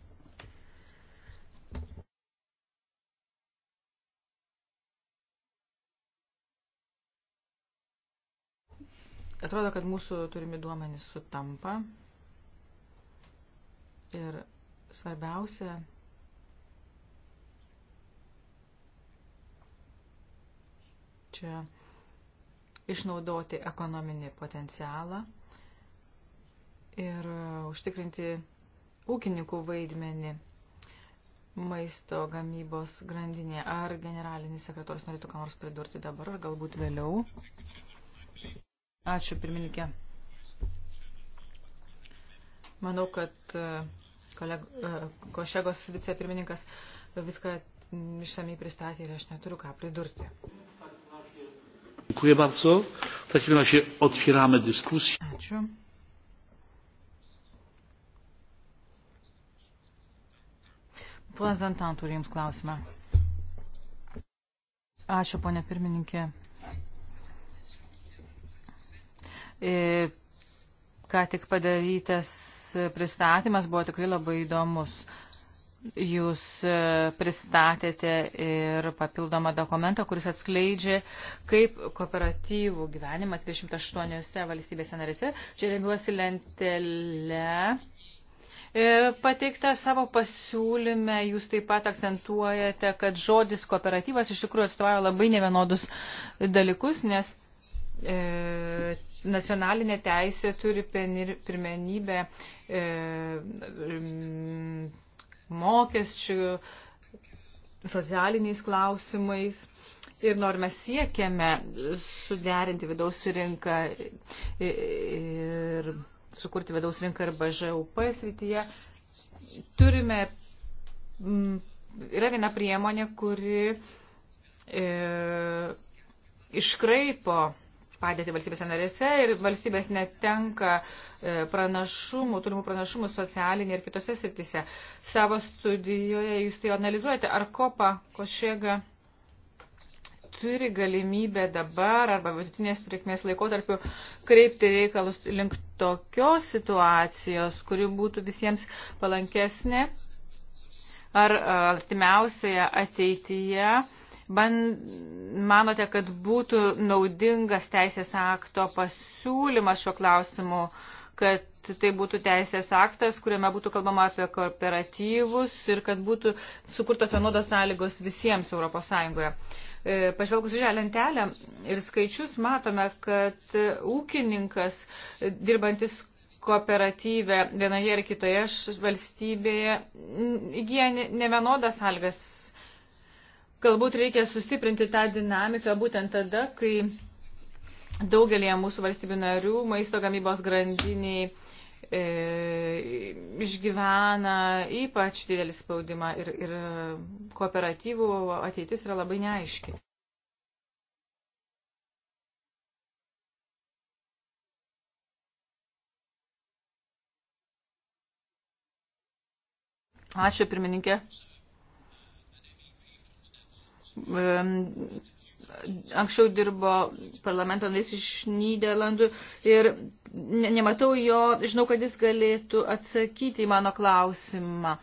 Atrodo, kad mūsų turimi duomenys sutampa ir svarbiausia čia išnaudoti ekonominį potencialą ir uh, užtikrinti ūkininkų vaidmenį maisto gamybos grandinė. Ar generalinis sekretorius norėtų ką nors pridurti dabar, ar galbūt vėliau? Ačiū, pirmininkė. Manau, kad uh, koleg... Uh, košegos vicepirmininkas viską išsamei pristatė ir aš neturiu ką pridurti. Dziękuję bardzo. W takim razie otwieramy dyskusję. Ačiū. Ponas Dantan turi Jums klausimą. Ačiū, ponė pirmininkė. E, ką tik padarytas pristatymas buvo tikrai labai įdomus. Jūs e, pristatėte ir papildomą dokumentą, kuris atskleidžia, kaip kooperatyvų gyvenimas 28 valstybėse narėse. Čia remiuosi lentelę. E, Pateiktą savo pasiūlymę jūs taip pat akcentuojate, kad žodis kooperatyvas iš tikrųjų atstovauja labai nevienodus dalykus, nes e, nacionalinė teisė turi pirmenybę e, mokesčių, socialiniais klausimais. Ir nors mes siekiame suderinti vidaus rinką ir sukurti vidaus rinką ir BŽUP srityje, turime, mm, yra viena priemonė, kuri e, iškraipo padėti valstybėse narėse ir valstybės netenka e, E, pranašumų, turimų pranašumų socialinė ir kitose sritise. Savo studijoje jūs tai analizuojate, ar kopa košėga turi galimybę dabar arba vidutinės trukmės laikotarpiu kreipti reikalus link tokios situacijos, kuri būtų visiems palankesnė, ar e, artimiausioje ateityje. Man, manote, kad būtų naudingas teisės akto pasiūlymas šiuo klausimu uh, kad tai būtų teisės aktas, kuriame būtų kalbama apie kooperatyvus ir kad būtų sukurtos vienodos sąlygos visiems ES. E, pažvelgus į žalią lentelę ir skaičius matome, kad ūkininkas dirbantis kooperatyvę vienoje ar kitoje valstybėje įgyja nevienodas sąlygas. Galbūt reikia sustiprinti tą dinamiką būtent tada, kai daugelėje mūsų valstybių narių maisto gamybos grandiniai e, išgyvena ypač didelį spaudimą ir, ir kooperatyvų ateitis yra labai neaiški. Ačiū pirmininkė anksčiau dirbo parlamento narys iš Nyderlandų ir ne, nematau jo, žinau, kad jis galėtų atsakyti į mano klausimą.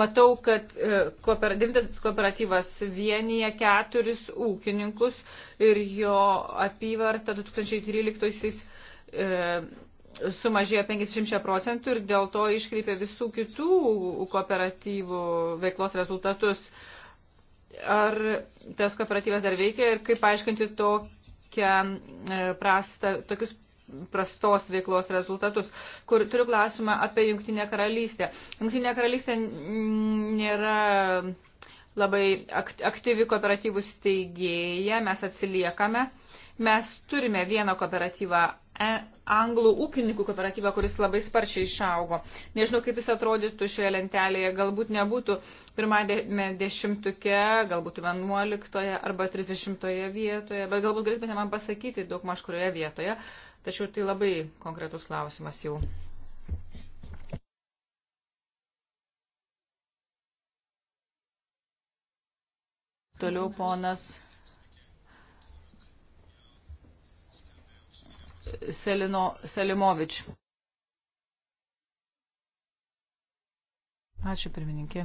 Matau, kad e, kooperatyvas, kooperatyvas vienyje keturis ūkininkus ir jo apyvarta 2013 e, sumažėjo 50 procentų ir dėl to iškreipė visų kitų kooperatyvų veiklos rezultatus. E, Ar tas kooperatyvas dar veikia ir kaip paaiškinti tokią e, prastą, tokius prastos veiklos rezultatus, kur turiu klausimą apie Jungtinę karalystę. Jungtinė karalystė nėra labai aktyvi kooperatyvų steigėja, mes atsiliekame. Mes turime vieną kooperatyvą e, anglų ūkininkų kooperatyvą, kuris labai sparčiai išaugo. Nežinau, kaip jis atrodytų šioje lentelėje, galbūt nebūtų pirmame dešimtuke, galbūt vienuoliktoje arba trisdešimtoje vietoje, bet galbūt galėtumėte man pasakyti daug maž kurioje vietoje, tačiau tai labai konkretus klausimas jau. Toliau ponas Selino, Selimovič. Ačiū, pirmininkė.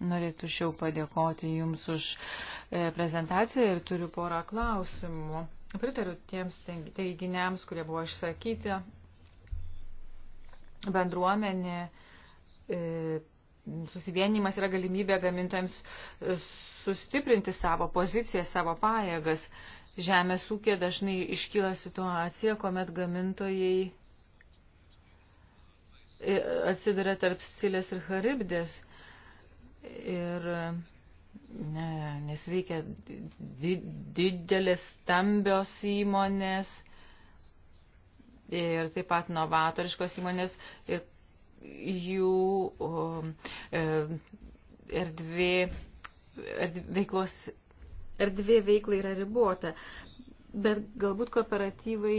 Norėčiau padėkoti Jums už e, prezentaciją ir turiu porą klausimų. Pritariu tiems teiginiams, kurie buvo išsakyti. Bendruomenė e, susivienimas yra galimybė gamintojams e, sustiprinti savo poziciją, savo pajėgas žemės ūkė dažnai iškyla situacija, kuomet gamintojai e, atsiduria tarp silės ir charibdės ir ne, nes veikia didelės stambios įmonės ir taip pat novatoriškos įmonės ir jų o, e, erdvė veiklos erdvė veiklai yra ribota, bet galbūt kooperatyvai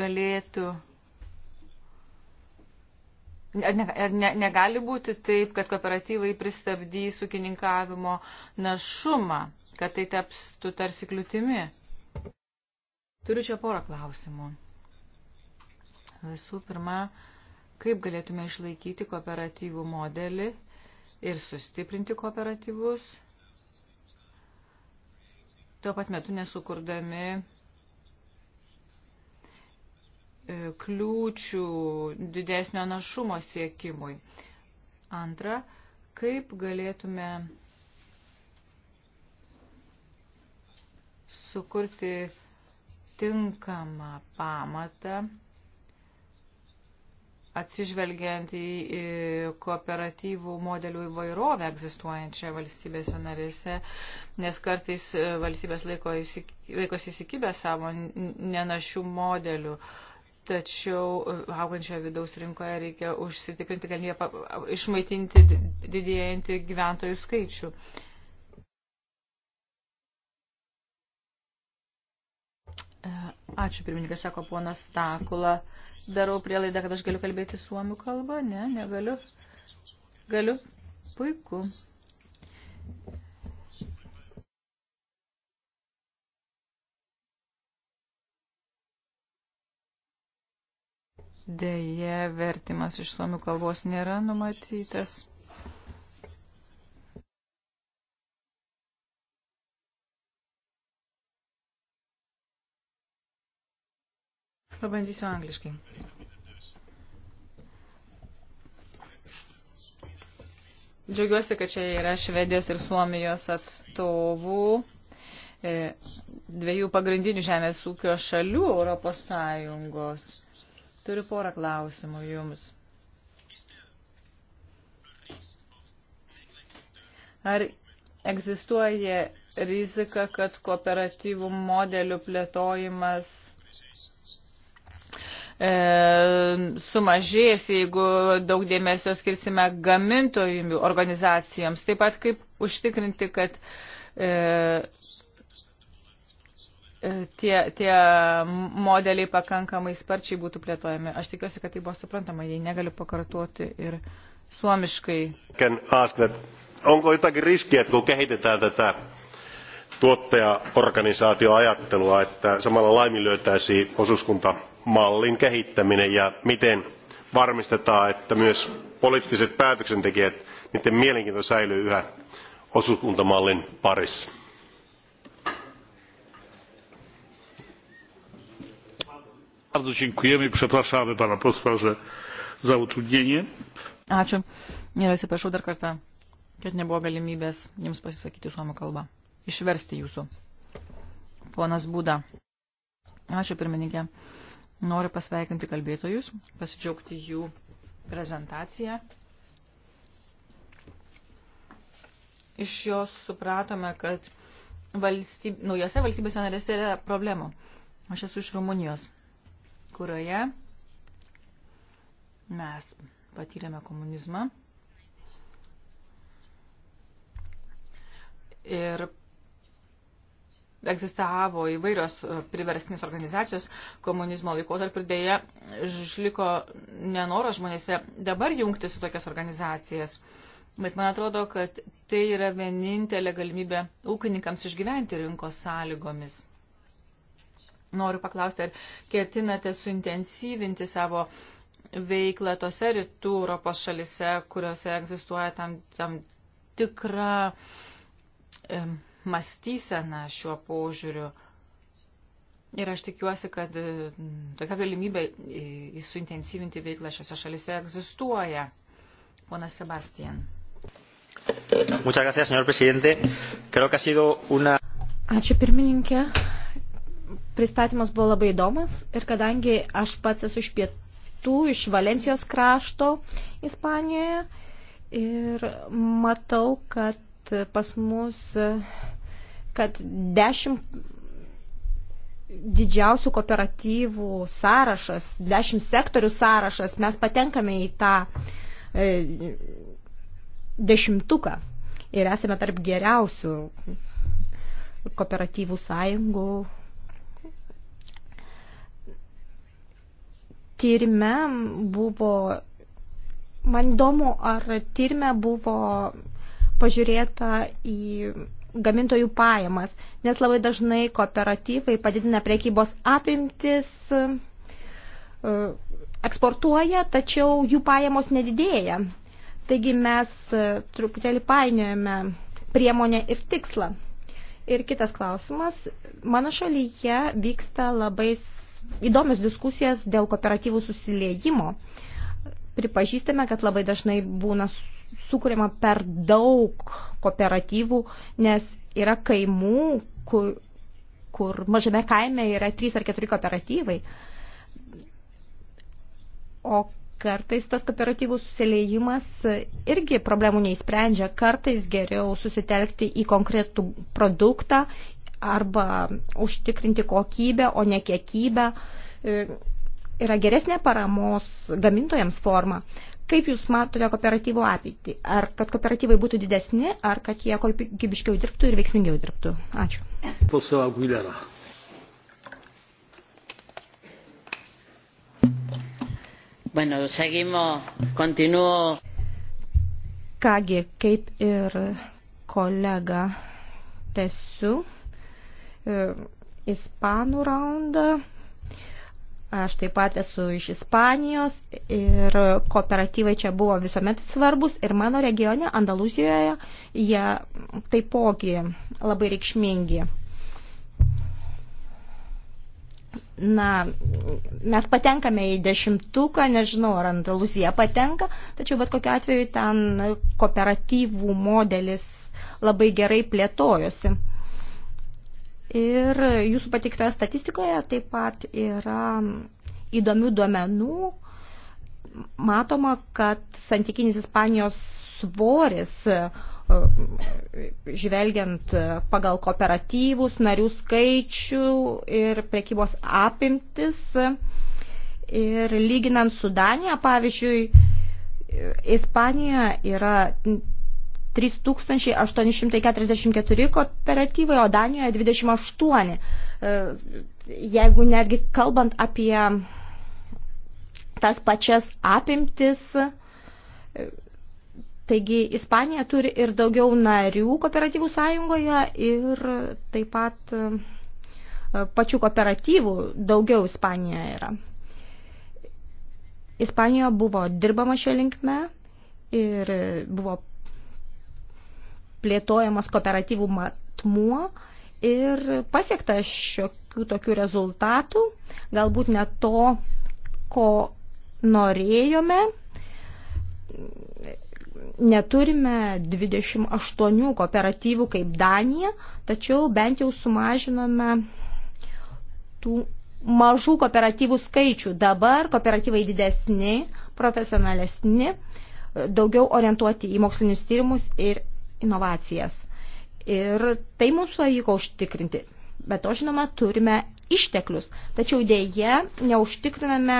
galėtų. Ar, ne, ar ne, negali būti taip, kad kooperatyvai pristabdys ūkininkavimo našumą, kad tai tapstų tarsi kliūtimi? Turiu čia porą klausimų. Visų pirma, kaip galėtume išlaikyti kooperatyvų modelį ir sustiprinti kooperatyvus, tuo pat metu nesukurdami e, kliūčių didesnio našumo siekimui. Antra, kaip galėtume sukurti tinkamą pamatą atsižvelgiant į kooperatyvų modelių įvairovę egzistuojančią valstybėse narėse, nes kartais e, valstybės laiko įsik, laikosi įsikibę savo nenašių modelių. Tačiau e, augančioje vidaus rinkoje reikia užsitikrinti galimybę išmaitinti didėjantį gyventojų skaičių. E, Ačiū, pirmininkas, sako ponas Stakula. Darau prielaidą, kad aš galiu kalbėti suomių kalbą. Ne, negaliu. Galiu. Puiku. Deja, vertimas iš suomių kalbos nėra numatytas. Pabandysiu angliškai. Džiaugiuosi, kad čia yra Švedijos ir Suomijos atstovų e, dviejų pagrindinių žemės ūkio šalių Europos Sąjungos. Turiu porą klausimų jums. Ar egzistuoja rizika, kad kooperatyvų modelių plėtojimas E, sumažės, jeigu daug dėmesio skirsime gamintojų organizacijoms. Taip pat kaip užtikrinti, kad e, e, tie, tie modeliai pakankamai sparčiai būtų plėtojami. Aš tikiuosi, kad tai buvo suprantama, jei negaliu pakartoti ir suomiškai. Onko jotakin riskiä, kun kehitetään tätä tuottajaorganisaatioajattelua, että samalla laiminlyötäisiin osuuskunta mallin kehittäminen ja miten varmistetaan että myös poliittiset päätöksentekijät niiden mielenkiinto säilyy yhä osuuskuntamallin parissa. bardzo dziękujemy przepraszamy pana posła za utrudnienie. ačiū ir atsiprašau dar kartą kad nebuvo galimybės jums pasisakyti suomių kalba išversti jūsų ponas būda ačiū pirmininke Noriu pasveikinti kalbėtojus, pasidžiaugti jų prezentaciją. Iš jos supratome, kad valstyb... naujose valstybėse narėse yra problemų. Aš esu iš Rumunijos, kurioje mes patyrėme komunizmą. Ir egzistavo įvairios e, priverstinės organizacijos komunizmo laikotarpiu, dėja išliko nenoro žmonėse dabar jungti su tokias organizacijas. Bet man atrodo, kad tai yra vienintelė galimybė ūkininkams išgyventi rinkos sąlygomis. Noriu paklausti, ar ketinate suintensyvinti savo veiklą tose rytų Europos šalise, kuriuose egzistuoja tam, tam tikra. Um, e, mąstyseną šiuo požiūriu. Ir aš tikiuosi, kad e, tokia galimybė e, suintensyvinti veiklą šiose šalise egzistuoja. Ponas Sebastian. Muchas gracias, señor presidente. Creo que ha sido una. Ačiū pirmininkė. Pristatymas buvo labai įdomas ir kadangi aš pats esu iš pietų, iš Valencijos krašto Ispanijoje ir matau, kad kad pas mus, kad dešimt didžiausių kooperatyvų sąrašas, dešimt sektorių sąrašas, mes patenkame į tą e, dešimtuką ir esame tarp geriausių kooperatyvų sąjungų. Tyrime buvo, man įdomu, ar tyrime buvo pažiūrėta į gamintojų pajamas, nes labai dažnai kooperatyvai padidina prekybos apimtis, e, eksportuoja, tačiau jų pajamos nedidėja. Taigi mes e, truputėlį painiojame priemonę ir tikslą. Ir kitas klausimas. Mano šalyje vyksta labai įdomios diskusijas dėl kooperatyvų susiliejimo. Pripažįstame, kad labai dažnai būna sukūrėma per daug kooperatyvų, nes yra kaimų, kur, kur mažame kaime yra trys ar keturi kooperatyvai. O kartais tas kooperatyvų susiliejimas irgi problemų neįsprendžia. Kartais geriau susitelkti į konkretų produktą arba užtikrinti kokybę, o ne kiekybę. Yra geresnė paramos gamintojams forma. Kaip Jūs matote kooperatyvo apitį? Ar kad kooperatyvai būtų didesni, ar kad jie gybiškiau dirbtų ir veiksmingiau dirbtų? Ačiū. Pusiau Aguilera. Bueno, seguimos, continuo. Kągi, kaip ir kolega tesiu e, ispanų raundą, Aš taip pat esu iš Ispanijos ir kooperatyvai čia buvo visuomet svarbus ir mano regione, Andaluzijoje, jie taipogi labai reikšmingi. Na, mes patenkame į dešimtuką, nežinau, ar Andaluzija patenka, tačiau bet kokiu atveju ten kooperatyvų modelis labai gerai plėtojosi. Ir jūsų pateiktoje statistikoje taip pat yra įdomių duomenų. Matoma, kad santykinis Ispanijos svoris, žvelgiant pagal kooperatyvus, narių skaičių ir prekybos apimtis, ir lyginant su Danija, pavyzdžiui, Ispanija yra 3844 kooperatyvai, o Danijoje 28. E, jeigu netgi kalbant apie tas pačias apimtis, e, taigi Ispanija turi ir daugiau narių kooperatyvų sąjungoje ir taip pat e, pačių kooperatyvų daugiau Ispanijoje yra. Ispanijoje buvo dirbama šia linkme ir buvo plėtojamas kooperatyvų matmuo ir pasiekta šiokių tokių rezultatų, galbūt ne to, ko norėjome. Neturime 28 kooperatyvų kaip Danija, tačiau bent jau sumažinome tų mažų kooperatyvų skaičių. Dabar kooperatyvai didesni, profesionalesni, daugiau orientuoti į mokslinius tyrimus ir inovacijas. Ir tai mums pavyko užtikrinti. Bet to, žinoma, turime išteklius. Tačiau dėje neužtikriname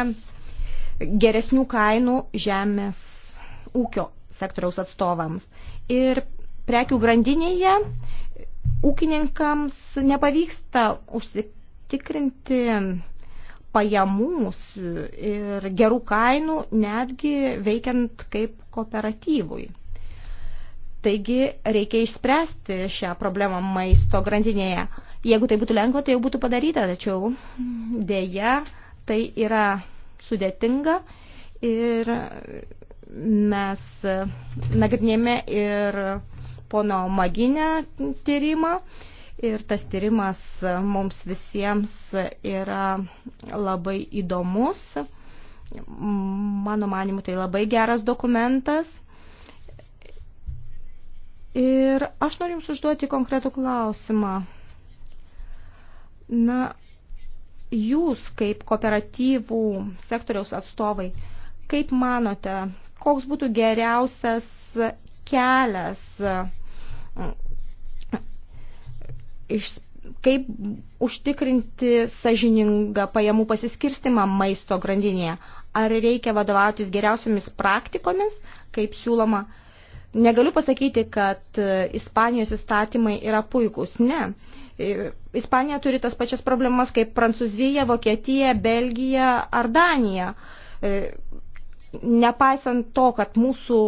geresnių kainų žemės ūkio sektoriaus atstovams. Ir prekių grandinėje ūkininkams nepavyksta užsitikrinti pajamų ir gerų kainų netgi veikiant kaip kooperatyvui. Taigi reikia išspręsti šią problemą maisto grandinėje. Jeigu tai būtų lengva, tai jau būtų padaryta, tačiau dėja tai yra sudėtinga ir mes nagrinėjame ir pono Maginę tyrimą ir tas tyrimas mums visiems yra labai įdomus. Mano manimu, tai labai geras dokumentas Ir aš noriu Jums užduoti konkretų klausimą. Na, Jūs kaip kooperatyvų sektoriaus atstovai, kaip manote, koks būtų geriausias kelias, kaip užtikrinti sažiningą pajamų pasiskirstimą maisto grandinėje? Ar reikia vadovautis geriausiamis praktikomis, kaip siūloma? Negaliu pasakyti, kad e, Ispanijos įstatymai yra puikūs. Ne. E, Ispanija turi tas pačias problemas kaip Prancūzija, Vokietija, Belgija ar Danija. E, nepaisant to, kad mūsų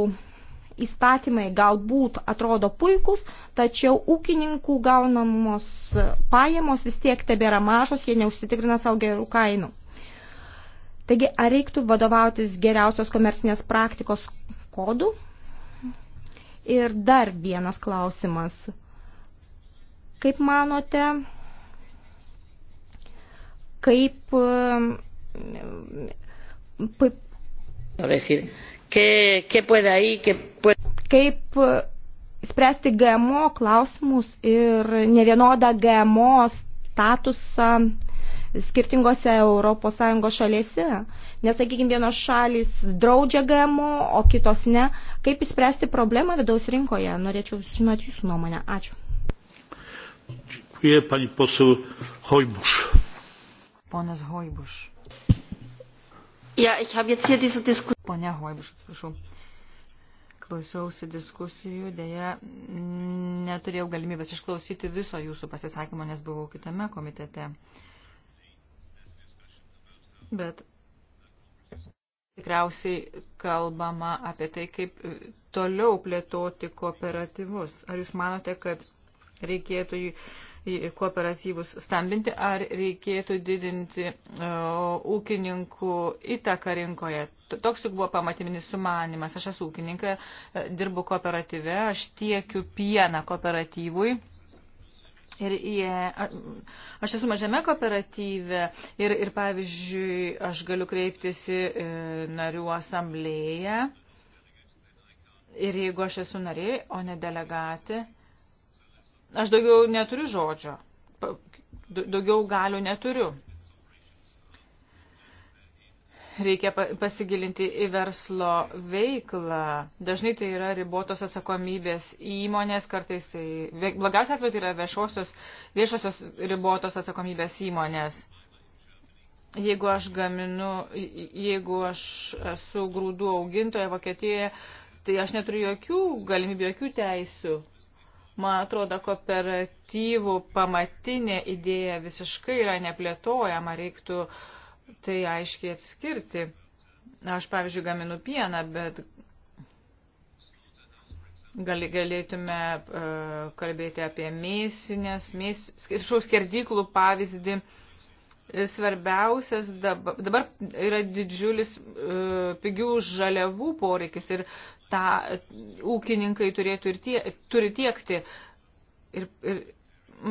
įstatymai galbūt atrodo puikus, tačiau ūkininkų gaunamos pajamos vis tiek tebėra mažos, jie neužsitikrina savo gerų kainų. Taigi, ar reiktų vadovautis geriausios komercinės praktikos kodų? Ir dar vienas klausimas. Kaip manote, kaip. Um, kaip uh, spręsti GMO klausimus ir nevienodą GMO statusą skirtingose ES šalyse. Nes, sakykime, vienos šalys draudžia GMO, o kitos ne. Kaip įspręsti problemą vidaus rinkoje? Norėčiau žinoti jūsų nuomonę. Ačiū. Dziękuję, pani poseł Hojbusz. Ponas Hojbusz. Ja, ich habe jetzt hier diese Diskussion. Ponia Hojbusz, atsiprašau klausiausi diskusijų, dėja neturėjau galimybės išklausyti viso jūsų pasisakymo, nes buvau kitame komitete. Uh, bet tikriausiai kalbama apie tai, kaip toliau plėtoti kooperatyvus. Ar jūs manote, kad reikėtų į kooperatyvus stambinti, ar reikėtų didinti uh, ūkininkų įtaką rinkoje? Toks juk buvo pamatyminis sumanimas. Aš esu ūkininkai, e, dirbu kooperatyve, aš tiekiu pieną kooperatyvui Ir jie, aš esu mažame kooperatyve ir, ir pavyzdžiui, aš galiu kreiptis į e, narių asamblėją. Ir jeigu aš esu narė, o ne delegatė, aš daugiau neturiu žodžio, daugiau galių neturiu reikia pasigilinti į verslo veiklą. Dažnai tai yra ribotos atsakomybės įmonės, kartais tai, blogiausia atveju tai yra viešosios, viešosios ribotos atsakomybės įmonės. Jeigu aš gaminu, jeigu aš esu grūdų augintoje Vokietijoje, tai aš neturiu jokių galimybių, jokių teisių. Man atrodo, kooperatyvų pamatinė idėja visiškai yra neplėtojama, reiktų uh, tai aiškiai atskirti. Aš, pavyzdžiui, gaminu pieną, bet gali, galėtume uh, kalbėti apie mėsinės, mės, atsiprašau, skerdyklų pavyzdį. Svarbiausias dabar, dabar yra didžiulis uh, pigių žaliavų poreikis ir tą ūkininkai turėtų ir tie, turi tiekti. Ir, ir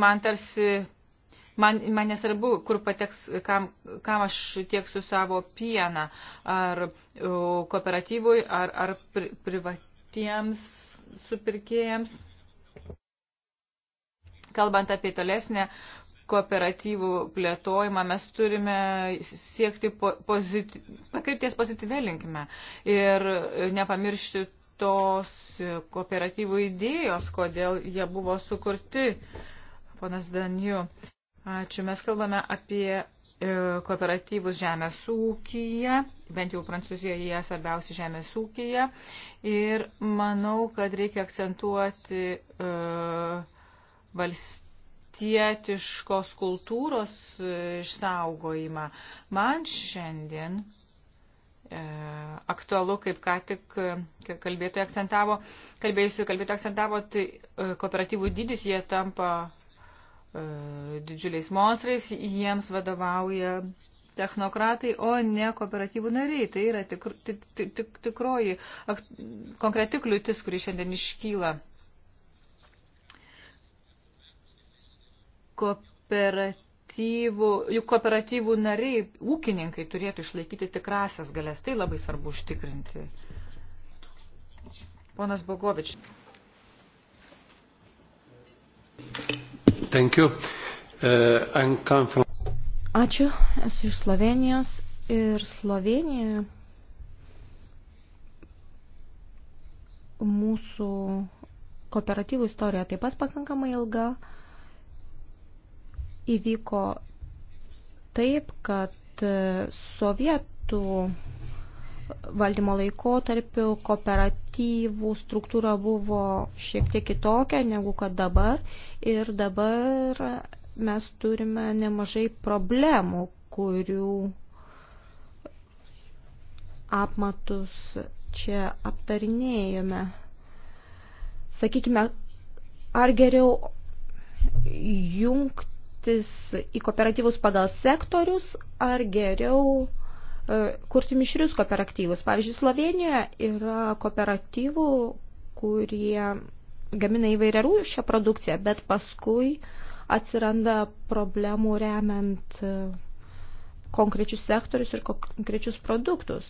man tarsi Man, man nesvarbu, kur pateks, kam, kam aš tieksiu savo pieną, ar kooperatyvui, ar, ar pri, privatiems supirkėjams. Kalbant apie tolesnę kooperatyvų plėtojimą, mes turime siekti pozit... pakreipties pozityvę linkime ir nepamiršti tos kooperatyvų idėjos, kodėl jie buvo sukurti, ponas Daniju. Ačiū. Mes kalbame apie e, kooperatyvus žemės ūkyje, bent jau Prancūzijoje jie svarbiausi žemės ūkyje. Ir manau, kad reikia akcentuoti e, valstietiškos kultūros e, išsaugojimą. Man šiandien aktualu, kaip ką tik kalbėtojai akcentavo, kalbėjusi kalbėtojai akcentavo, tai kooperatyvų dydis jie tampa E, didžiuliais monstrais, jiems vadovauja technokratai, o ne kooperatyvų nariai. Tai yra tikr, tik, tik, tikroji ak, konkreti kliūtis, kuri šiandien iškyla. Kooperatyvų, juk kooperatyvų nariai, ūkininkai turėtų išlaikyti tikrasias galės. Tai labai svarbu užtikrinti. Ponas Bogovič. Thank you. Thank you. Uh, from... Ačiū, esu iš Slovenijos ir Slovenijoje mūsų kooperatyvų istorija taip pat pakankamai ilga. Įvyko taip, kad sovietų valdymo laikotarpiu kooperatyvų struktūra buvo šiek tiek kitokia negu kad dabar ir dabar mes turime nemažai problemų, kurių apmatus čia aptarinėjome. Sakykime, ar geriau jungtis į kooperatyvus pagal sektorius, ar geriau E, kurti mišrius kooperatyvus. Pavyzdžiui, Slovenijoje yra kooperatyvų, kurie gamina įvairią rūšę produkciją, bet paskui atsiranda problemų remiant e, konkrečius sektorius ir konkrečius produktus.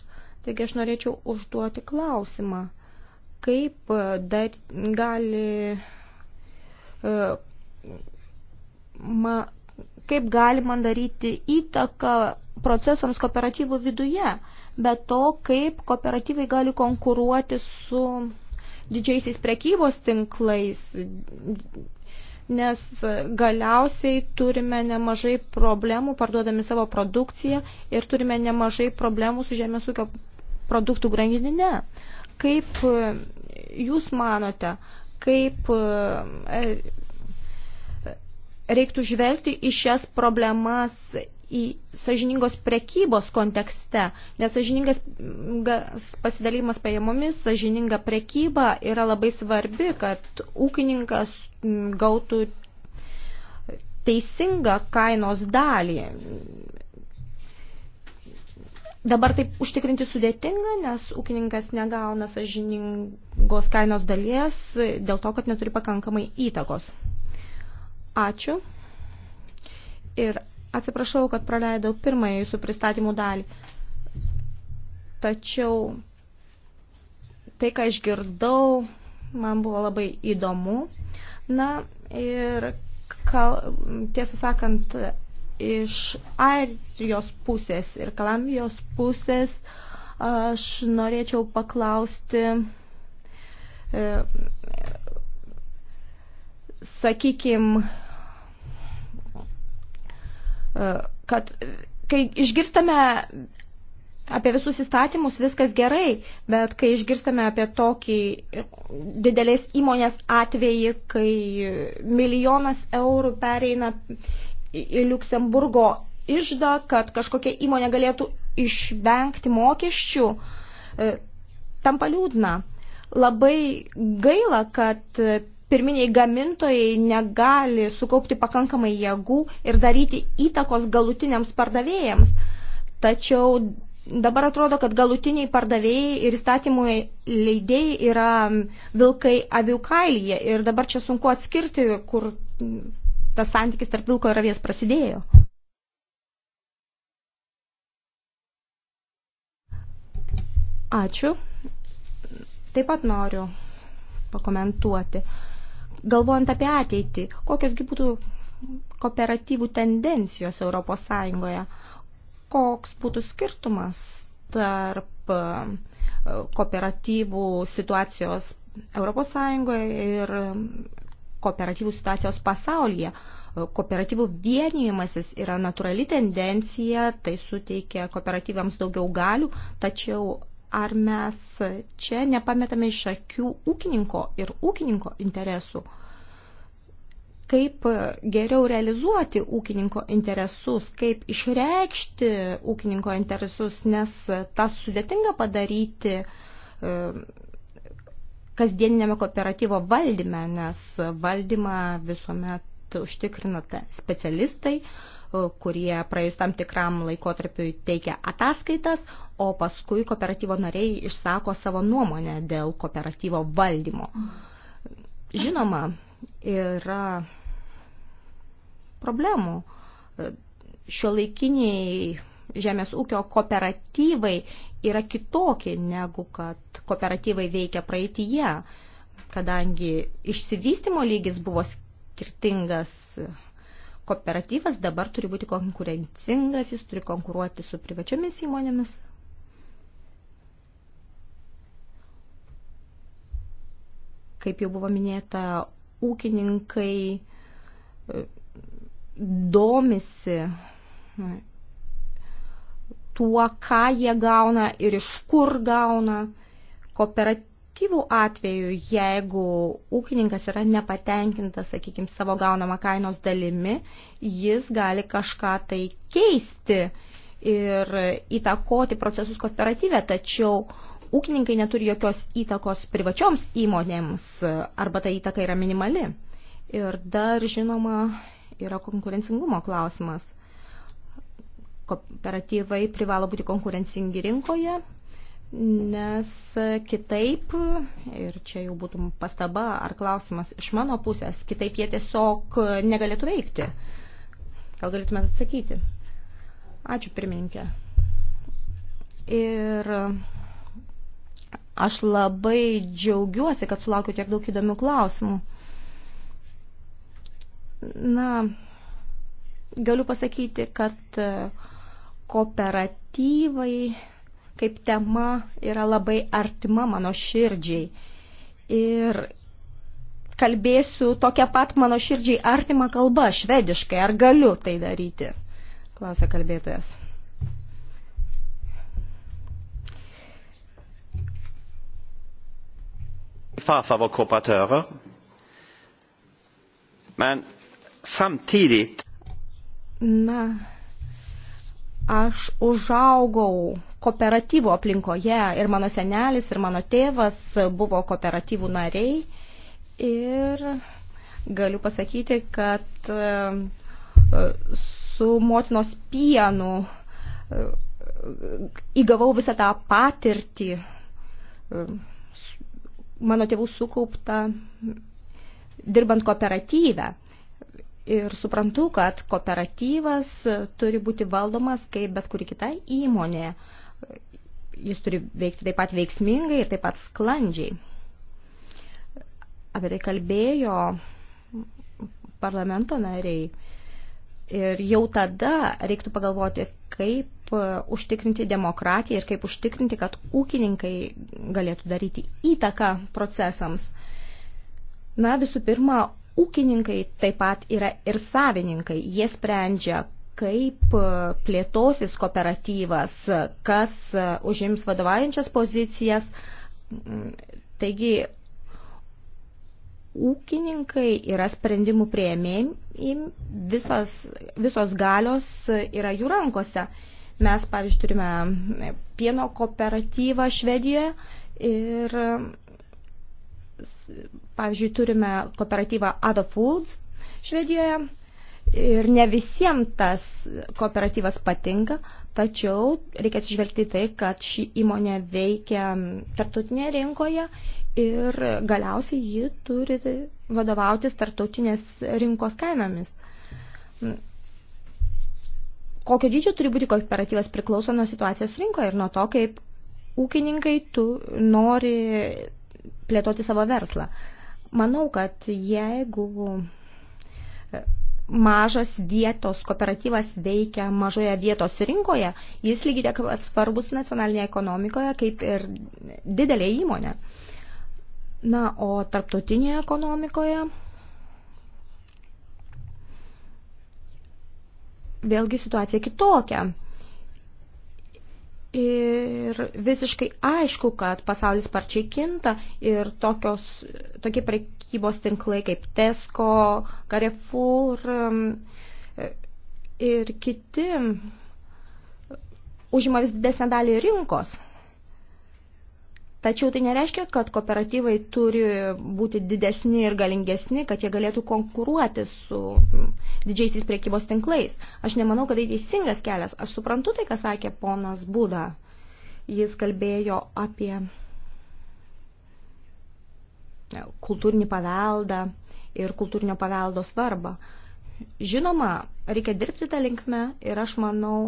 Taigi aš norėčiau užduoti klausimą, kaip e, dar gali ma, kaip galima daryti įtaką procesams kooperatyvų viduje, bet to, kaip kooperatyvai gali konkuruoti su didžiaisiais prekybos tinklais, nes galiausiai turime nemažai problemų parduodami savo produkciją ir turime nemažai problemų su žemės ūkio produktų grandinė. Kaip e, jūs manote, kaip e, e, reiktų žvelgti į šias problemas į sažiningos prekybos kontekste, nes sažiningas mm, pasidalymas pajamomis, sažininga prekyba yra labai svarbi, kad ūkininkas mm, gautų teisingą kainos dalį. Dabar taip užtikrinti sudėtinga, nes ūkininkas negauna sažiningos kainos dalies dėl to, kad neturi pakankamai įtakos. Ačiū. Ir Atsiprašau, kad praleidau pirmąją jūsų pristatymų dalį. Tačiau tai, ką išgirdau, man buvo labai įdomu. Na ir kal, tiesą sakant, iš Airijos pusės ir Kalambijos pusės aš norėčiau paklausti, e, sakykime, E, kad kai išgirstame apie visus įstatymus, viskas gerai, bet kai išgirstame apie tokį didelės įmonės atvejį, kai milijonas eurų pereina į Luksemburgo išdą, kad kažkokia įmonė galėtų išvengti mokesčių, e, tampa liūdna. Labai gaila, kad pirminiai gamintojai negali sukaupti pakankamai jėgų ir daryti įtakos galutiniams pardavėjams. Tačiau dabar atrodo, kad galutiniai pardavėjai ir įstatymų leidėjai yra vilkai avių kailyje ir dabar čia sunku atskirti, kur tas santykis tarp vilko ir avies prasidėjo. Ačiū. Taip pat noriu pakomentuoti. Uh, galvojant apie ateitį, kokiosgi būtų kooperatyvų tendencijos Europos Sąjungoje, koks būtų skirtumas tarp e, kooperatyvų situacijos Europos Sąjungoje ir kooperatyvų situacijos pasaulyje. E, kooperatyvų vienijimasis yra natūrali tendencija, tai suteikia kooperatyvams daugiau galių, tačiau ar mes čia nepametame iš akių ūkininko ir ūkininko interesų. Kaip geriau realizuoti ūkininko interesus, kaip išreikšti ūkininko interesus, nes tas sudėtinga padaryti um, kasdieninėme kooperatyvo valdyme, nes valdymą visuomet užtikrinate specialistai, kurie praėjus tam tikram laikotarpiu teikia ataskaitas, o paskui kooperatyvo nariai išsako savo nuomonę dėl kooperatyvo valdymo. Žinoma, yra problemų. Šio laikiniai žemės ūkio kooperatyvai yra kitokie negu kad kooperatyvai veikia praeitįje, kadangi išsivystimo lygis buvo skirtingas kooperatyvas dabar turi būti konkurencingas, jis turi konkuruoti su privačiomis įmonėmis. Kaip jau buvo minėta, ūkininkai e, domisi e, tuo, ką jie gauna ir iš kur gauna. Kooperat aktyvų atveju, jeigu ūkininkas yra nepatenkintas, sakykime, savo gaunamą kainos dalimi, jis gali kažką tai keisti ir įtakoti procesus kooperatyvę, tačiau ūkininkai neturi jokios įtakos privačioms įmonėms arba ta įtaka yra minimali. Ir dar, žinoma, yra konkurencingumo klausimas. Kooperatyvai privalo būti konkurencingi rinkoje nes kitaip, ir čia jau būtum pastaba ar klausimas iš mano pusės, kitaip jie tiesiog negalėtų veikti. Gal galėtumėt atsakyti? Ačiū, pirmininkė. Ir aš labai džiaugiuosi, kad sulaukiu tiek daug įdomių klausimų. Na, galiu pasakyti, kad kooperatyvai kaip tema yra labai artima mano širdžiai. Ir kalbėsiu tokią pat mano širdžiai artimą kalbą, švediškai. Ar galiu tai daryti? Klausia kalbėtojas. Farfar var kooperatörer. Men samtidigt. Na, aš užaugau kooperatyvo aplinkoje ir mano senelis, ir mano tėvas buvo kooperatyvų nariai. Ir galiu pasakyti, kad e, su motinos pienu e, įgavau visą tą patirtį e, mano tėvų sukauptą dirbant kooperatyvę. Ir suprantu, kad kooperatyvas turi būti valdomas kaip bet kuri kita įmonė. Uh, jis turi veikti taip pat veiksmingai ir taip pat sklandžiai. Apie tai kalbėjo parlamento nariai. Ir jau tada reiktų pagalvoti, kaip užtikrinti demokratiją ir kaip užtikrinti, kad ūkininkai galėtų daryti įtaką procesams. Na, visų pirma, ūkininkai taip pat yra ir savininkai. Jie sprendžia, kaip e, plėtosis kooperatyvas, kas e, užims vadovaujančias pozicijas. Mm, taigi, ūkininkai yra sprendimų prieimėjai, visos, visos galios yra jų rankose. Mes, pavyzdžiui, turime pieno kooperatyvą Švedijoje ir, pavyzdžiui, turime kooperatyvą Ada Foods Švedijoje Ir ne visiems tas kooperatyvas patinka, tačiau reikia atsižvelgti tai, kad ši įmonė veikia tarptautinėje rinkoje ir galiausiai ji turi vadovautis tarptautinės rinkos kainomis. Kokio dydžio turi būti kooperatyvas priklauso nuo situacijos rinkoje ir nuo to, kaip ūkininkai tu nori plėtoti savo verslą. Manau, kad jeigu mažas vietos kooperatyvas veikia mažoje vietos rinkoje, jis lygiai tiek svarbus nacionalinėje ekonomikoje kaip ir didelė įmonė. Na, o tarptautinėje ekonomikoje vėlgi situacija kitokia. Ir visiškai aišku, kad pasaulis sparčiai kinta ir tokios, tokie prekybos tinklai kaip Tesco, Carrefour um, ir kiti um, užima vis didesnę dalį rinkos. Tačiau tai nereiškia, kad kooperatyvai turi būti didesni ir galingesni, kad jie galėtų konkuruoti su didžiaisiais priekybos tinklais. Aš nemanau, kad tai teisingas kelias. Aš suprantu tai, ką sakė ponas Būda. Jis kalbėjo apie e, kultūrinį paveldą ir kultūrinio paveldo svarbą. Žinoma, reikia dirbti tą linkmę ir aš manau,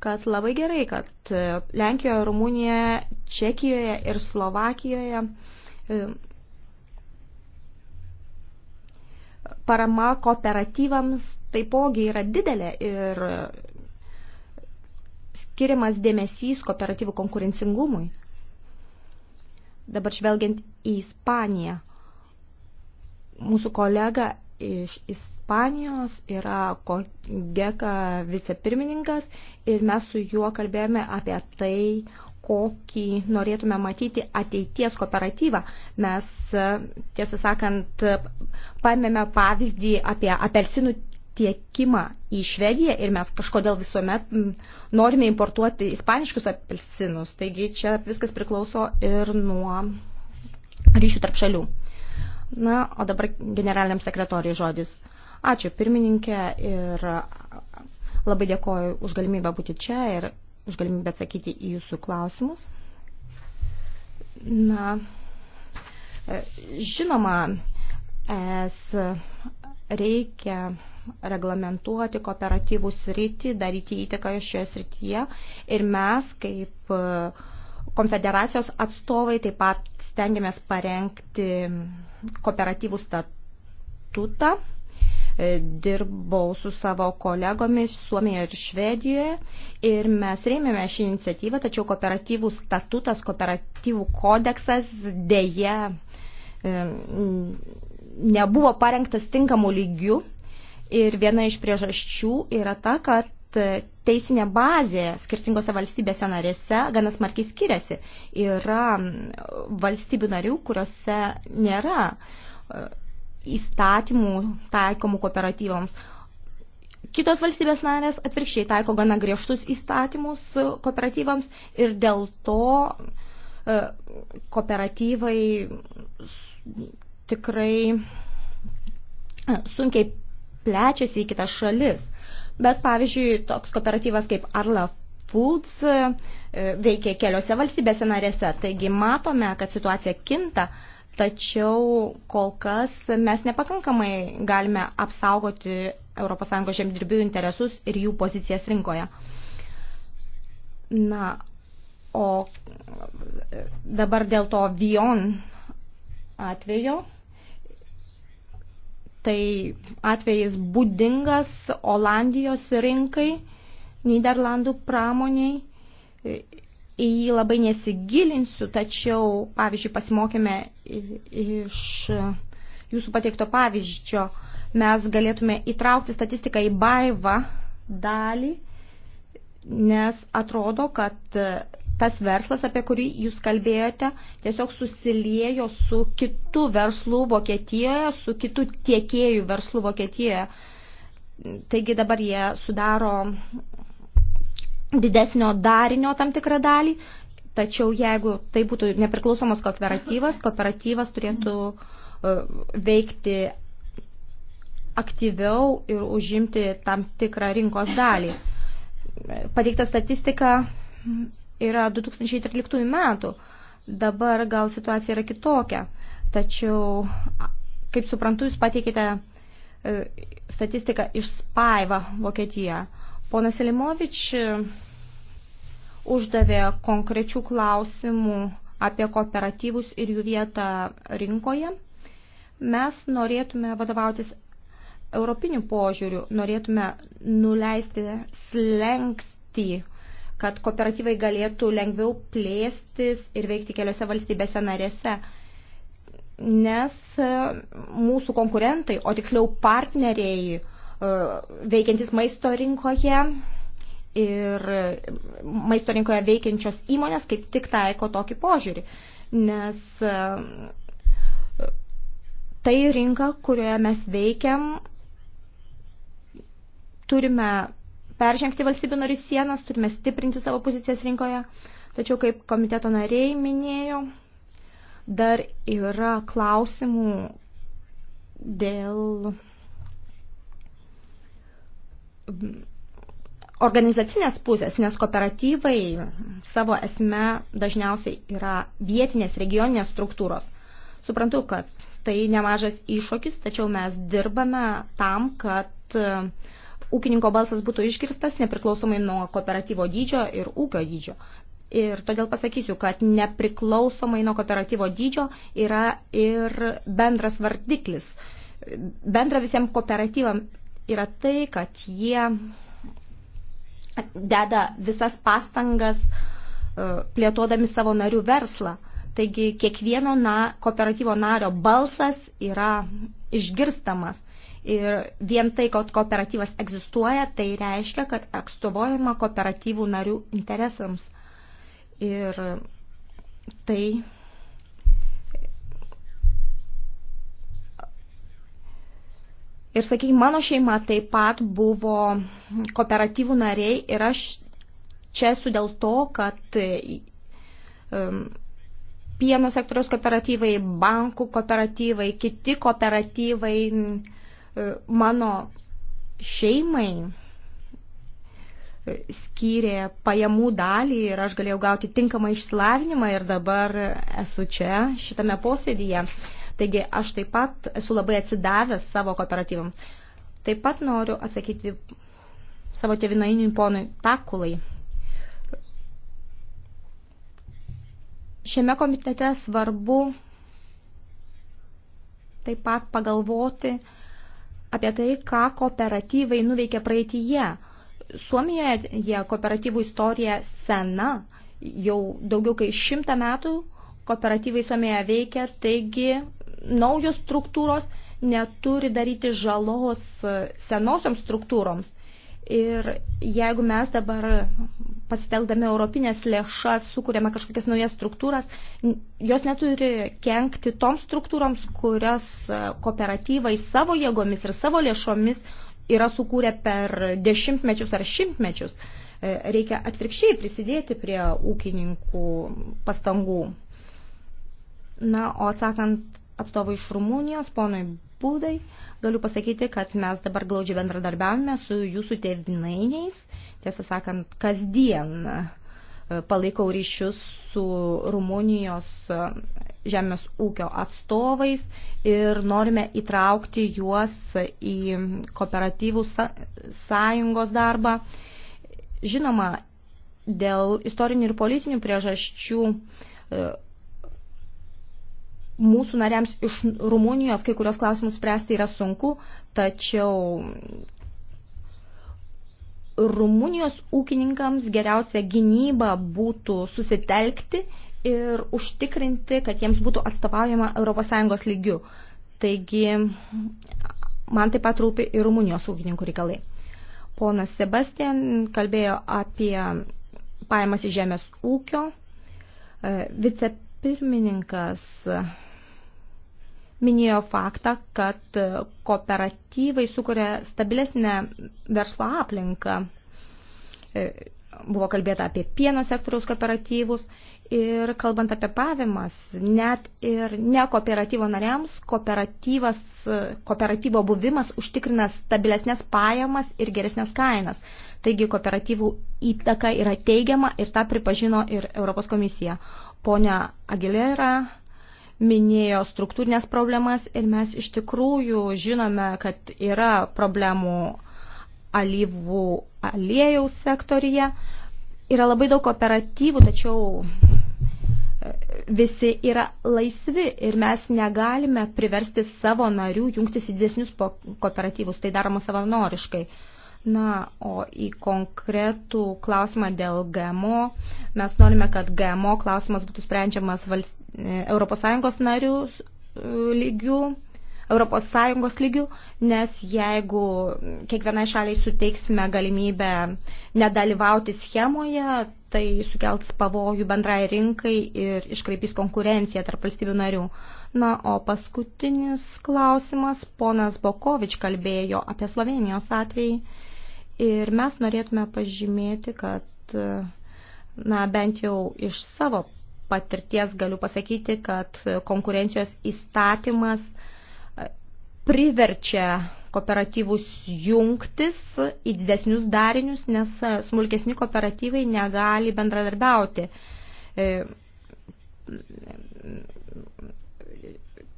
kad labai gerai, kad e, Lenkijoje, Rumunijoje, Čekijoje ir Slovakijoje e, parama kooperatyvams taipogi yra didelė ir skiriamas dėmesys kooperatyvų konkurencingumui. Dabar žvelgiant į Ispaniją, mūsų kolega iš Ispaniją Ispanijos yra GECA vicepirmininkas ir mes su juo kalbėjome apie tai, kokį norėtume matyti ateities kooperatyvą. Mes, tiesą sakant, paėmėme pavyzdį apie apelsinų tiekimą į Švediją ir mes kažkodėl visuomet mm, norime importuoti ispaniškus apelsinus. Taigi čia viskas priklauso ir nuo ryšių tarp šalių. Na, o dabar generaliniam sekretoriai žodis. Uh, Ačiū pirmininkė ir labai dėkoju už galimybę būti čia ir už galimybę atsakyti į jūsų klausimus. Na, e, žinoma, es reikia reglamentuoti kooperatyvų sritį, daryti įtaką šioje srityje ir mes kaip e, konfederacijos atstovai taip pat stengiamės parengti kooperatyvų statutą dirbau su savo kolegomis Suomijoje ir Švedijoje ir mes rėmėme šį iniciatyvą, tačiau kooperatyvų statutas, kooperatyvų kodeksas dėje e, nebuvo parengtas tinkamų lygių ir viena iš priežasčių yra ta, kad teisinė bazė skirtingose valstybėse narėse ganas markiai skiriasi. Yra valstybių narių, kuriuose nėra įstatymų taikomų kooperatyvams. Kitos valstybės narės atvirkščiai taiko gana griežtus įstatymus kooperatyvams ir dėl to e, kooperatyvai tikrai e, sunkiai plečiasi į kitas šalis. Bet pavyzdžiui, toks kooperatyvas kaip Arla Foods e, veikia keliose valstybėse narėse. Taigi matome, kad situacija kinta tačiau kol kas mes nepakankamai galime apsaugoti ES žemdirbių interesus ir jų pozicijas rinkoje. Na, o dabar dėl to Vion atvejo, tai atvejis būdingas Olandijos rinkai, Niderlandų pramoniai į jį labai nesigilinsiu, tačiau, pavyzdžiui, pasimokėme iš jūsų pateikto pavyzdžio, mes galėtume įtraukti statistiką į baivą dalį, nes atrodo, kad tas verslas, apie kurį jūs kalbėjote, tiesiog susiliejo su kitu verslu Vokietijoje, su kitu tiekėjų verslu Vokietijoje. Taigi dabar jie sudaro didesnio darinio tam tikrą dalį, tačiau jeigu tai būtų nepriklausomas kooperatyvas, kooperatyvas turėtų e, veikti aktyviau ir užimti tam tikrą rinkos dalį. Pateikta statistika yra 2013 metų. Dabar gal situacija yra kitokia. Tačiau, kaip suprantu, jūs pateikite e, statistiką iš Spaiva Vokietijoje. Ponas Elimovič e, uždavė konkrečių klausimų apie kooperatyvus ir jų vietą rinkoje. Mes norėtume vadovautis europiniu požiūriu, norėtume nuleisti slengstį, kad kooperatyvai galėtų lengviau plėstis ir veikti keliose valstybėse narėse. Nes e, mūsų konkurentai, o tiksliau partneriai, E, veikiantis maisto rinkoje ir maisto rinkoje veikiančios įmonės kaip tik taiko tokį požiūrį, nes e, tai rinka, kurioje mes veikiam, turime peržengti valstybių narių sienas, turime stiprinti savo pozicijas rinkoje, tačiau kaip komiteto nariai minėjo, dar yra klausimų dėl organizacinės pusės, nes kooperatyvai savo esme dažniausiai yra vietinės regioninės struktūros. Suprantu, kad tai nemažas iššūkis, tačiau mes dirbame tam, kad e, ūkininko balsas būtų išgirstas nepriklausomai nuo kooperatyvo dydžio ir ūkio dydžio. Ir todėl pasakysiu, kad nepriklausomai nuo kooperatyvo dydžio yra ir bendras vardiklis. Bendra visiems kooperatyvam yra tai, kad jie deda visas pastangas e, plėtodami savo narių verslą. Taigi kiekvieno na, kooperatyvo nario balsas yra išgirstamas. Ir vien tai, kad kooperatyvas egzistuoja, tai reiškia, kad atstovojama kooperatyvų narių interesams. Ir tai Ir, sakykime, mano šeima taip pat buvo kooperatyvų nariai ir aš čia esu dėl to, kad um, pieno sektoriaus kooperatyvai, bankų kooperatyvai, kiti kooperatyvai e, mano šeimai e, skyrė pajamų dalį ir aš galėjau gauti tinkamą išsilavinimą ir dabar esu čia šitame posėdyje. Taigi aš taip pat esu labai atsidavęs savo kooperatyvam. Taip pat noriu atsakyti savo tėvinainiui ponui Takulai. Šiame komitete svarbu taip pat pagalvoti apie tai, ką kooperatyvai nuveikė praeitįje. Suomijoje jie kooperatyvų istorija sena, jau daugiau kaip šimtą metų kooperatyvai Suomijoje veikia, taigi naujos struktūros neturi daryti žalos e, senosioms struktūroms. Ir jeigu mes dabar pasitelkdami europinės lėšas sukūrėme kažkokias naujas struktūras, jos neturi kenkti toms struktūroms, kurias e, kooperatyvai savo jėgomis ir savo lėšomis yra sukūrę per dešimtmečius ar šimtmečius. E, reikia atvirkščiai prisidėti prie ūkininkų pastangų. Na, o atsakant atstovui iš Rumunijos, ponui Būdai, galiu pasakyti, kad mes dabar glaudžiai bendradarbiavime su jūsų tėvinainiais. Tiesą sakant, kasdien e, palaikau ryšius su Rumunijos e, žemės ūkio atstovais ir norime įtraukti juos į kooperatyvų sąjungos darbą. Žinoma, dėl istorinių ir politinių priežasčių e, mūsų nariams iš Rumunijos kai kurios klausimus spręsti yra sunku, tačiau Rumunijos ūkininkams geriausia gynyba būtų susitelkti ir užtikrinti, kad jiems būtų atstovaujama ES lygių. Taigi, man taip pat rūpi ir Rumunijos ūkininkų reikalai. Ponas Sebastian kalbėjo apie pajamas į žemės ūkio. E, vicepirmininkas minėjo faktą, kad e, kooperatyvai sukuria stabilesnę verslo aplinką. E, buvo kalbėta apie pieno sektoriaus kooperatyvus ir kalbant apie pavimas, net ir ne kooperatyvo nariams, kooperatyvas, e, kooperatyvo buvimas užtikrina stabilesnės pajamas ir geresnės kainas. Taigi kooperatyvų įtaka yra teigiama ir tą pripažino ir Europos komisija. Pone Agilera minėjo struktūrinės problemas ir mes iš tikrųjų žinome, kad yra problemų alyvų aliejaus sektorija. Yra labai daug operatyvų, tačiau e, visi yra laisvi ir mes negalime priversti savo narių jungtis į didesnius kooperatyvus. Tai daroma savanoriškai. Uh, Na, o į konkretų klausimą dėl GMO, mes norime, kad GMO klausimas būtų sprendžiamas valst... ES narių e, lygių, ES lygių, nes jeigu kiekvienai šaliai suteiksime galimybę nedalyvauti schemoje, tai sukels pavojų bendrai rinkai ir iškreipys konkurenciją tarp valstybių narių. Na, o paskutinis klausimas, ponas Bokovič kalbėjo apie Slovenijos atvejį Ir mes norėtume pažymėti, kad, na, bent jau iš savo patirties galiu pasakyti, kad konkurencijos įstatymas e, priverčia kooperatyvus jungtis į didesnius darinius, nes e, smulkesni kooperatyvai negali bendradarbiauti e,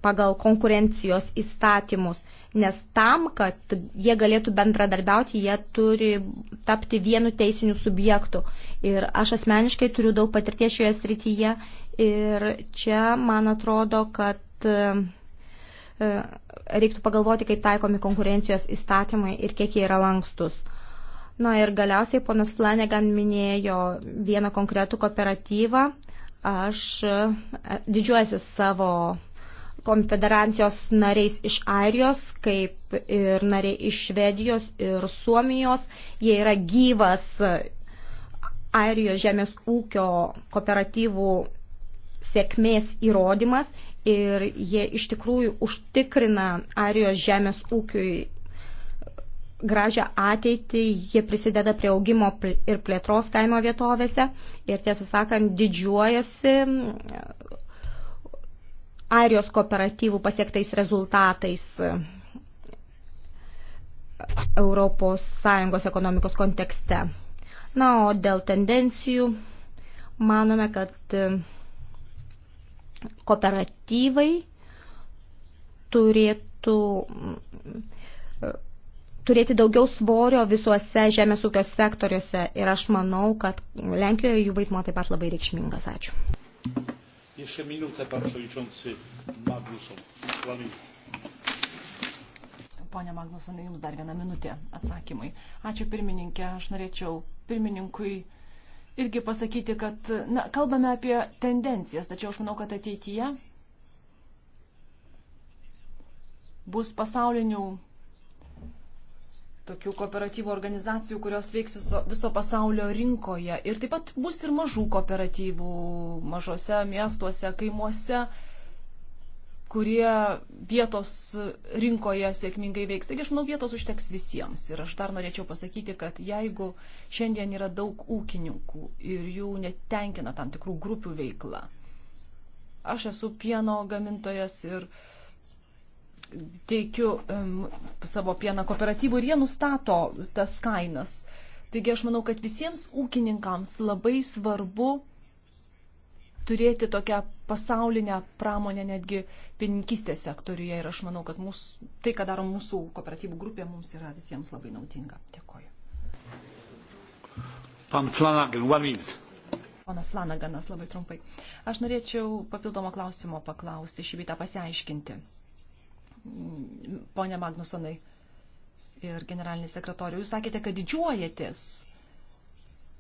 pagal konkurencijos įstatymus nes tam, kad jie galėtų bendradarbiauti, jie turi tapti vienu teisiniu subjektu. Ir aš asmeniškai turiu daug patirties šioje srityje ir čia man atrodo, kad e, e, reiktų pagalvoti, kaip taikomi konkurencijos įstatymai ir kiek jie yra lankstus. Na ir galiausiai ponas Flanagan minėjo vieną konkretų kooperatyvą. Aš e, didžiuojasi savo konfederacijos nariais iš Airijos, kaip ir nariai iš Švedijos ir Suomijos. Jie yra gyvas Airijos žemės ūkio kooperatyvų sėkmės įrodymas ir jie iš tikrųjų užtikrina Airijos žemės ūkiui gražią ateitį, jie prisideda prie augimo ir plėtros kaimo vietovėse ir tiesą sakant didžiuojasi Airijos kooperatyvų pasiektais rezultatais ES ekonomikos kontekste. Na, o dėl tendencijų manome, kad e, kooperatyvai turėtų e, turėti daugiau svorio visuose žemės ūkio sektoriuose ir aš manau, kad Lenkijoje jų vaidmo taip pat labai reikšmingas. Ačiū. Jeszcze minutę pan przewodniczący Magnuson. Pone Magnusonai, jums dar vieną minutę atsakymui. Ačiū pirmininkė, aš norėčiau pirmininkui irgi pasakyti, kad na, kalbame apie tendencijas, tačiau aš manau, kad ateityje bus pasaulinių tokių kooperatyvų organizacijų, kurios veiks viso, viso pasaulio rinkoje. Ir taip pat bus ir mažų kooperatyvų mažose miestuose, kaimuose, kurie vietos rinkoje sėkmingai veiks. Taigi aš manau, vietos užteks visiems. Ir aš dar norėčiau pasakyti, kad jeigu šiandien yra daug ūkininkų ir jų netenkina tam tikrų grupių veikla, aš esu pieno gamintojas ir uh, teikiu um, savo pieną kooperatyvų ir jie nustato tas kainas. Taigi aš manau, kad visiems ūkininkams labai svarbu turėti tokią pasaulinę pramonę netgi pieninkystės sektoriuje ir aš manau, kad mūsų, tai, ką daro mūsų kooperatyvų grupė, mums yra visiems labai naudinga. Dėkoju. Pan Flanagan, one minute. Ponas Flanaganas, labai trumpai. Aš norėčiau papildomo klausimo paklausti, šį bitą pasiaiškinti ponė Magnusonai ir generalinis sekretorius. Jūs sakėte, kad didžiuojatės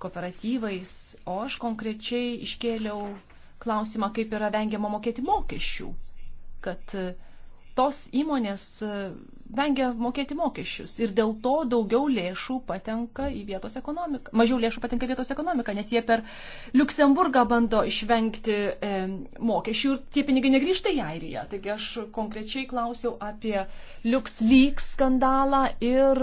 kooperatyvais, o aš konkrečiai iškėliau klausimą, kaip yra vengiama mokėti mokesčių, kad uh, tos įmonės e, vengia mokėti mokesčius ir dėl to daugiau lėšų patenka į vietos ekonomiką. Mažiau lėšų patenka į vietos ekonomiką, nes jie per Luksemburgą bando išvengti e, mokesčių ir tie pinigai negrįžta į Airiją. Taigi aš konkrečiai klausiau apie LuxLeaks skandalą ir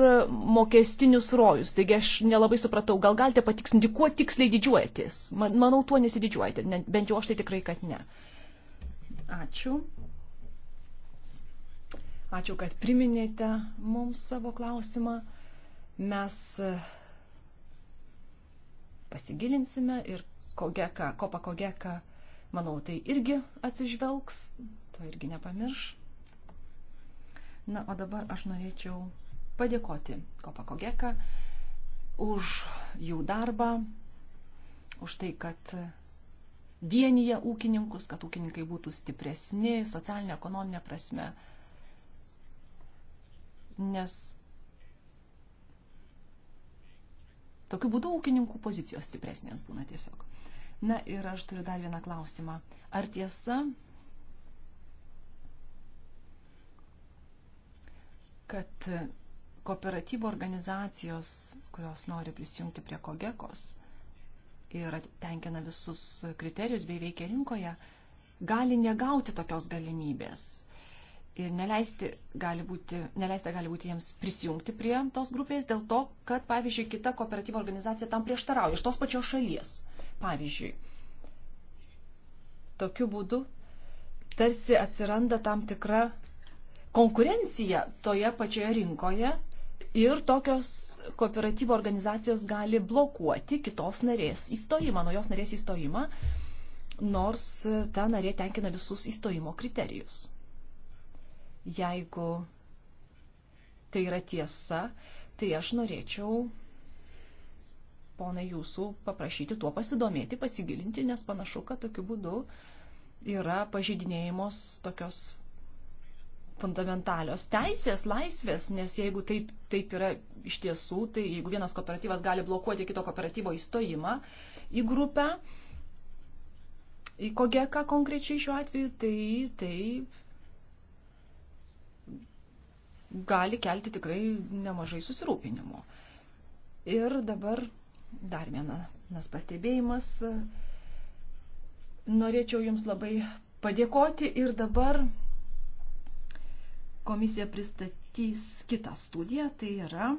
mokestinius rojus. Taigi aš nelabai supratau, gal galite patiksinti, kuo tiksliai didžiuojatės. Man, manau, tuo nesididžiuojate, bent jau aš tai tikrai, kad ne. Ačiū. Ačiū, kad priminėte mums savo klausimą. Mes e, pasigilinsime ir kogeka, kopa kogeka, manau, tai irgi atsižvelgs, to irgi nepamirš. Na, o dabar aš norėčiau padėkoti kopa kogeka už jų darbą, už tai, kad vienyje ūkininkus, kad ūkininkai būtų stipresni socialinė, ekonominė prasme nes tokiu būdu ūkininkų pozicijos stipresnės būna tiesiog. Na ir aš turiu dar vieną klausimą. Ar tiesa, kad kooperatyvo organizacijos, kurios nori prisijungti prie kogekos ir tenkina visus kriterijus bei veikia rinkoje, gali negauti tokios galimybės ir neleisti gali būti, neleista gali būti jiems prisijungti prie tos grupės dėl to, kad, pavyzdžiui, kita kooperatyva organizacija tam prieštarauja iš tos pačios šalies. Pavyzdžiui, tokiu būdu tarsi atsiranda tam tikra konkurencija toje pačioje rinkoje ir tokios kooperatyvo organizacijos gali blokuoti kitos narės įstojimą, naujos narės įstojimą, nors ta narė tenkina visus įstojimo kriterijus. Jeigu tai yra tiesa, tai aš norėčiau, ponai, jūsų paprašyti tuo pasidomėti, pasigilinti, nes panašu, kad tokiu būdu yra pažydinėjimos tokios fundamentalios teisės, laisvės, nes jeigu taip, taip yra iš tiesų, tai jeigu vienas kooperatyvas gali blokuoti kito kooperatyvo įstojimą į grupę, į kogeką konkrečiai šiuo atveju, tai, tai gali kelti tikrai nemažai susirūpinimo. Ir dabar dar vienas pastebėjimas. Norėčiau Jums labai padėkoti ir dabar komisija pristatys kitą studiją, tai yra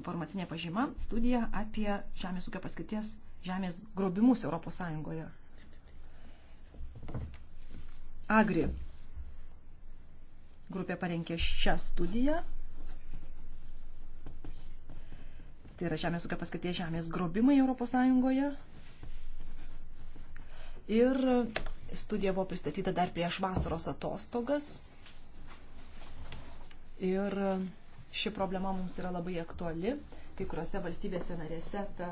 informacinė pažyma, studija apie žemės ūkio paskirties žemės grobimus Europos Sąjungoje. Agri Grupė parengė šią studiją. Tai yra žemės ūkio paskatės žemės grobimai Europos Sąjungoje. Ir studija buvo pristatyta dar prieš vasaros atostogas. Ir ši problema mums yra labai aktuali. Kai kuriuose valstybėse narėse ta,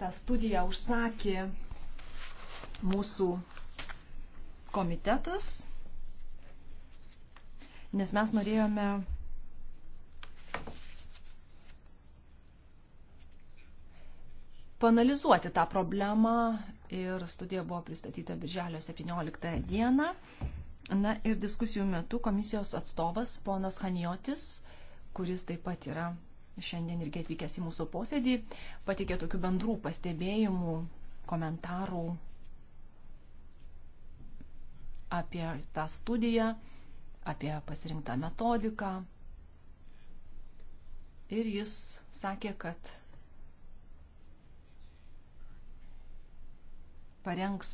ta studija užsakė mūsų komitetas nes mes norėjome panalizuoti tą problemą ir studija buvo pristatyta birželio 17 dieną. Na ir diskusijų metu komisijos atstovas ponas Hanijotis, kuris taip pat yra šiandien irgi atvykęs į mūsų posėdį, pateikė tokių bendrų pastebėjimų, komentarų apie tą studiją apie pasirinktą metodiką. Ir jis sakė, kad parengs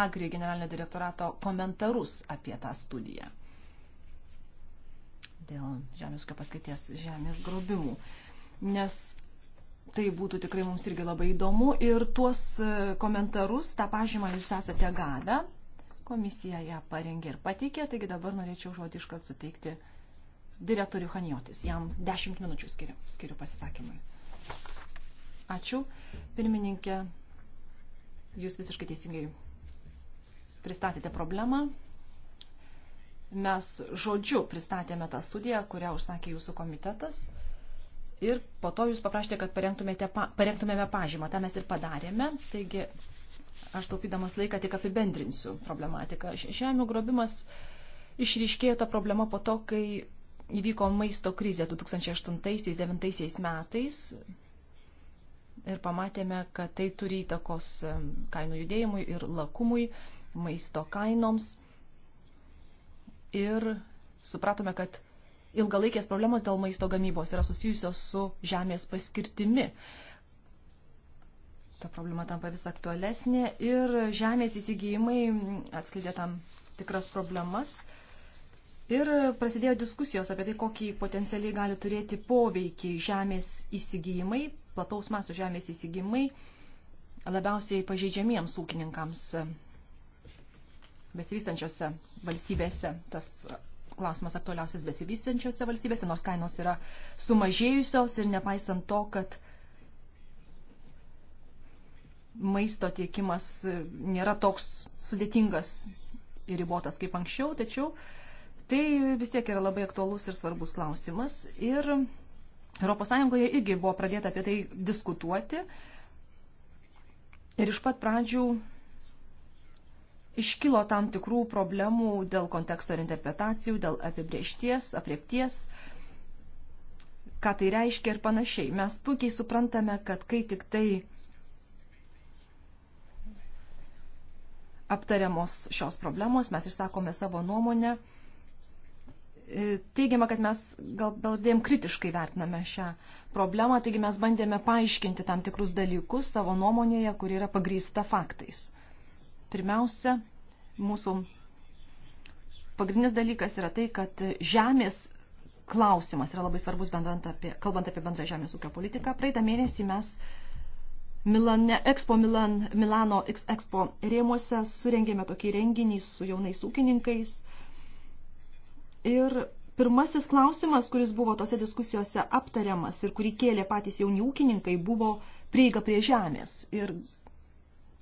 Agri generalinio direktorato komentarus apie tą studiją dėl žemės ūkio paskaities žemės grobimų. Nes tai būtų tikrai mums irgi labai įdomu ir tuos komentarus, tą pažymą jūs esate gavę Komisija ją parengė ir pateikė, taigi dabar norėčiau žodį iškart suteikti direktorių Hanijotis. Jam 10 minučių skiriu, skiriu pasisakymui. Ačiū. Pirmininkė, jūs visiškai teisingai pristatėte problemą. Mes žodžiu pristatėme tą studiją, kurią užsakė jūsų komitetas. Ir po to jūs paprašėte, kad parengtumėme pažymą. Ta mes ir padarėme. Taigi Aš taupydamas laiką tik apibendrinsiu problematiką. Žemių grobimas išryškėjo ta problema po to, kai įvyko maisto krizė 2008-2009 metais ir pamatėme, kad tai turi įtakos kainų judėjimui ir lakumui, maisto kainoms. Ir supratome, kad ilgalaikės problemos dėl maisto gamybos yra susijusios su žemės paskirtimi. Uh, ta problema tampa vis aktualesnė ir žemės įsigijimai atskleidė tam tikras problemas. Ir prasidėjo diskusijos apie tai, kokį potencialiai gali turėti poveikį žemės įsigijimai, plataus masų žemės įsigijimai labiausiai pažeidžiamiems ūkininkams besivystančiose valstybėse. Tas klausimas aktualiausias besivystančiose valstybėse, nors kainos yra sumažėjusios ir nepaisant to, kad maisto tiekimas nėra toks sudėtingas ir ribotas kaip anksčiau, tačiau tai vis tiek yra labai aktualus ir svarbus klausimas. Ir ES irgi buvo pradėta apie tai diskutuoti. Ir iš pat pradžių iškilo tam tikrų problemų dėl konteksto ir interpretacijų, dėl apibriešties, apriepties, ką tai reiškia ir panašiai. Mes puikiai suprantame, kad kai tik tai aptariamos šios problemos, mes išsakome savo nuomonę. E, teigiama, kad mes gal, gal dėm kritiškai vertiname šią problemą, taigi mes bandėme paaiškinti tam tikrus dalykus savo nuomonėje, kuri yra pagrįsta faktais. Pirmiausia, mūsų pagrindinis dalykas yra tai, kad žemės klausimas yra labai svarbus, apie, kalbant apie bendrą žemės ūkio politiką. Praeitą mėnesį mes uh, Milane, Expo Milan, Milano Expo rėmuose surengėme tokį renginį su jaunais ūkininkais. Ir pirmasis klausimas, kuris buvo tose diskusijose aptariamas ir kurį kėlė patys jauni ūkininkai, buvo prieiga prie žemės. Ir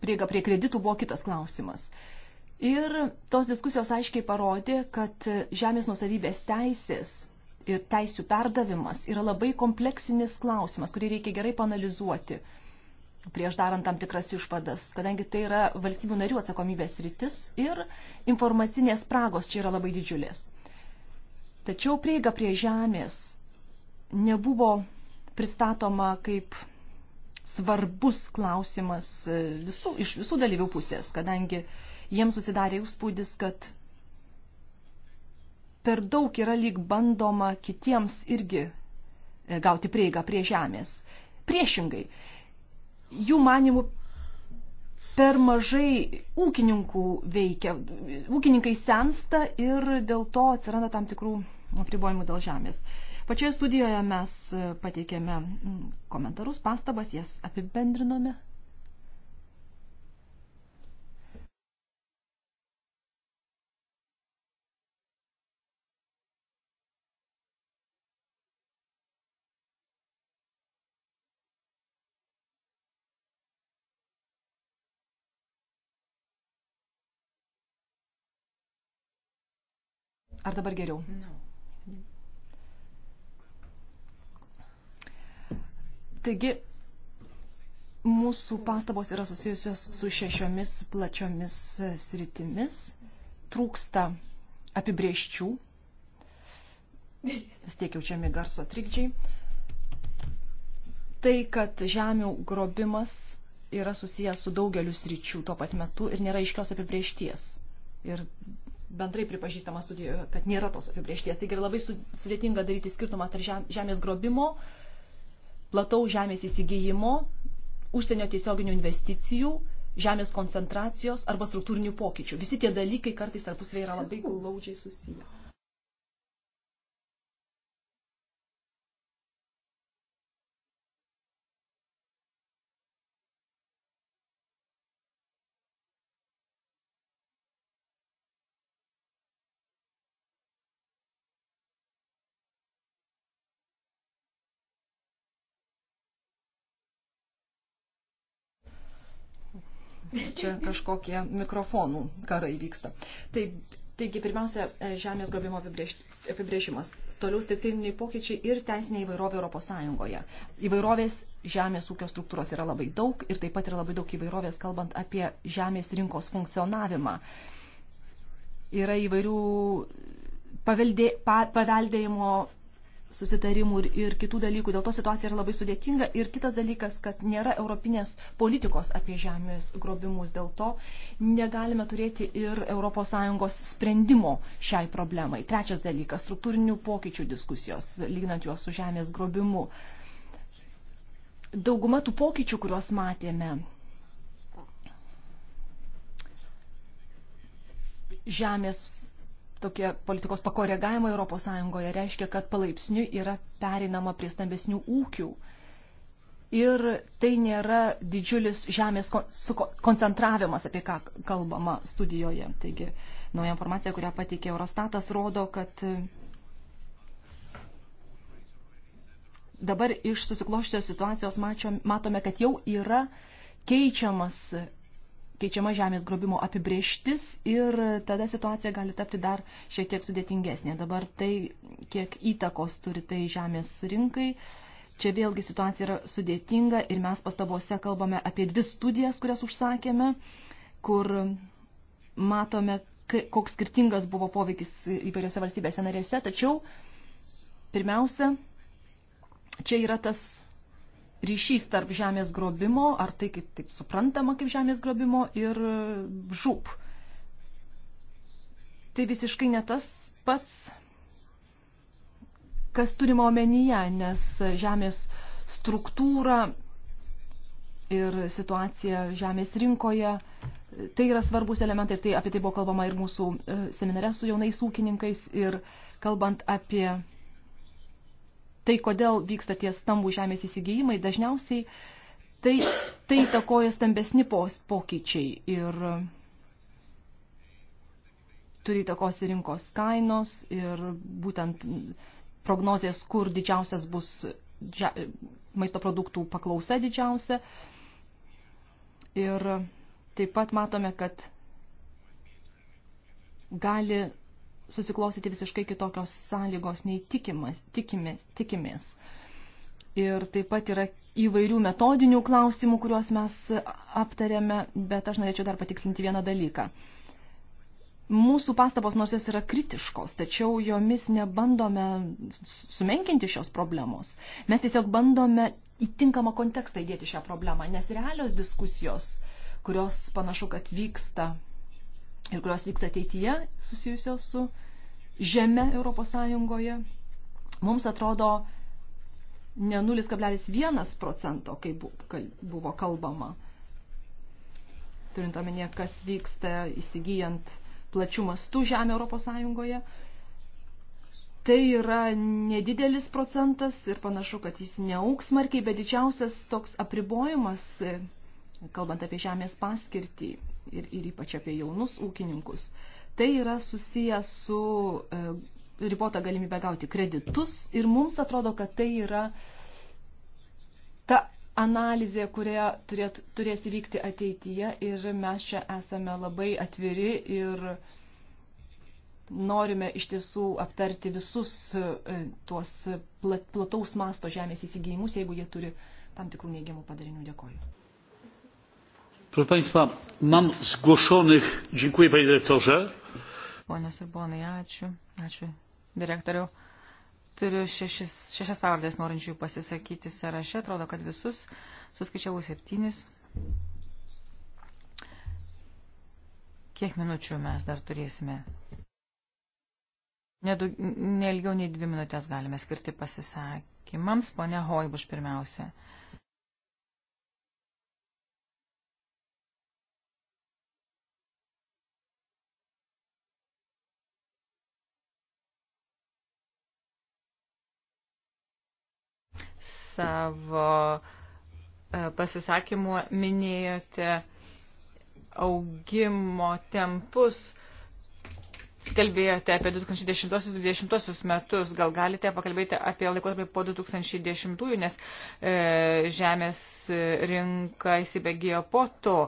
prieiga prie kreditų buvo kitas klausimas. Ir tos diskusijos aiškiai parodė, kad žemės nusavybės teisės ir teisių perdavimas yra labai kompleksinis klausimas, kurį reikia gerai panalizuoti prieš darant tam tikras išvadas, kadangi tai yra valstybių narių atsakomybės rytis ir informacinės spragos čia yra labai didžiulės. Tačiau prieiga prie žemės nebuvo pristatoma kaip svarbus klausimas e, visų, iš visų dalyvių pusės, kadangi jiems susidarė įspūdis, kad per daug yra lyg bandoma kitiems irgi e, gauti prieigą prie žemės. Priešingai, jų manimų per mažai ūkininkų veikia. Ūkininkai sensta ir dėl to atsiranda tam tikrų apribojimų dėl žemės. Pačioje studijoje mes pateikėme komentarus, pastabas, jas apibendrinome. Ar dabar geriau? Taigi, mūsų pastabos yra susijusios su šešiomis plačiomis sritimis. Trūksta apibrieščių. Vis tiek jaučiami garso trikdžiai. Tai, kad žemių grobimas yra susijęs su daugeliu sričių tuo pat metu ir nėra iškios apibriešties. Ir bendrai pripažįstama studijoje, kad nėra tos apibriešties. Taigi yra labai sudėtinga daryti skirtumą tarp žemės grobimo, plataus žemės įsigijimo, užsienio tiesioginių investicijų, žemės koncentracijos arba struktūrinių pokyčių. Visi tie dalykai kartais tarpusvėje yra labai glaudžiai susiję. čia kažkokie mikrofonų karai vyksta. Taip, taigi, pirmiausia, e, žemės grobimo apibrėžimas. Toliau statiniai pokyčiai ir teisinė įvairovė Europos Sąjungoje. Įvairovės žemės ūkio struktūros yra labai daug ir taip pat yra labai daug įvairovės, kalbant apie žemės rinkos funkcionavimą. Yra įvairių paveldė, pa, paveldėjimo susitarimų ir, ir kitų dalykų. Dėl to situacija yra labai sudėtinga. Ir kitas dalykas, kad nėra europinės politikos apie žemės grobimus. Dėl to negalime turėti ir ES sprendimo šiai problemai. Trečias dalykas - struktūrinių pokyčių diskusijos, lyginant juos su žemės grobimu. Dauguma tų pokyčių, kuriuos matėme, žemės tokie politikos pakoregavimai ES reiškia, kad palaipsniui yra pereinama prie stambesnių ūkių. Ir tai nėra didžiulis žemės koncentravimas, apie ką kalbama studijoje. Taigi, nauja informacija, kurią pateikė Eurostatas, rodo, kad dabar iš susikloščios situacijos mačiom, matome, kad jau yra keičiamas keičiama žemės grobimo apibrieštis ir tada situacija gali tapti dar šiek tiek sudėtingesnė. Dabar tai, kiek įtakos turi tai žemės rinkai, čia vėlgi situacija yra sudėtinga ir mes pastabose kalbame apie dvi studijas, kurias užsakėme, kur matome, koks skirtingas buvo poveikis įvairiose valstybėse narėse, tačiau pirmiausia, čia yra tas ryšys tarp žemės grobimo, ar tai kaip taip suprantama kaip žemės grobimo ir e, žūp. Tai visiškai ne tas pats, kas turima omenyje, nes žemės struktūra ir situacija žemės rinkoje, tai yra svarbus elementai ir tai, apie tai buvo kalbama ir mūsų e, seminare su jaunais ūkininkais ir kalbant apie tai, kodėl vyksta tie stambų žemės įsigijimai, dažniausiai tai, tai takoja stambesni pos pokyčiai ir turi takos rinkos kainos ir būtent prognozės, kur didžiausias bus džia, maisto produktų paklausa didžiausia. Ir taip pat matome, kad gali susiklostyti visiškai kitokios sąlygos nei tikimas, tikimės, tikimės. Ir taip pat yra įvairių metodinių klausimų, kuriuos mes aptarėme, bet aš norėčiau dar patikslinti vieną dalyką. Mūsų pastabos nors jos yra kritiškos, tačiau jomis nebandome sumenkinti šios problemos. Mes tiesiog bandome į tinkamą kontekstą įdėti šią problemą, nes realios diskusijos, kurios panašu, kad vyksta ir kurios vyks ateityje susijusios su žeme Europos Sąjungoje, mums atrodo ne 0,1 procento, kaip buvo kalbama, turint omenyje, kas vyksta įsigijant plačių mastų žemę Europos Sąjungoje. Tai yra nedidelis procentas ir panašu, kad jis neauks smarkiai, bet didžiausias toks apribojimas, kalbant apie žemės paskirtį, ir, ir ypač apie jaunus ūkininkus, tai yra susiję su e, ribota galimybė gauti kreditus ir mums atrodo, kad tai yra ta analizė, kurie turėt, turės įvykti ateityje ir mes čia esame labai atviri ir norime iš tiesų aptarti visus e, tuos plataus masto žemės įsigijimus, jeigu jie turi tam tikrų neigiamų padarinių. Dėkoju. Proszę Państwa, mam zgłoszonych. Dziękuję Panie Dyrektorze. Ponios ir ponai, ačiū. Ačiū, direktoriau. Turiu šešis, šešias pavardės norinčių pasisakyti sąraše. Atrodo, kad visus suskaičiavau septynis. Kiek minučių mes dar turėsime? Nelgiau nei dvi minutės galime skirti pasisakymams. Pone Hoibuš pirmiausia. Uh, savo e, pasisakymu minėjote augimo tempus. Kalbėjote apie 2010-2020 metus, gal galite pakalbėti apie laikotarpį po 2010, nes e, žemės rinka įsibėgėjo po to.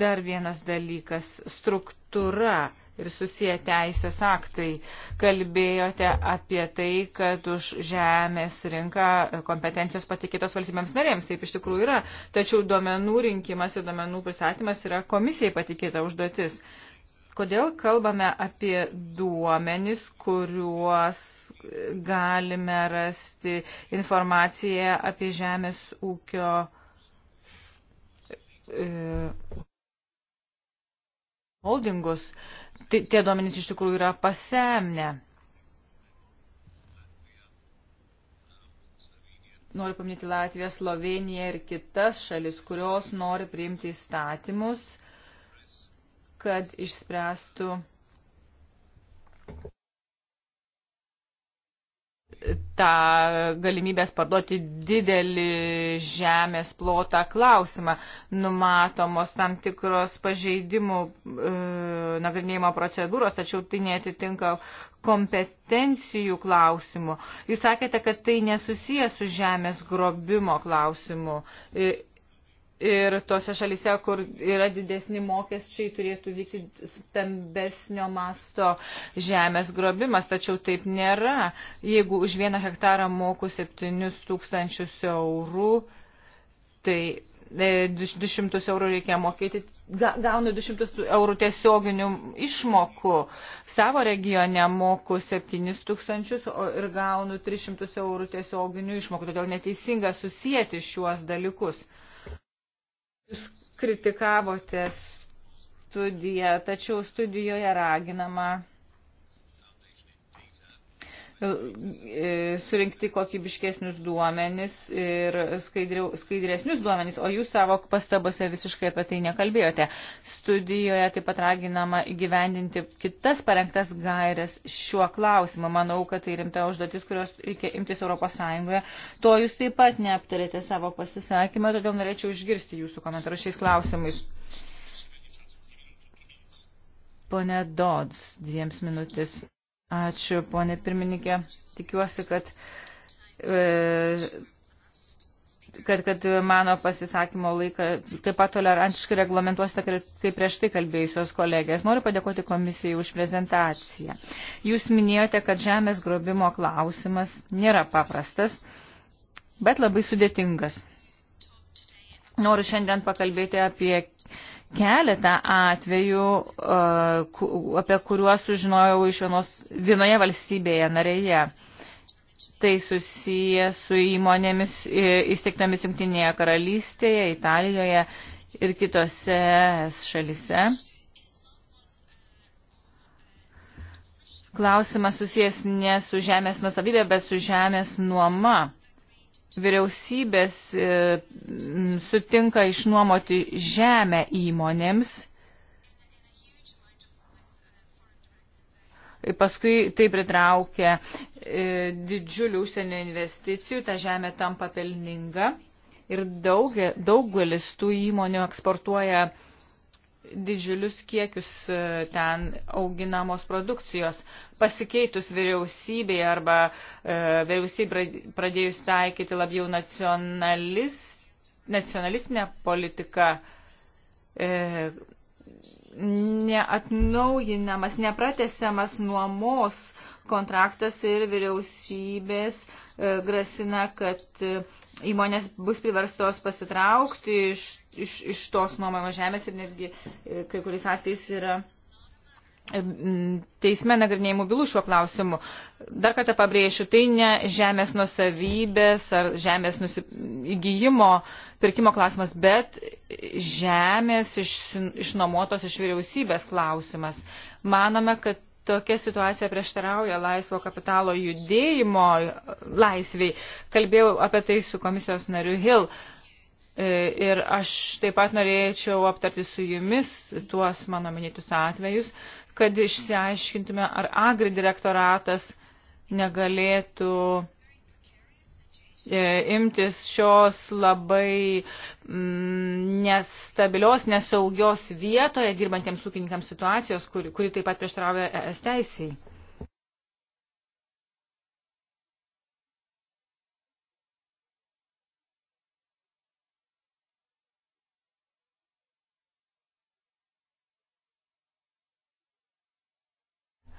Dar vienas dalykas - struktūra ir susiję teisės aktai. Kalbėjote apie tai, kad už žemės rinką kompetencijos patikėtos valstybėms narėms. Taip iš tikrųjų yra. Tačiau duomenų rinkimas ir duomenų pristatymas yra komisijai patikėta užduotis. Kodėl kalbame apie duomenis, kuriuos galime rasti informaciją apie žemės ūkio e, holdingus. E, tie duomenys iš tikrųjų yra pasemne. Noriu paminėti Latviją, Sloveniją ir kitas šalis, kurios nori priimti įstatymus, kad išspręstų tą galimybės parduoti didelį žemės plotą klausimą. Numatomos tam tikros pažeidimų e, nagrinėjimo procedūros, tačiau tai netitinka kompetencijų klausimų. Jūs sakėte, kad tai nesusijęs su žemės grobimo klausimu. E, ir tose šalise, kur yra didesni mokesčiai, turėtų vykti stambesnio masto žemės grobimas, tačiau taip nėra. Jeigu už vieną hektarą moku 7 tūkstančius eurų, tai 200 e, eurų reikia mokėti, gaunu 200 eurų tiesioginių išmokų, savo regione moku 7 tūkstančius ir gaunu 300 eurų tiesioginių išmokų, todėl neteisinga susijęti šiuos dalykus. Jūs kritikavote studiją, tačiau studijoje raginama E, surinkti kokybiškesnius duomenis ir skaidriau, skaidresnius duomenis, o jūs savo pastabose visiškai apie tai nekalbėjote. Studijoje taip pat raginama įgyvendinti kitas parengtas gairias šiuo klausimu. Manau, kad tai rimta užduotis, kurios reikia imtis Europos Sąjungoje. To jūs taip pat neaptarėte savo pasisakymą, todėl norėčiau išgirsti jūsų komentarus šiais klausimais. Pone Dodds, dviems minutės. Ačiū, ponė pirmininkė. Tikiuosi, kad, e, kad, kad mano pasisakymo laiką taip pat tolerantiškai reglamentuosite, kaip prieš tai kalbėjusios kolegės. Noriu padėkoti komisijai už prezentaciją. Jūs minėjote, kad žemės grobimo klausimas nėra paprastas, bet labai sudėtingas. Noriu šiandien pakalbėti apie keletą atvejų, e, apie kuriuos sužinojau iš vienos, vienoje valstybėje narėje. Tai susiję su įmonėmis e, įsteigtomis Junktinėje karalystėje, Italijoje ir kitose šalise. Klausimas susijęs ne su žemės nusavybė, bet su žemės nuoma vyriausybės e, sutinka išnuomoti žemę įmonėms. Paskui tai pritraukia e, didžiulių užsienio investicijų, ta žemė tampa pelninga ir daugelis tų įmonių eksportuoja didžiulius kiekius e, ten auginamos produkcijos. Pasikeitus vyriausybėje arba e, vyriausybė pradėjus taikyti labiau nacionalis, nacionalistinę politiką, e, neatnaujinamas, nepratesiamas nuomos kontraktas ir vyriausybės e, grasina, kad e, įmonės bus priverstos pasitraukti iš, iš, iš tos nuomojamos žemės ir netgi e, kai kuris atvejais yra e, teisme nagrinėjimų bylų šiuo klausimu. Dar kartą pabrėšiu, tai ne žemės nusavybės ar žemės nusip... įgyjimo pirkimo klausimas, bet žemės iš, išnuomotos iš vyriausybės klausimas. Manome, kad tokia situacija prieštarauja laisvo kapitalo judėjimo laisviai. Kalbėjau apie tai su komisijos nariu Hill. E, ir aš taip pat norėčiau aptarti su jumis tuos mano minėtus atvejus, kad išsiaiškintume, ar agri direktoratas negalėtų E, imtis šios labai mm, nestabilios, nesaugios vietoje dirbantiems ūkininkams situacijos, kuri, kuri taip pat prieštarauja ES teisiai.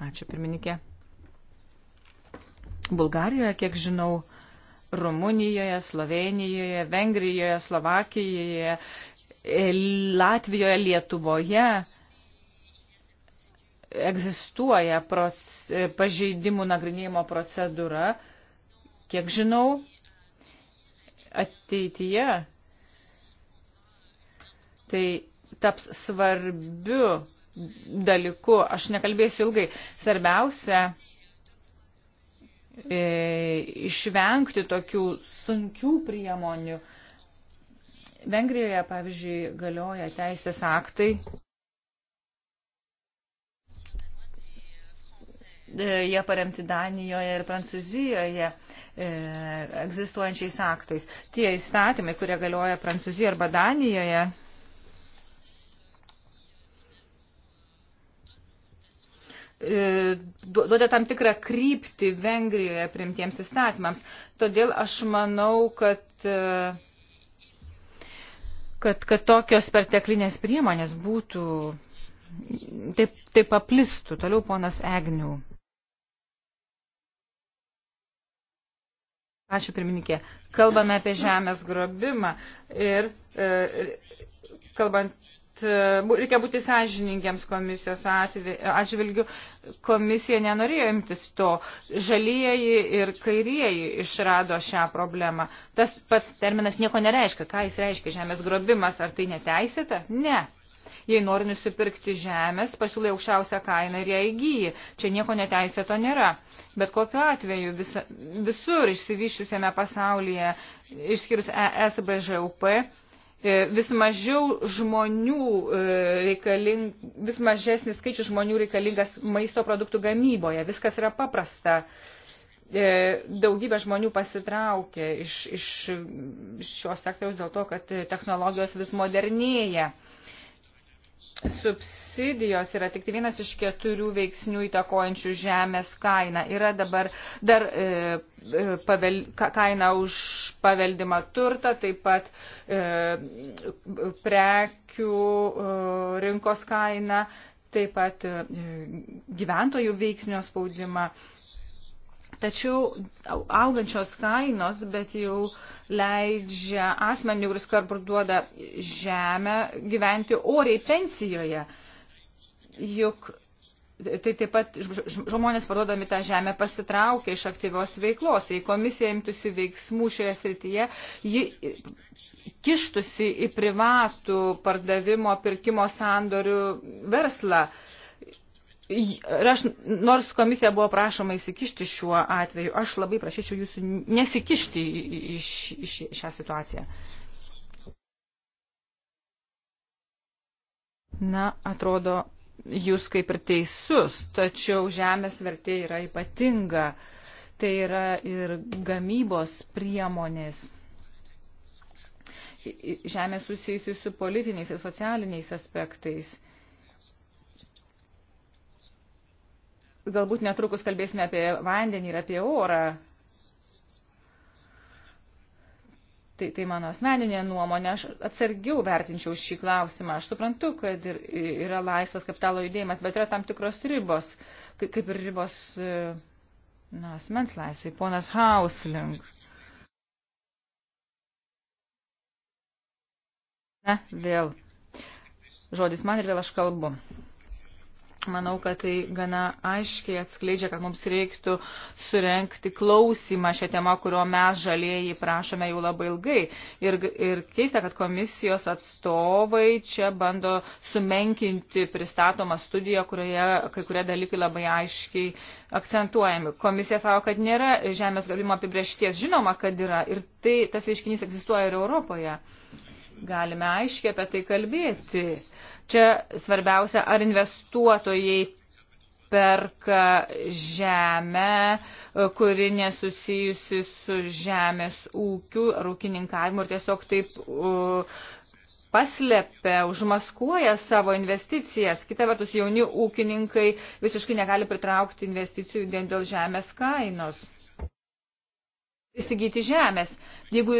Ačiū pirmininkė. Bulgarijoje, kiek žinau, Rumunijoje, Slovenijoje, Vengrijoje, Slovakijoje, e, Latvijoje, Lietuvoje egzistuoja proc, e, pažeidimų nagrinėjimo procedūra. Kiek žinau, ateityje tai taps svarbiu dalyku. Aš nekalbėsiu ilgai. Svarbiausia E, išvengti tokių sunkių priemonių. Vengrijoje, pavyzdžiui, galioja teisės aktai. E, jie paremti Danijoje ir Prancūzijoje e, egzistuojančiais aktais. Tie įstatymai, kurie galioja Prancūzijoje arba Danijoje, E, duoda tam tikrą kryptį Vengrijoje primtiems įstatymams. Todėl aš manau, kad, e, kad, kad tokios perteklinės priemonės būtų, taip, taip paplistų. Toliau ponas Egnių. Ačiū pirmininkė. Kalbame apie žemės grobimą ir e, kalbant E, reikia būti sąžiningiams komisijos atžvilgių. Komisija nenorėjo imtis to. Žalieji ir kairieji išrado šią problemą. Tas pats terminas nieko nereiškia. Ką jis reiškia? Žemės grobimas, ar tai neteisėta? Ne. Jei nori nusipirkti žemės, pasiūlai aukščiausią kainą ir ją įgyji. Čia nieko neteisėto nėra. Bet kokiu atveju visa, visur išsivyščiusiame pasaulyje, išskyrus ES, BŽUP, E, vis mažiau žmonių e, reikaling, vis mažesnis skaičius žmonių reikalingas maisto produktų gamyboje. Viskas yra paprasta. E, daugybė žmonių pasitraukė iš, iš šio sektoriaus dėl to, kad technologijos vis modernėja subsidijos yra tik tai vienas iš keturių veiksnių įtakojančių žemės kainą. Yra dabar dar e, e pavel, kaina už paveldimą turtą, taip pat e, prekių e, rinkos kaina, taip pat e, gyventojų veiksnio spaudimą. E, Tačiau augančios kainos, bet jau leidžia asmenių, kuris parduoda žemę, gyventi oriai pensijoje. Juk tai taip pat žmonės parduodami tą žemę pasitraukia iš aktyvios veiklos. Jei komisija imtųsi veiksmų šioje srityje, ji kištusi į privatų pardavimo, pirkimo sandorių verslą. Ir aš, nors komisija buvo prašoma įsikišti šiuo atveju, aš labai prašyčiau jūsų nesikišti į šią situaciją. Na, atrodo, jūs kaip ir teisus, tačiau žemės vertė yra ypatinga. Tai yra ir gamybos priemonės. Žemė susijusi su politiniais ir socialiniais aspektais. Galbūt netrukus kalbėsime apie vandenį ir apie orą. Tai, tai mano asmeninė nuomonė, aš atsargiau vertinčiau šį klausimą. Aš suprantu, kad ir, yra laisvas kapitalo judėjimas, bet yra tam tikros ribos, kaip ir ribos e, na, asmens laisvai. Ponas Hausling. Ne, vėl. Žodis man ir vėl aš kalbu. Manau, kad tai gana aiškiai atskleidžia, kad mums reiktų surenkti klausimą šią temą, kurio mes žalieji prašome jau labai ilgai. Ir, ir keista, kad komisijos atstovai čia bando sumenkinti pristatomą studiją, kurioje kai kurie dalykai labai aiškiai akcentuojami. Komisija savo, kad nėra žemės gavimo apibriešties. Žinoma, kad yra. Ir tai, tas reiškinys egzistuoja ir Europoje galime aiškiai apie tai kalbėti. Čia svarbiausia, ar investuotojai perka žemę, kuri nesusijusi su žemės ūkiu ar ūkininkavimu ir tiesiog taip uh, paslepia, užmaskuoja savo investicijas. Kita vertus, jauni ūkininkai visiškai negali pritraukti investicijų vien dėl žemės kainos įsigyti žemės. Jeigu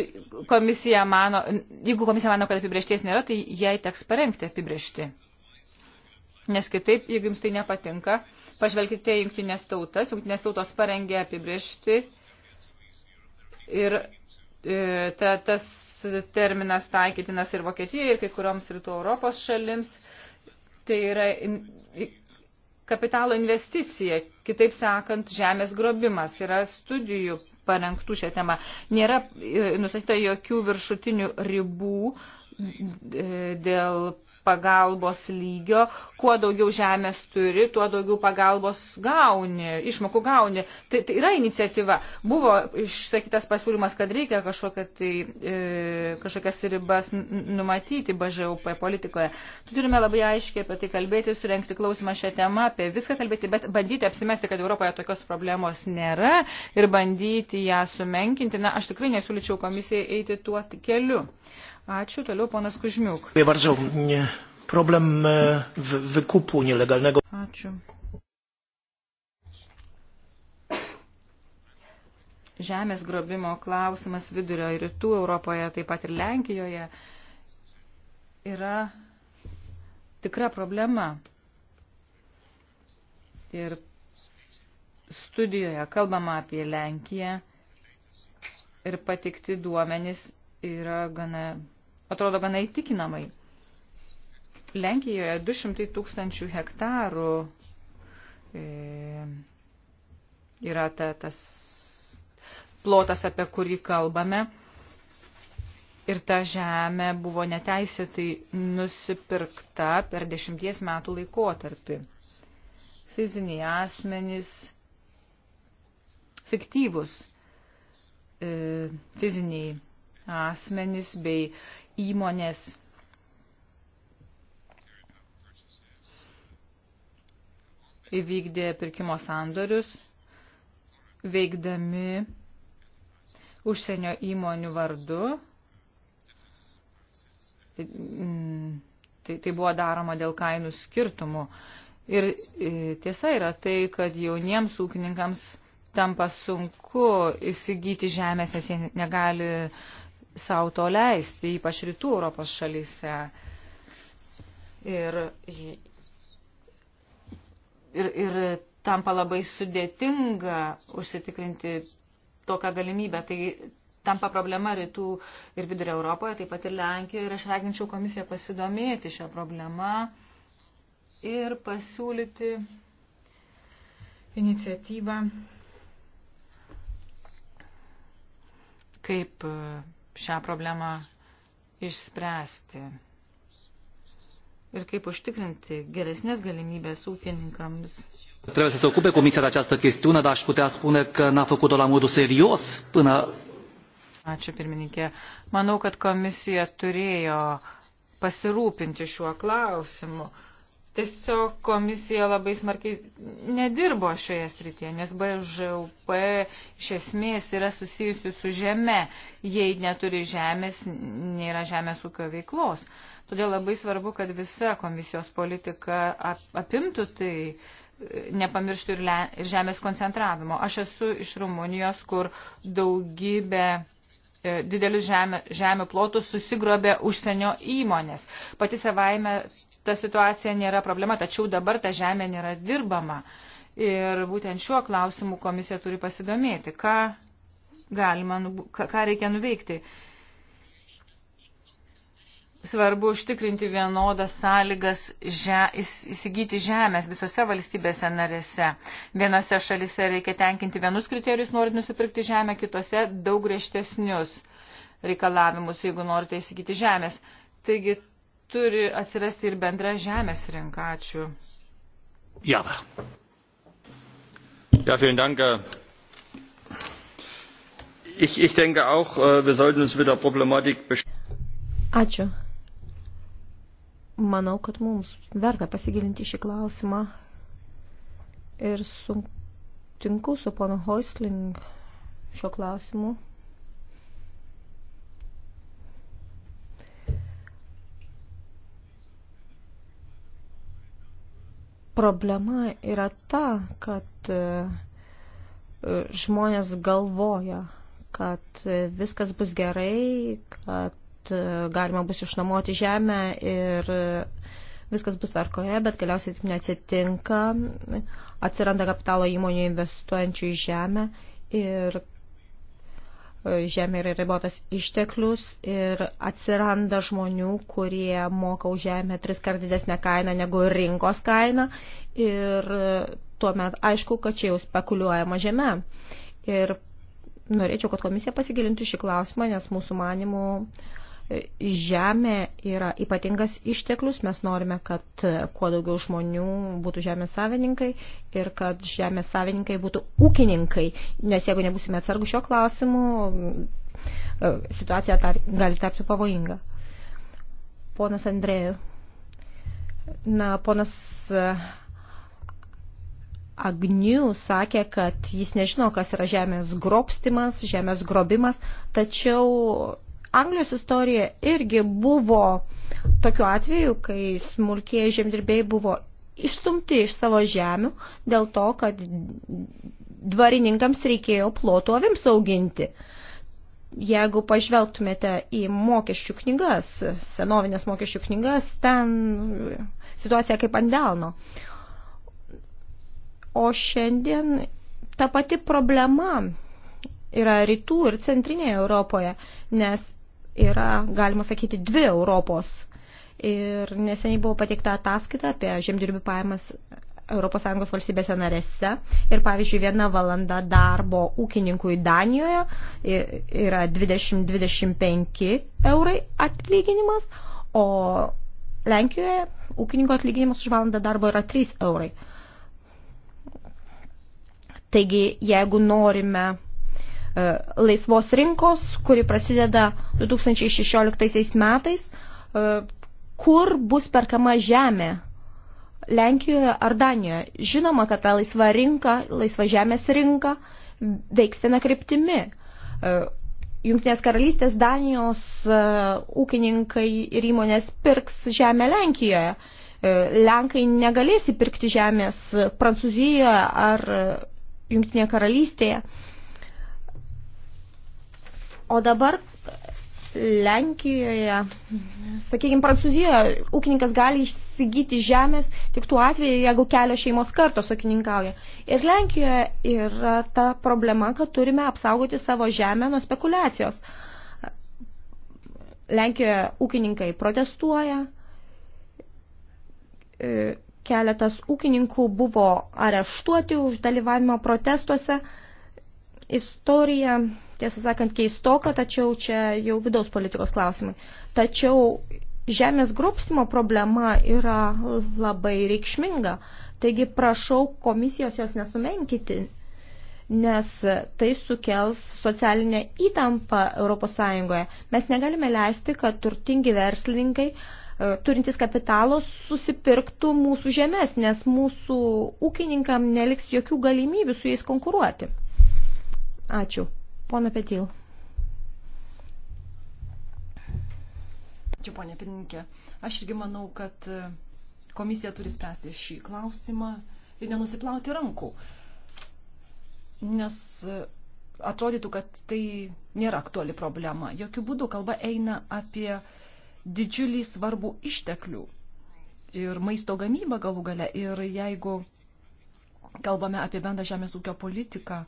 komisija mano, jeigu komisija mano kad apibriešties nėra, tai jai teks parengti apibriešti. Nes kitaip, jeigu jums tai nepatinka, pažvelkite jungtinės tautas, jungtinės tautos parengė apibriešti ir e, ta, tas terminas taikytinas ir Vokietijai, ir kai kurioms rytų Europos šalims. Tai yra in, kapitalo investicija, kitaip sakant, žemės grobimas. Yra studijų parengtų šią temą. Nėra e, nusatyta jokių viršutinių ribų, uh, dėl pagalbos lygio, kuo daugiau žemės turi, tuo daugiau pagalbos gauni, išmokų gauni. Tai, tai yra iniciatyva. Buvo išsakytas pasiūlymas, kad reikia kažkokia tai, e, kažkokias ribas numatyti BŽUP politikoje. Tu turime labai aiškiai apie tai kalbėti, surenkti klausimą šią temą, apie viską kalbėti, bet bandyti apsimesti, kad Europoje tokios problemos nėra ir bandyti ją sumenkinti. Na, aš tikrai nesiūlyčiau komisijai eiti tuo keliu. Uh, Ačiū. Toliau ponas Kužmiuk. Varžau, problem e, wykupų nielegalnego. Ačiū. Žemės grobimo klausimas vidurio ir rytų Europoje, taip pat ir Lenkijoje, yra tikra problema. Ir studijoje kalbama apie Lenkiją ir patikti duomenys yra gana, atrodo gana įtikinamai. Lenkijoje 200 tūkstančių hektarų e, yra ta, tas plotas, apie kurį kalbame. Ir ta žemė buvo neteisėtai nusipirkta per dešimties metų laikotarpį. Fiziniai asmenys, fiktyvus e, fiziniai asmenys bei įmonės įvykdė pirkimo sandorius, veikdami užsienio įmonių vardu. Tai, tai buvo daroma dėl kainų skirtumų. Ir e, tiesa yra tai, kad jauniems ūkininkams tampa sunku įsigyti žemės, nes jie negali savo to leisti, ypač rytų Europos šalyse. Ir, ir, ir tampa labai sudėtinga užsitikrinti tokią galimybę. Tai tampa problema rytų ir vidurio Europoje, taip pat ir Lenkijoje. Ir aš raginčiau komisiją pasidomėti šią problemą ir pasiūlyti iniciatyvą kaip šią problemą išspręsti ir kaip užtikrinti geresnės galimybės ūkininkams. Trebuie să se ocupe Comisia de această chestiune, dar aș putea spune că n-a făcut-o la modul serios până... Ačiū pirmininkė. Manau, kad komisija turėjo pasirūpinti šiuo klausimu. Tiesiog komisija labai smarkiai nedirbo šioje srityje, nes BŽUP iš esmės yra susijusi su žeme. Jei neturi žemės, nėra žemės ūkio veiklos. Todėl labai svarbu, kad visa komisijos politika apimtų tai nepamirštų ir, le, ir žemės koncentravimo. Aš esu iš Rumunijos, kur daugybė e, didelius žemė, žemė plotus susigrobė užsienio įmonės. Pati savaime ta situacija nėra problema, tačiau dabar ta žemė nėra dirbama. Ir būtent šiuo klausimu komisija turi pasidomėti, ką, galima, nu, ką reikia nuveikti. Svarbu užtikrinti vienodas sąlygas že, įsigyti žemės visose valstybėse narėse. Vienose šalise reikia tenkinti vienus kriterijus, norint nusipirkti žemę, kitose daug griežtesnius reikalavimus, jeigu norite įsigyti žemės. Taigi turi atsirasti ir bendra žemės rinka. Ačiū. Ja. Ja, vielen Dank. Äh, ich, ich denke auch, äh, wir sollten uns mit der Problematik Ačiū. Manau, kad mums verta pasigilinti šį klausimą ir sutinku su pono Hoisling šio klausimu. Problema yra ta, kad e, e, žmonės galvoja, kad e, viskas bus gerai, kad galima bus išnuomoti žemę ir viskas bus tvarkoje, bet galiausiai taip neatsitinka, atsiranda kapitalo įmonių investuojančių į žemę ir žemė yra ribotas išteklius ir atsiranda žmonių, kurie moka už žemę tris kart didesnę kainą negu rinkos kaina ir tuomet aišku, kad čia jau spekuliuojama žemė. Ir norėčiau, kad komisija pasigilintų šį klausimą, nes mūsų manimų uh, Žemė yra ypatingas išteklius, mes norime, kad kuo daugiau žmonių būtų žemės savininkai ir kad žemės savininkai būtų ūkininkai, nes jeigu nebusime atsargų šio klausimu, situacija tar, gali tapti pavojinga. Ponas Andrėjų. Na, ponas e, Agnių sakė, kad jis nežino, kas yra žemės grobstimas, žemės grobimas, tačiau Anglijos istorija irgi buvo tokiu atveju, kai smulkieji žemdirbėjai buvo išstumti iš savo žemių dėl to, kad dvarininkams reikėjo plotų avims auginti. Jeigu pažvelgtumėte į mokesčių knygas, senovinės mokesčių knygas, ten situacija kaip ant delno. O šiandien ta pati problema yra rytų ir centrinėje Europoje, nes yra, galima sakyti, dvi Europos. Ir neseniai buvo pateikta ataskaita apie žemdirbių pajamas ES valstybėse narėse. Ir pavyzdžiui, viena valanda darbo ūkininkui Danijoje yra 20-25 eurai atlyginimas, o Lenkijoje ūkininko atlyginimas už valandą darbo yra 3 eurai. Taigi, jeigu norime E, laisvos rinkos, kuri prasideda 2016 metais, e, kur bus perkama žemė Lenkijoje ar Danijoje. Žinoma, kad ta laisva rinka, laisva žemės rinka veiks viena kryptimi. E, Junktinės karalystės Danijos ūkininkai ir įmonės pirks žemę Lenkijoje. Lenkai negalės įpirkti žemės Prancūzijoje ar Junktinėje karalystėje. O dabar Lenkijoje, sakykime, Prancūzijoje ūkininkas gali įsigyti žemės tik tuo atveju, jeigu kelios šeimos kartos ūkininkauja. Ir Lenkijoje yra ta problema, kad turime apsaugoti savo žemę nuo spekulacijos. Lenkijoje ūkininkai protestuoja, e, keletas ūkininkų buvo areštuoti už dalyvavimą protestuose. Istorija tiesą sakant, keistoka, tačiau čia jau vidaus politikos klausimai. Tačiau žemės grobstimo problema yra labai reikšminga. Taigi prašau komisijos jos nesumenkyti, nes tai sukels socialinę įtampą ES. Mes negalime leisti, kad turtingi verslininkai, e, turintys kapitalo, susipirktų mūsų žemės, nes mūsų ūkininkam neliks jokių galimybių su jais konkuruoti. Ačiū. Pona Petil. Ačiū, ponė pirmininkė. Aš irgi manau, kad e, komisija turi spręsti šį klausimą ir nenusiplauti rankų. Nes e, atrodytų, kad tai nėra aktuali problema. Jokių būdų kalba eina apie didžiulį svarbų išteklių ir maisto gamybą galų gale. Ir jeigu kalbame apie bendrą žemės ūkio politiką,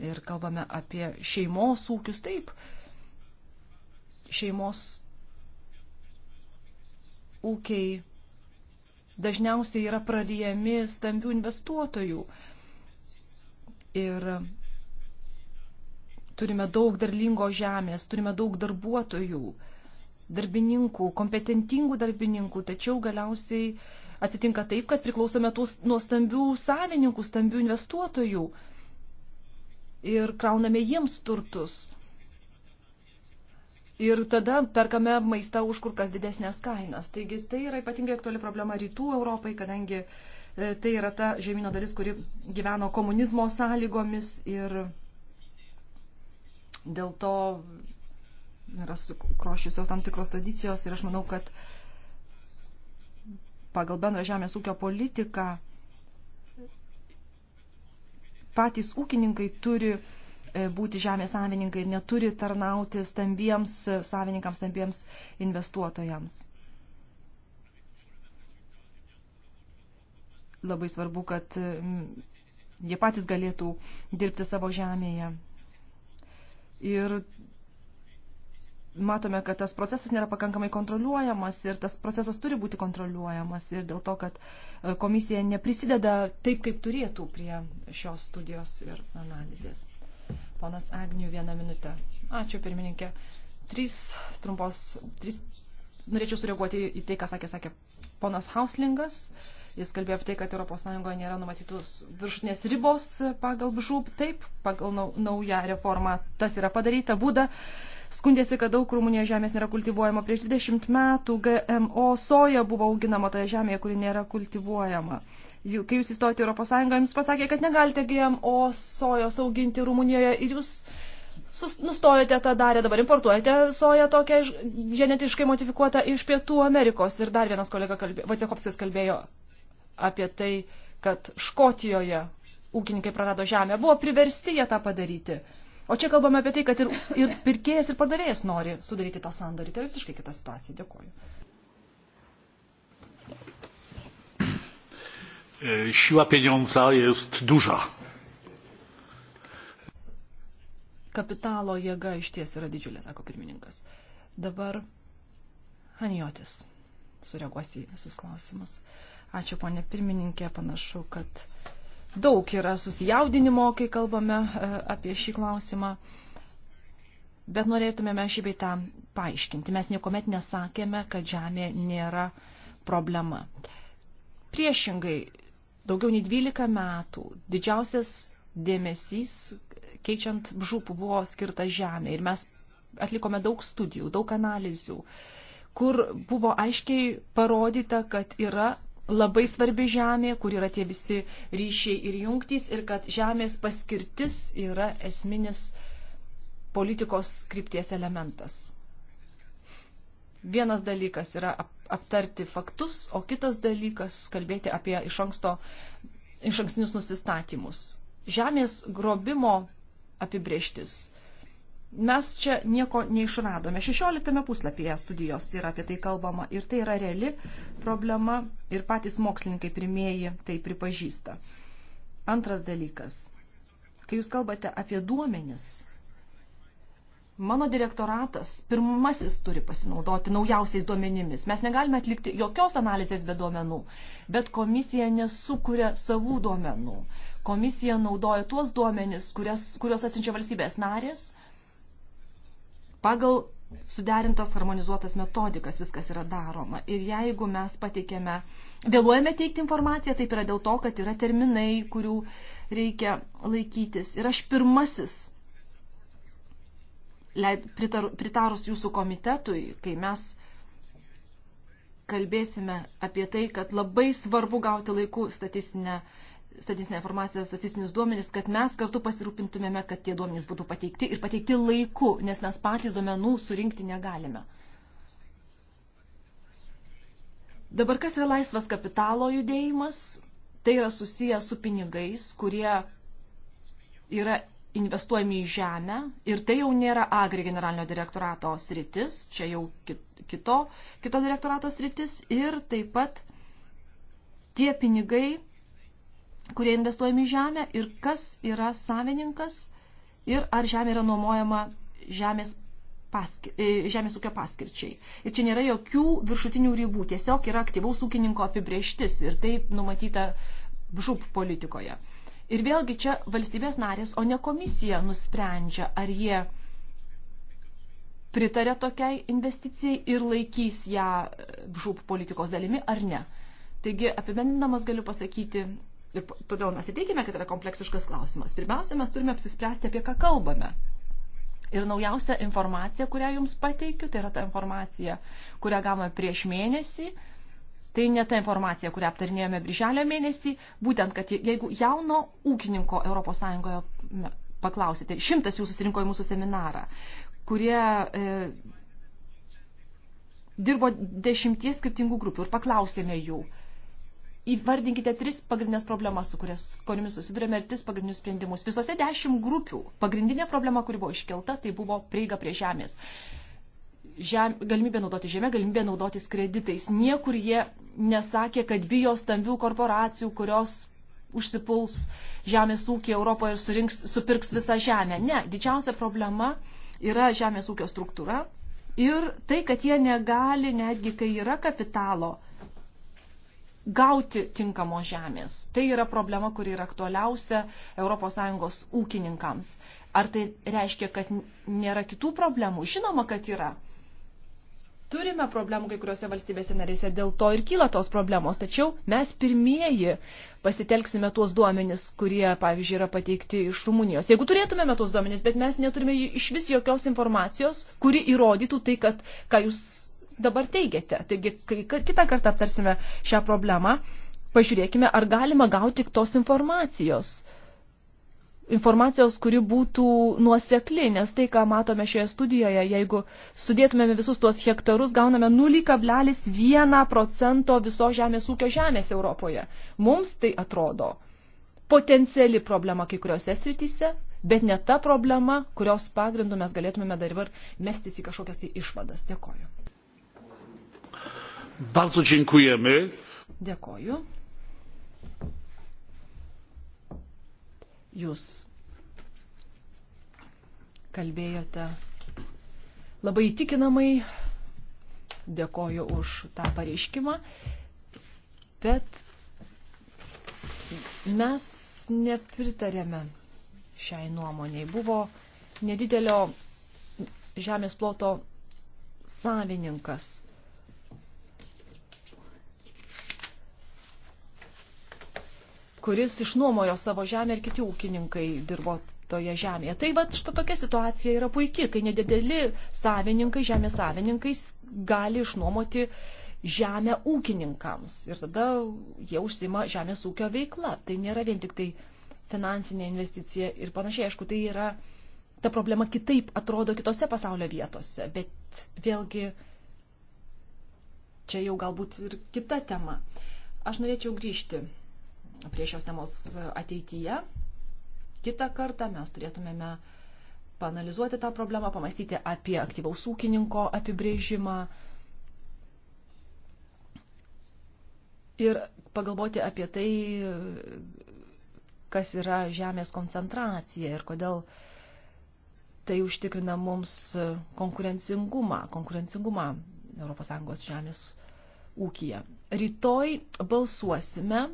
ir kalbame apie šeimos ūkius, taip, šeimos ūkiai dažniausiai yra prarijami stambių investuotojų. Ir turime daug darlingo žemės, turime daug darbuotojų, darbininkų, kompetentingų darbininkų, tačiau galiausiai atsitinka taip, kad priklausome tų, nuo stambių savininkų, stambių investuotojų ir krauname jiems turtus. Ir tada perkame maistą už kur kas didesnės kainas. Taigi tai yra ypatingai aktuali problema rytų Europai, kadangi e, tai yra ta žemynų dalis, kuri gyveno komunizmo sąlygomis ir dėl to yra sukrošiusios tam tikros tradicijos ir aš manau, kad pagal bendrą žemės ūkio politiką patys ūkininkai turi e, būti žemės savininkai ir neturi tarnauti stambiems e, savininkams, stambiems investuotojams. Labai svarbu, kad e, jie patys galėtų dirbti savo žemėje. Ir matome, kad tas procesas nėra pakankamai kontroliuojamas ir tas procesas turi būti kontroliuojamas ir dėl to, kad e, komisija neprisideda taip, kaip turėtų prie šios studijos ir analizės. Ponas Agnių, vieną minutę. Ačiū, pirmininkė. Trys trumpos, trys, norėčiau sureaguoti į tai, ką sakė, sakė ponas Hauslingas. Jis kalbėjo apie tai, kad ES nėra numatytos viršutinės ribos pagal žūb, taip, pagal naują reformą tas yra padaryta būda. Uh, skundėsi, kad daug Rumunijoje žemės nėra kultivuojama. Prieš 20 metų GMO soja buvo auginama toje žemėje, kuri nėra kultivuojama. Kai jūs įstojate Europos Sąjungą, jums pasakė, kad negalite GMO sojos auginti Rumunijoje ir jūs nustojate tą darę, dabar importuojate soją tokią genetiškai modifikuotą iš Pietų Amerikos. Ir dar vienas kolega kalbė, Vatsiekopskis kalbėjo apie tai, kad Škotijoje ūkininkai prarado žemę. Buvo priversti jie tą padaryti. O čia kalbame apie tai, kad ir, ir pirkėjas, ir pardavėjas nori sudaryti tą sandorį. Tai yra visiškai kita situacija. Dėkuoju. E, siła pieniądza jest duża. Kapitalo jėga iš ties yra didžiulė, sako pirmininkas. Dabar Hanijotis sureaguosi į visus klausimus. Ačiū, ponė pirmininkė, panašu, kad daug yra susijaudinimo, kai kalbame e, apie šį klausimą, bet norėtumėme šį beitą paaiškinti. Mes niekuomet nesakėme, kad žemė nėra problema. Priešingai, daugiau nei 12 metų didžiausias dėmesys keičiant bžūpų buvo skirta žemė ir mes atlikome daug studijų, daug analizių, kur buvo aiškiai parodyta, kad yra labai svarbi žemė, kur yra tie visi ryšiai ir jungtys ir kad žemės paskirtis yra esminis politikos krypties elementas. Vienas dalykas yra aptarti faktus, o kitas dalykas kalbėti apie iš, anksto, iš ankstinius nusistatymus. Žemės grobimo apibrieštis mes čia nieko neišradome. 16 puslapyje studijos yra apie tai kalbama ir tai yra reali problema ir patys mokslininkai pirmieji tai pripažįsta. Antras dalykas. Kai jūs kalbate apie duomenis, mano direktoratas pirmasis turi pasinaudoti naujausiais duomenimis. Mes negalime atlikti jokios analizės be duomenų, bet komisija nesukuria savų duomenų. Komisija naudoja tuos duomenis, kurias, kurios atsinčia valstybės narės pagal suderintas, harmonizuotas metodikas viskas yra daroma. Ir jeigu mes pateikėme, vėluojame teikti informaciją, taip yra dėl to, kad yra terminai, kurių reikia laikytis. Ir aš pirmasis, pritarus jūsų komitetui, kai mes kalbėsime apie tai, kad labai svarbu gauti laikų statistinę informaciją statistinę informaciją, statistinius duomenis, kad mes kartu pasirūpintumėme, kad tie duomenys būtų pateikti ir pateikti laiku, nes mes patys duomenų surinkti negalime. Dabar kas yra laisvas kapitalo judėjimas? Tai yra susiję su pinigais, kurie yra investuojami į žemę ir tai jau nėra agri generalinio direktorato sritis, čia jau kito, kito direktorato sritis ir taip pat tie pinigai kurie investuojami į žemę ir kas yra savininkas ir ar žemė yra nuomojama žemės, paskir, e, žemės ūkio paskirčiai. Ir čia nėra jokių viršutinių ribų, tiesiog yra aktyvaus ūkininko apibrieštis ir tai numatyta žūp politikoje. Ir vėlgi čia valstybės narės, o ne komisija nusprendžia, ar jie pritarė tokiai investicijai ir laikys ją žūp politikos dalimi ar ne. Taigi, apibendindamas galiu pasakyti, Ir todėl mes įteikime, kad yra kompleksiškas klausimas. Pirmiausia, mes turime apsispręsti, apie ką kalbame. Ir naujausia informacija, kurią jums pateikiu, tai yra ta informacija, kurią gavome prieš mėnesį. Tai ne ta informacija, kurią aptarinėjome birželio mėnesį, būtent, kad jeigu jauno ūkininko ES paklausite, šimtas jų susirinko į mūsų seminarą, kurie e, dirbo dešimties skirtingų grupių ir paklausėme jų, e, įvardinkite tris pagrindinės problemas, su kurias, kuriomis susidurėme ir tris pagrindinius sprendimus. Visose dešimt grupių pagrindinė problema, kuri buvo iškelta, tai buvo prieiga prie žemės. Žem, galimybė naudoti žemę, galimybė naudotis kreditais. Niekur jie nesakė, kad bijo stambių korporacijų, kurios užsipuls žemės ūkį Europoje ir surinks, supirks visą žemę. Ne, didžiausia problema yra žemės ūkio struktūra ir tai, kad jie negali, netgi kai yra kapitalo, uh, gauti tinkamos žemės. Tai yra problema, kuri yra aktualiausia ES ūkininkams. Ar tai reiškia, kad nėra kitų problemų? Žinoma, kad yra. Turime problemų kai kuriuose valstybėse narėse, dėl to ir kyla tos problemos. Tačiau mes pirmieji pasitelksime tuos duomenis, kurie, pavyzdžiui, yra pateikti iš Rumunijos. Jeigu turėtumėme tuos duomenis, bet mes neturime iš vis jokios informacijos, kuri įrodytų tai, kad, ką jūs dabar teigiate. Taigi, kai kitą kartą aptarsime šią problemą, pažiūrėkime, ar galima gauti tos informacijos. Informacijos, kuri būtų nuosekli, nes tai, ką matome šioje studijoje, jeigu sudėtumėme visus tuos hektarus, gauname 0,1 procento viso žemės ūkio žemės Europoje. Mums tai atrodo potenciali problema kai kuriuose srityse, bet ne ta problema, kurios pagrindu mes galėtumėme dar ir mestis į kažkokias tai išvadas. Dėkoju. Bardzo dziękujemy. Dėkoju. Jūs kalbėjote labai įtikinamai. Dėkoju už tą pareiškimą. Bet mes nepritarėme šiai nuomoniai. Buvo nedidelio žemės ploto savininkas kuris išnuomojo savo žemę ir kiti ūkininkai dirbo toje žemėje. Tai va štai tokia situacija yra puikia, kai nedideli savininkai, žemės savininkai gali išnuomoti žemę ūkininkams ir tada jie užsima žemės ūkio veikla. Tai nėra vien tik tai finansinė investicija ir panašiai. Aišku, tai yra ta problema kitaip atrodo kitose pasaulio vietose, bet vėlgi čia jau galbūt ir kita tema. Aš norėčiau grįžti prie šios temos ateityje. Kita kartą mes turėtumėme panalizuoti tą problemą, pamastyti apie aktyvaus ūkininko apibrėžimą ir pagalvoti apie tai, kas yra žemės koncentracija ir kodėl tai užtikrina mums konkurencingumą, konkurencingumą ES žemės ūkija. Rytoj balsuosime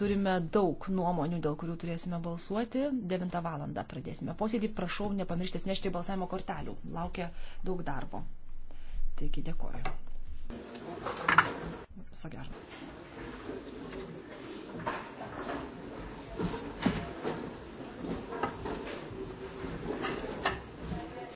Turime daug nuomonių, dėl kurių turėsime balsuoti. 9 valandą pradėsime posėdį. Prašau, nepamiršti nešti balsavimo kortelių. Laukia daug darbo. Taigi dėkoju. Viso gero.